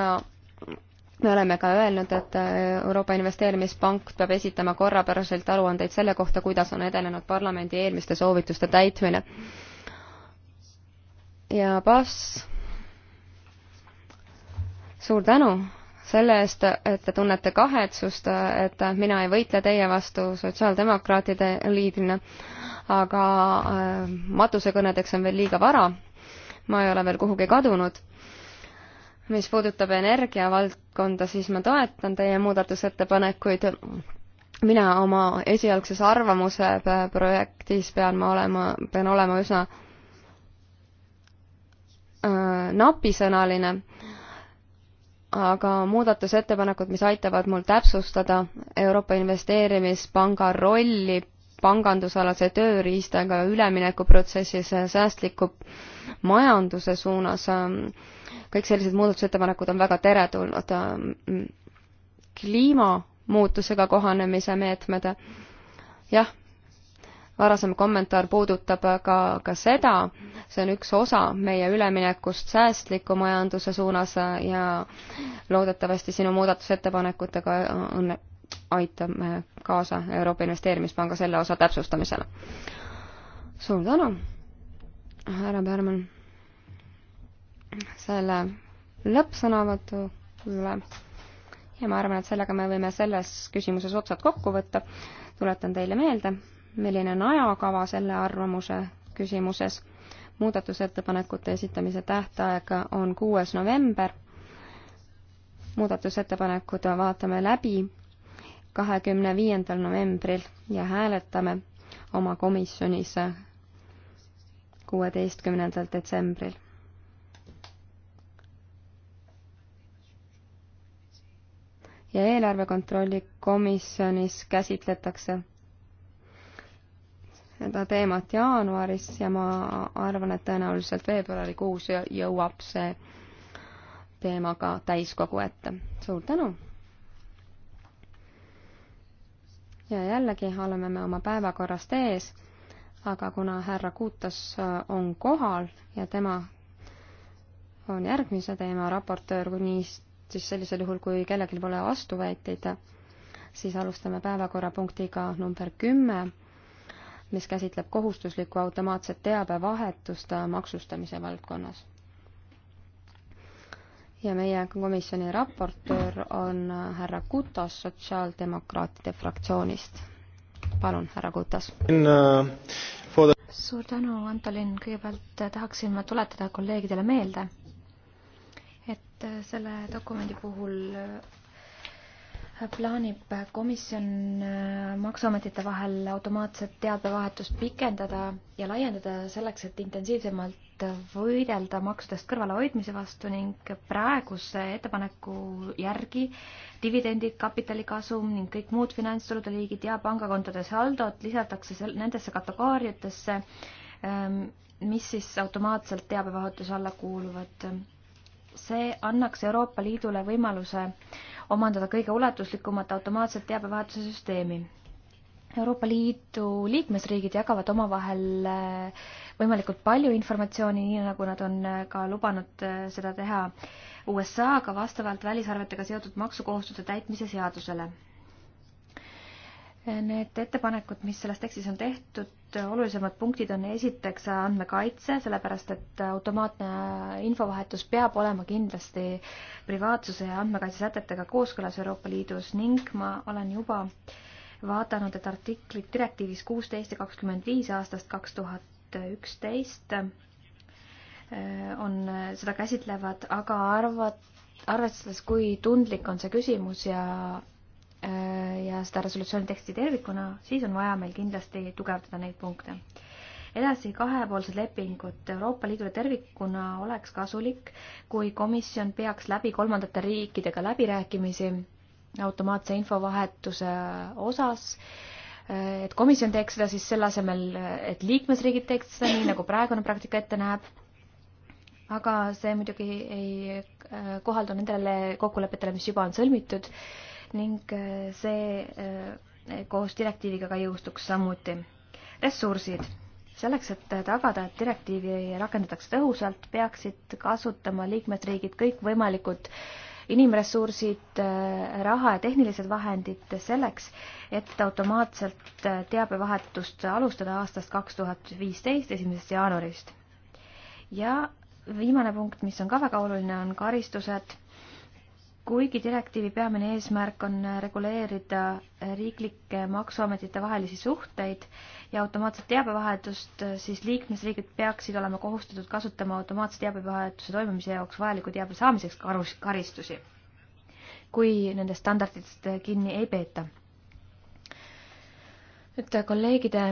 Speaker 1: me oleme ka öelnud, et Euroopa Investeerimispank peab esitama korrapäraselt aruandeid selle kohta, kuidas on edenenud parlamendi eelmiste soovituste täitmine. ja Bas, suur tänu selle eest, et te tunnete kahetsust, et mina ei võitle teie vastu sotsiaaldemokraatide liidrina, aga äh, matusekõnedeks on veel liiga vara. ma ei ole veel kuhugi kadunud. mis puudutab energiavaldkonda, siis ma toetan teie muudatusettepanekuid. mina oma esialgses arvamuse projektis pean ma olema, pean olema üsna äh, napisõnaline aga muudatusettepanekud, mis aitavad mul täpsustada Euroopa Investeerimispanga rolli pangandusalase tööriistaga üleminekuprotsessis säästliku majanduse suunas, kõik sellised muudatusettepanekud on väga teretulnud. kliimamuutusega kohanemise meetmed, jah, varasem kommentaar puudutab ka, ka seda, see on üks osa meie üleminekust säästliku majanduse suunas ja loodetavasti sinu muudatusettepanekutega õnne-, aitame kaasa Euroopa Investeerimispanga selle osa täpsustamisele. suur tänu, härra Pärmen, selle lõppsõnavõtu üle ja ma arvan, et sellega me võime selles küsimuses otsad kokku võtta. tuletan teile meelde, milline on ajakava selle arvamuse küsimuses. muudatusettepanekute esitamise tähtaeg on kuues november. muudatusettepanekud vaatame läbi kahekümne viiendal novembril ja hääletame oma komisjonis kuueteistkümnendal detsembril. ja eelarve kontrolli komisjonis käsitletakse seda teemat jaanuaris ja ma arvan, et tõenäoliselt veebruarikuus jõuab see teema ka täiskogu ette. suur tänu! ja jällegi oleme me oma päevakorrast ees, aga kuna härra Kuutas äh, on kohal ja tema on järgmise teema raportöör, kui nii, siis sellisel juhul, kui kellelgi pole vastuväiteid, siis alustame päevakorrapunktiga number kümme mis käsitleb kohustuslikku automaatset teabevahetust maksustamise valdkonnas. ja meie komisjoni raportöör on härra Kutas Sotsiaaldemokraatide fraktsioonist. palun, härra Kutas. Uh, suur tänu, Antolin, kõigepealt
Speaker 2: tahaksin ma tuletada kolleegidele meelde, et selle dokumendi puhul plaanib komisjon äh, Maksuametite vahel automaatset teabevahetust pikendada ja laiendada selleks, et intensiivsemalt võidelda maksudest kõrvalehoidmise vastu ning praeguse ettepaneku järgi dividendid, kapitalikasum ning kõik muud finantstulude liigid ja pangakontode saldod lisatakse nendesse kategooriatesse, ähm, mis siis automaatselt teabevahetuse alla kuuluvad see annaks Euroopa Liidule võimaluse omandada kõige ulatuslikumat automaatset teabevahetuse süsteemi. Euroopa Liidu liikmesriigid jagavad omavahel äh, võimalikult palju informatsiooni, nii nagu nad on äh, ka lubanud äh, seda teha USA-ga vastavalt välisarvetega seotud maksukohustuste täitmise seadusele Need ettepanekud, mis selles tekstis on tehtud, olulisemad punktid on esiteks andmekaitse, sellepärast et automaatne infovahetus peab olema kindlasti privaatsuse ja andmekaitse sätetega kooskõlas Euroopa Liidus ning ma olen juba vaadanud, et artiklid direktiivis kuusteist ja kakskümmend viis aastast kaks tuhat üksteist äh, on, seda käsitlevad, aga arvad, arvestades, kui tundlik on see küsimus ja Äh, ja seda resolutsiooni teksti tervikuna, siis on vaja meil kindlasti tugevdada neid punkte. edasi, kahepoolsed lepingud Euroopa Liidule tervikuna oleks kasulik, kui komisjon peaks läbi kolmandate riikidega läbirääkimisi automaatse infovahetuse osas äh, et komisjon teeks seda siis selle asemel, et liikmesriigid teeks seda, nii nagu praegune praktika ette näeb. aga see muidugi ei äh, kohaldu nendele kokkulepetele, mis juba on sõlmitud ning äh, see äh, koos direktiiviga ka jõustuks samuti. ressursid. selleks, et tagada, et direktiivi rakendatakse tõhusalt, peaksid kasutama liikmesriigid kõikvõimalikud inimressursid, äh, raha ja tehnilised vahendid selleks, et automaatselt teabevahetust alustada aastast kaks tuhat viisteist, esimesest jaanuarist. ja viimane punkt, mis on ka väga oluline, on karistused kuigi direktiivi peamine eesmärk on reguleerida riiklike maksuametite vahelisi suhteid ja automaatset teabevahetust, siis liikmesriigid peaksid olema kohustatud kasutama automaatse teabevahetuse toimimise jaoks vajaliku teabe saamiseks karus, karistusi, kui nendest standarditest kinni ei peeta. nüüd kolleegide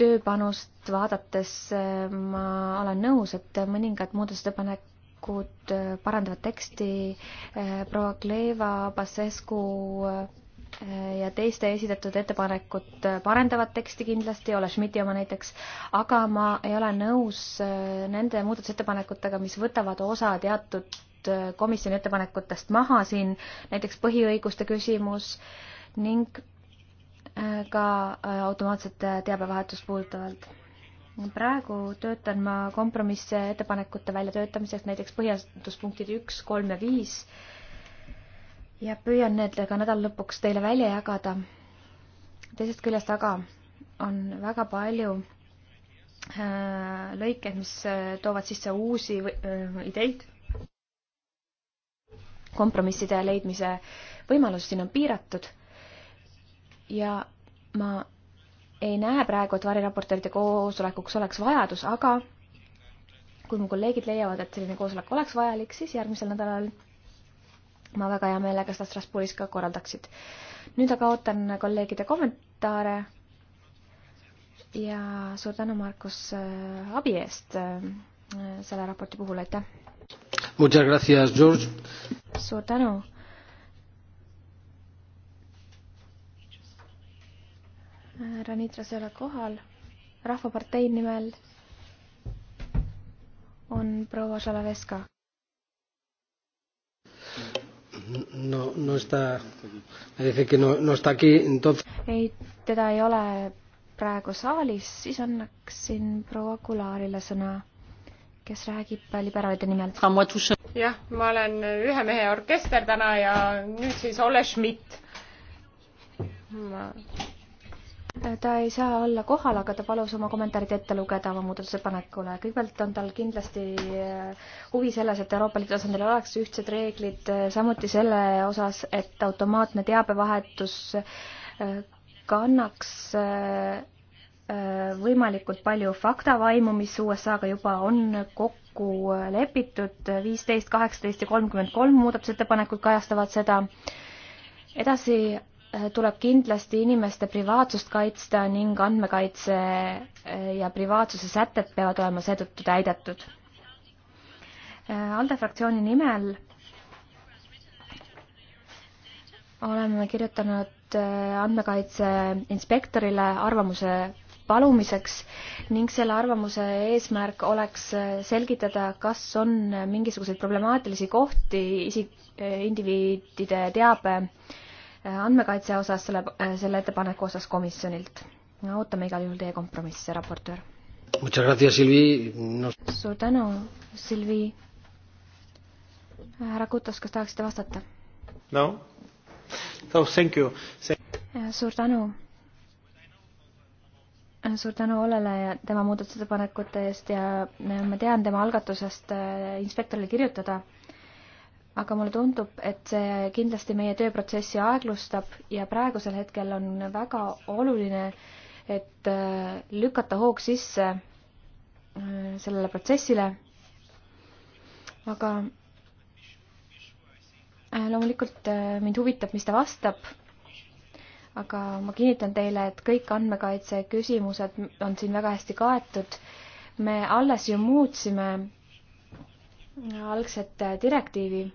Speaker 2: tööpanust vaadates äh, ma olen nõus, et mõningad muudatusettepanekud ettepanekud äh, parandavad teksti äh, proua Kleeva, Basescu äh, ja teiste esitatud ettepanekud parendavad teksti kindlasti, Ole Schmidti oma näiteks, aga ma ei ole nõus nende muudatusettepanekutega, mis võtavad osa teatud komisjoni ettepanekutest maha siin, näiteks põhiõiguste küsimus ning ka automaatset teabevahetust puudutavalt praegu töötan ma kompromissettepanekute väljatöötamiseks, näiteks põhjenduspunktid üks, kolm ja viis. ja püüan need ka nädala lõpuks teile välja jagada. teisest küljest aga on väga palju äh, lõikeid, mis äh, toovad sisse uusi äh, ideid. kompromisside leidmise võimalus siin on piiratud. ja ma ei näe praegu, et variraportööride koosolekuks oleks vajadus, aga kui mu kolleegid leiavad, et selline koosolek oleks vajalik, siis järgmisel nädalal ma väga hea meelega seda Strasbourgis ka korraldaksid. nüüd aga ootan kolleegide kommentaare. ja suur tänu, Markus, äh, abi eest äh, selle raporti puhul, aitäh! suur tänu! härra Nitras ei ole kohal. rahvapartei nimel on proua Žalaveska.
Speaker 3: no, no está, me dice que no, no está aquí, entonces.
Speaker 2: ei, teda ei ole praegu saalis, siis annaksin proua Kularile sõna, kes räägib liberaalide nimel.
Speaker 3: jah, ma olen ühe mehe orkester täna ja nüüd siis Ole Schmidt ma
Speaker 2: ta ei saa olla kohal, aga ta palus oma kommentaarid ette lugeda oma muudatusepanekule. kõigepealt on tal kindlasti äh, huvi selles, et Euroopa Liidu tasandil oleks ühtsed reeglid, äh, samuti selle osas, et automaatne teabevahetus äh, kannaks võimalikult palju faktavaimu, mis USA-ga juba on kokku lepitud, viisteist, kaheksateist ja kolmkümmend kolm muudatusettepanekut kajastavad seda. edasi Äh, tuleb kindlasti inimeste privaatsust kaitsta ning andmekaitse äh, ja privaatsuse sätted peavad olema seetõttu täidetud. Äh, ALDE fraktsiooni nimel oleme kirjutanud andmekaitse inspektorile arvamuse palumiseks ning selle arvamuse eesmärk oleks selgitada, kas on mingisuguseid problemaatilisi kohti isik, indiviidide teabe äh, andmekaitse osas selle, selle ettepaneku osas komisjonilt. ootame igal juhul teie kompromisse, raportöör. No... suur tänu, Silvi. härra Kutas, kas tahaksite vastata?
Speaker 1: no, no thank you thank....
Speaker 2: suur tänu. suur tänu Olele ja tema muudatusettepanekute eest ja ma tean tema algatusest äh, inspektorile kirjutada aga mulle tundub, et see kindlasti meie tööprotsessi aeglustab ja praegusel hetkel on väga oluline, et äh, lükata hoog sisse äh, sellele protsessile. aga äh, loomulikult mind huvitab, mis ta vastab. aga ma kinnitan teile, et kõik andmekaitse küsimused on siin väga hästi kaetud. me alles ju muutsime algset direktiivi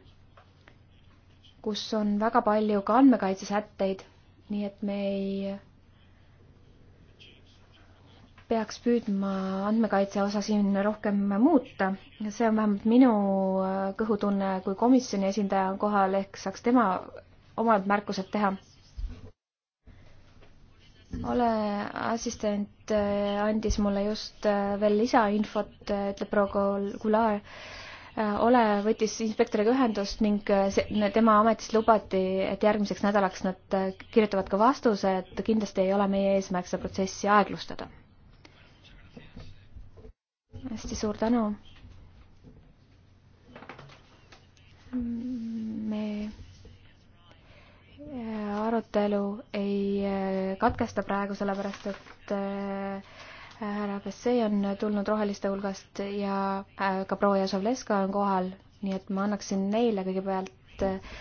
Speaker 2: kus on väga palju ka andmekaitsesätteid, nii et me ei peaks püüdma andmekaitse osa siin rohkem muuta. see on vähemalt minu äh, kõhutunne, kui komisjoni esindaja on kohal, ehk saaks tema omad märkused teha. ole assistent äh, andis mulle just äh, veel lisainfot, ütleb proua Goulaar Äh, ole võttis inspektoriga ühendust ning äh, tema ametist lubati, et järgmiseks nädalaks nad äh, kirjutavad ka vastuse, et kindlasti ei ole meie eesmärk seda protsessi aeglustada. hästi suur tänu. me arutelu ei katkesta praegu, sellepärast et härra Pessee on tulnud roheliste hulgast ja äh, ka proua Jasovleska on kohal, nii et ma annaksin neile kõigepealt äh,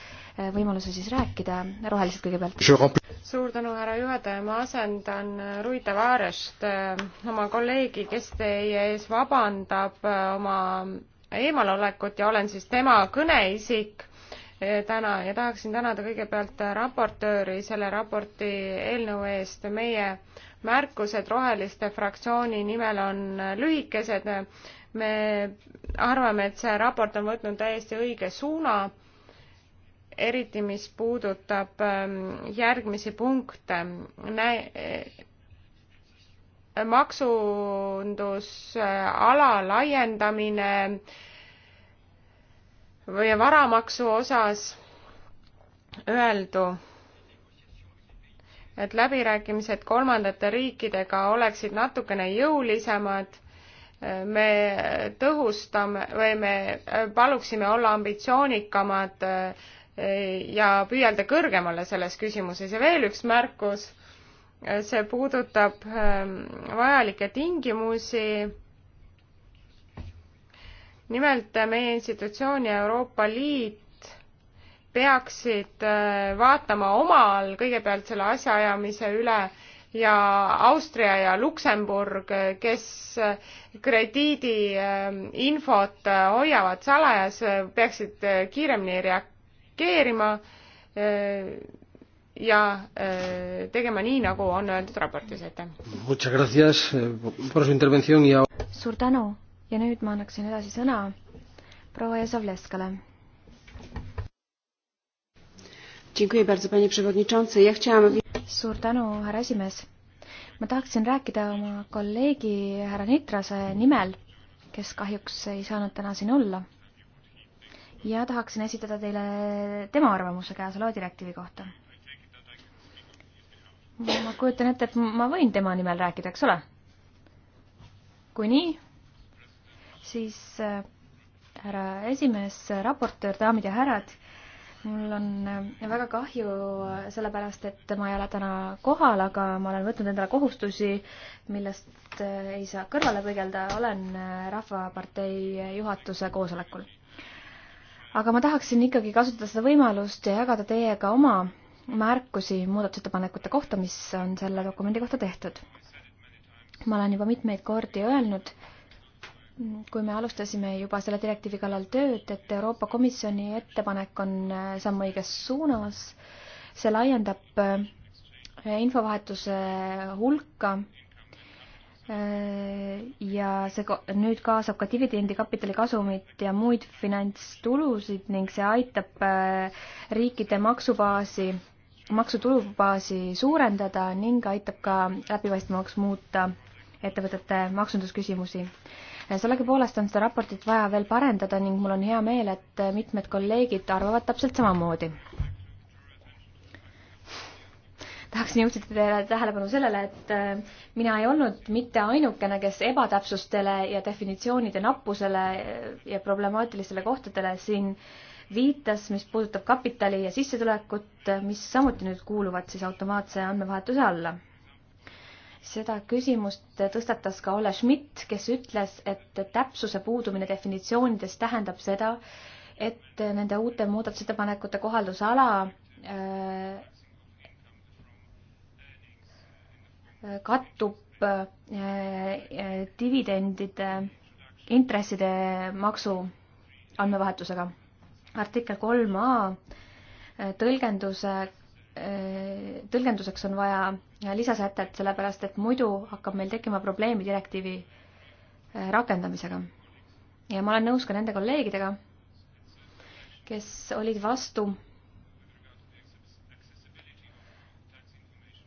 Speaker 2: võimaluse siis rääkida, rohelised kõigepealt.
Speaker 3: suur tänu, härra juhataja, ma asendan Rui Tavarest, äh, oma kolleegi, kes teie ees vabandab oma eemalolekut ja olen siis tema kõneisik täna ja tahaksin tänada kõigepealt raportööri selle raporti eelnõu eest meie äh, märkused Roheliste fraktsiooni nimel on lühikesed. me arvame, et see raport on võtnud täiesti õige suuna, eriti mis puudutab ähm, järgmisi punkte äh, maksundusala laiendamine või varamaksu osas öeldu et läbirääkimised kolmandate riikidega oleksid natukene jõulisemad me tõhustame või me paluksime olla ambitsioonikamad eh, ja püüelda kõrgemale selles küsimuses ja veel üks märkus, see puudutab ehm, vajalikke tingimusi. nimelt meie institutsioon ja Euroopa Liit peaksid äh, vaatama omal kõigepealt selle asjaajamise üle ja Austria ja Luksemburg, kes äh, krediidiinfot äh, hoiavad salajas, peaksid kiiremini reageerima ja tegema nii, nagu on öeldud raportis, aitäh. Eh, suur tänu ja nüüd ma annaksin edasi sõna
Speaker 2: proua Jazovleskale suur tänu, härra esimees. ma tahaksin rääkida oma kolleegi härra Nitrase nimel, kes kahjuks ei saanud täna siin olla. ja tahaksin esitada teile tema arvamuse käesoleva direktiivi kohta. ma kujutan ette, et ma võin tema nimel rääkida, eks ole? kui nii, siis äh, härra esimees, raportöör, daamid ja härrad mul on äh, väga kahju, äh, sellepärast et ma ei ole täna kohal, aga ma olen võtnud endale kohustusi, millest äh, ei saa kõrvale põigelda, olen Rahvapartei juhatuse koosolekul. aga ma tahaksin ikkagi kasutada seda võimalust ja jagada teiega oma märkusi muudatusettepanekute kohta, mis on selle dokumendi kohta tehtud. ma olen juba mitmeid kordi öelnud, kui me alustasime juba selle direktiivi kallal tööd, et Euroopa Komisjoni ettepanek on äh, samm õiges suunas. see laiendab äh, infovahetuse hulka äh, ja see nüüd kaasab ka dividendi, kapitalikasumit ja muid finantstulusid ning see aitab riikide maksubaasi, maksutulubaasi suurendada ning aitab ka läbipaistvamaks muuta ettevõtete maksundusküsimusi sellegipoolest on seda raportit vaja veel parendada ning mul on hea meel, et mitmed kolleegid arvavad täpselt samamoodi. tahaksin juhtida teile tähelepanu sellele, et äh, mina ei olnud mitte ainukene, kes ebatäpsustele ja definitsioonide nappusele ja problemaatilistele kohtadele siin viitas, mis puudutab kapitali ja sissetulekut, mis samuti nüüd kuuluvad siis automaatse andmevahetuse alla seda küsimust tõstatas ka Olle Schmidt, kes ütles, et täpsuse puudumine definitsioonides tähendab seda, et nende uute muudatusettepanekute kohaldusala äh, äh, kattub äh, dividendide intresside maksu andmevahetusega. artikkel kolm A tõlgenduse, tõlgenduseks on vaja lisasätet, sellepärast et muidu hakkab meil tekkima probleemi direktiivi äh, rakendamisega. ja ma olen nõus ka nende kolleegidega, kes olid vastu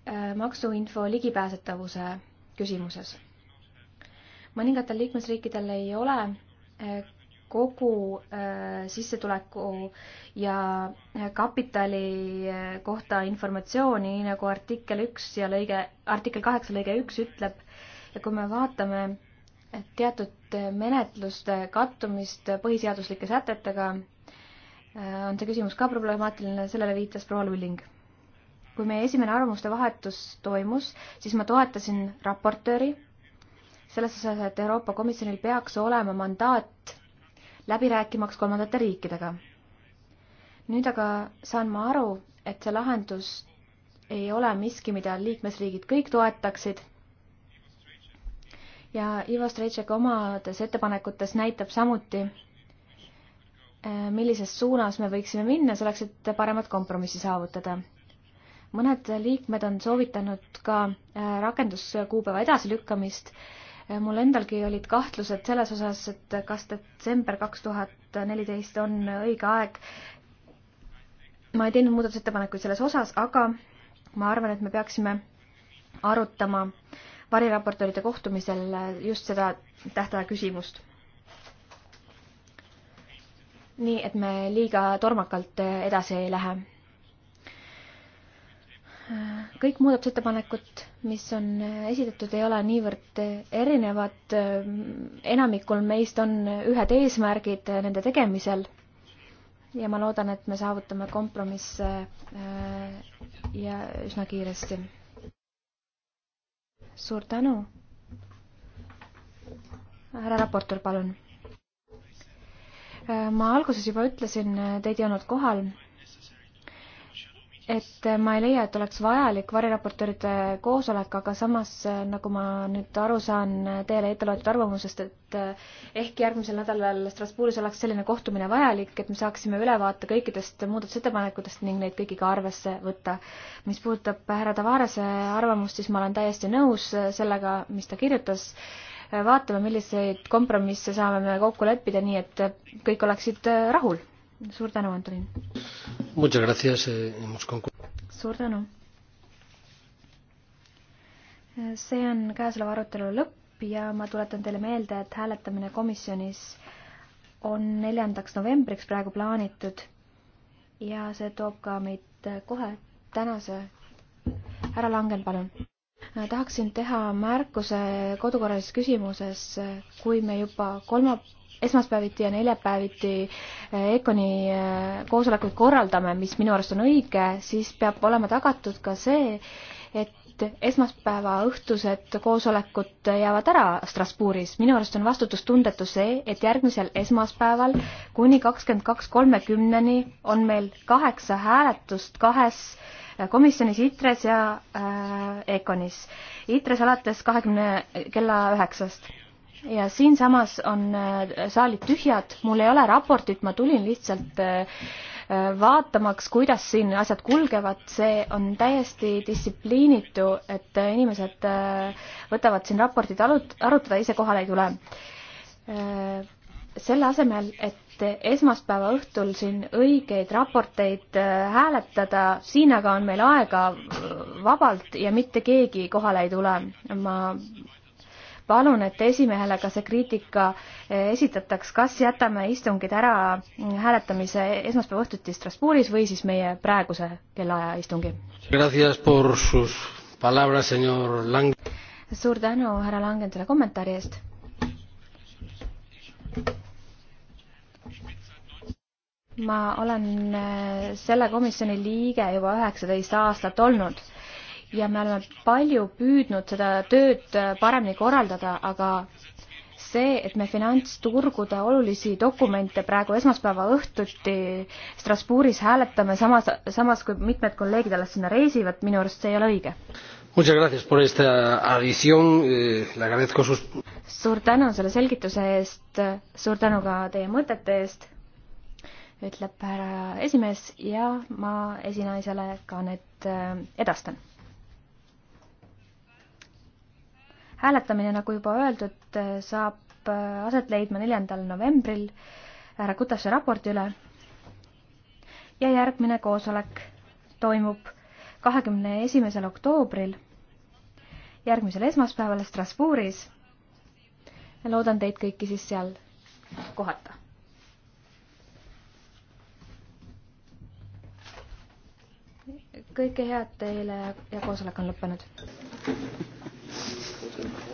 Speaker 2: äh, maksuinfo ligipääsetavuse küsimuses. mõningatel liikmesriikidel ei ole äh, kogu äh, sissetuleku ja äh, kapitali äh, kohta informatsiooni, nii nagu artikkel üks ja lõige, artikkel kaheksa lõige üks ütleb. ja kui me vaatame teatud menetluste kattumist põhiseaduslike sätetega, on see küsimus ka problemaatiline, sellele viitas proua Lulling. kui meie esimene arvamuste vahetus toimus, siis ma toetasin raportööri selles osas, et Euroopa Komisjonil peaks olema mandaat läbi rääkimaks kolmandate riikidega. nüüd aga saan ma aru, et see lahendus ei ole miski, mida liikmesriigid kõik toetaksid. ja Ivo Strejček omades ettepanekutes näitab samuti, eh, millises suunas me võiksime minna selleks, et paremat kompromissi saavutada. mõned liikmed on soovitanud ka eh, rakenduskuupäeva edasilükkamist mul endalgi olid kahtlused selles osas, et kas detsember kaks tuhat neliteist on õige aeg. ma ei teinud muudatusettepanekuid selles osas, aga ma arvan, et me peaksime arutama variraportööride kohtumisel just seda tähtaja küsimust. nii et me liiga tormakalt edasi ei lähe kõik muudatusettepanekud, mis on äh, esitatud, ei ole niivõrd äh, erinevad. Äh, enamikul meist on ühed eesmärgid nende tegemisel. ja ma loodan, et me saavutame kompromisse ja üsna kiiresti. suur tänu. härra raportöör, palun. ma alguses juba ütlesin, teid ei olnud kohal et ma ei leia, et oleks vajalik variraportööride koosolek, aga samas, nagu ma nüüd aru saan teile ette loetud arvamusest, et eh, ehk järgmisel nädalal Strasbourgis oleks selline kohtumine vajalik, et me saaksime ülevaate kõikidest muudatusettepanekutest ning neid kõiki ka arvesse võtta. mis puudutab härra Tavarese arvamust, siis ma olen täiesti nõus sellega, mis ta kirjutas. vaatame, milliseid kompromisse saame me kokku leppida, nii et kõik oleksid rahul suur tänu, Antonin. Eh, suur tänu. see on käesoleva arutelu lõpp ja ma tuletan teile meelde, et hääletamine komisjonis on neljandaks novembriks praegu plaanitud ja see toob ka meid kohe tänase. härra Langen, palun. tahaksin teha märkuse kodukorralises küsimuses, kui me juba kolmapäeval esmaspäeviti ja neljapäeviti äh, EKONi äh, koosolekuid korraldame, mis minu arust on õige, siis peab olema tagatud ka see, et esmaspäeva õhtused koosolekud jäävad ära Strasbourgis. minu arust on vastutustundetu see, et järgmisel esmaspäeval kuni kakskümmend kaks kolmekümneni on meil kaheksa hääletust kahes äh, komisjonis ITRES ja äh, EKONis. ITRES alates kahekümne, kella üheksast ja siinsamas on äh, saalid tühjad, mul ei ole raportit, ma tulin lihtsalt äh, äh, vaatamaks, kuidas siin asjad kulgevad, see on täiesti distsipliinitu, et inimesed võtavad siin raportit arut-, arutada, ise kohale ei tule. selle asemel, et esmaspäeva õhtul siin õigeid raporteid hääletada, siin aga on meil aega vabalt ja mitte keegi kohale ei tule. ma palun, et esimehele ka see kriitika eh, esitataks, kas jätame istungid ära mm, hääletamise esmaspäeva õhtuti Strasbourgis või siis meie praeguse kellaaja istungi. suur tänu härra Langen selle kommentaari eest. ma olen eh, selle komisjoni liige juba üheksateist aastat olnud ja me oleme palju püüdnud seda tööd äh, paremini korraldada, aga see, et me finantsturgude olulisi dokumente praegu esmaspäeva õhtuti Strasbourgis hääletame, samas, samas kui mitmed kolleegid alles sinna reisivad, minu arust see ei ole õige. Eh, sus... suur tänu selle selgituse eest, suur tänu ka teie mõtete eest, ütleb härra esimees ja ma esinaisele ka need äh, edastan hääletamine, nagu juba öeldud, äh, saab äh, aset leidma neljandal novembril härra Kutase raporti üle. ja järgmine koosolek toimub kahekümne esimesel oktoobril, järgmisel esmaspäeval Strasbourgis. loodan teid kõiki siis seal kohata. kõike head teile ja koosolek on lõppenud.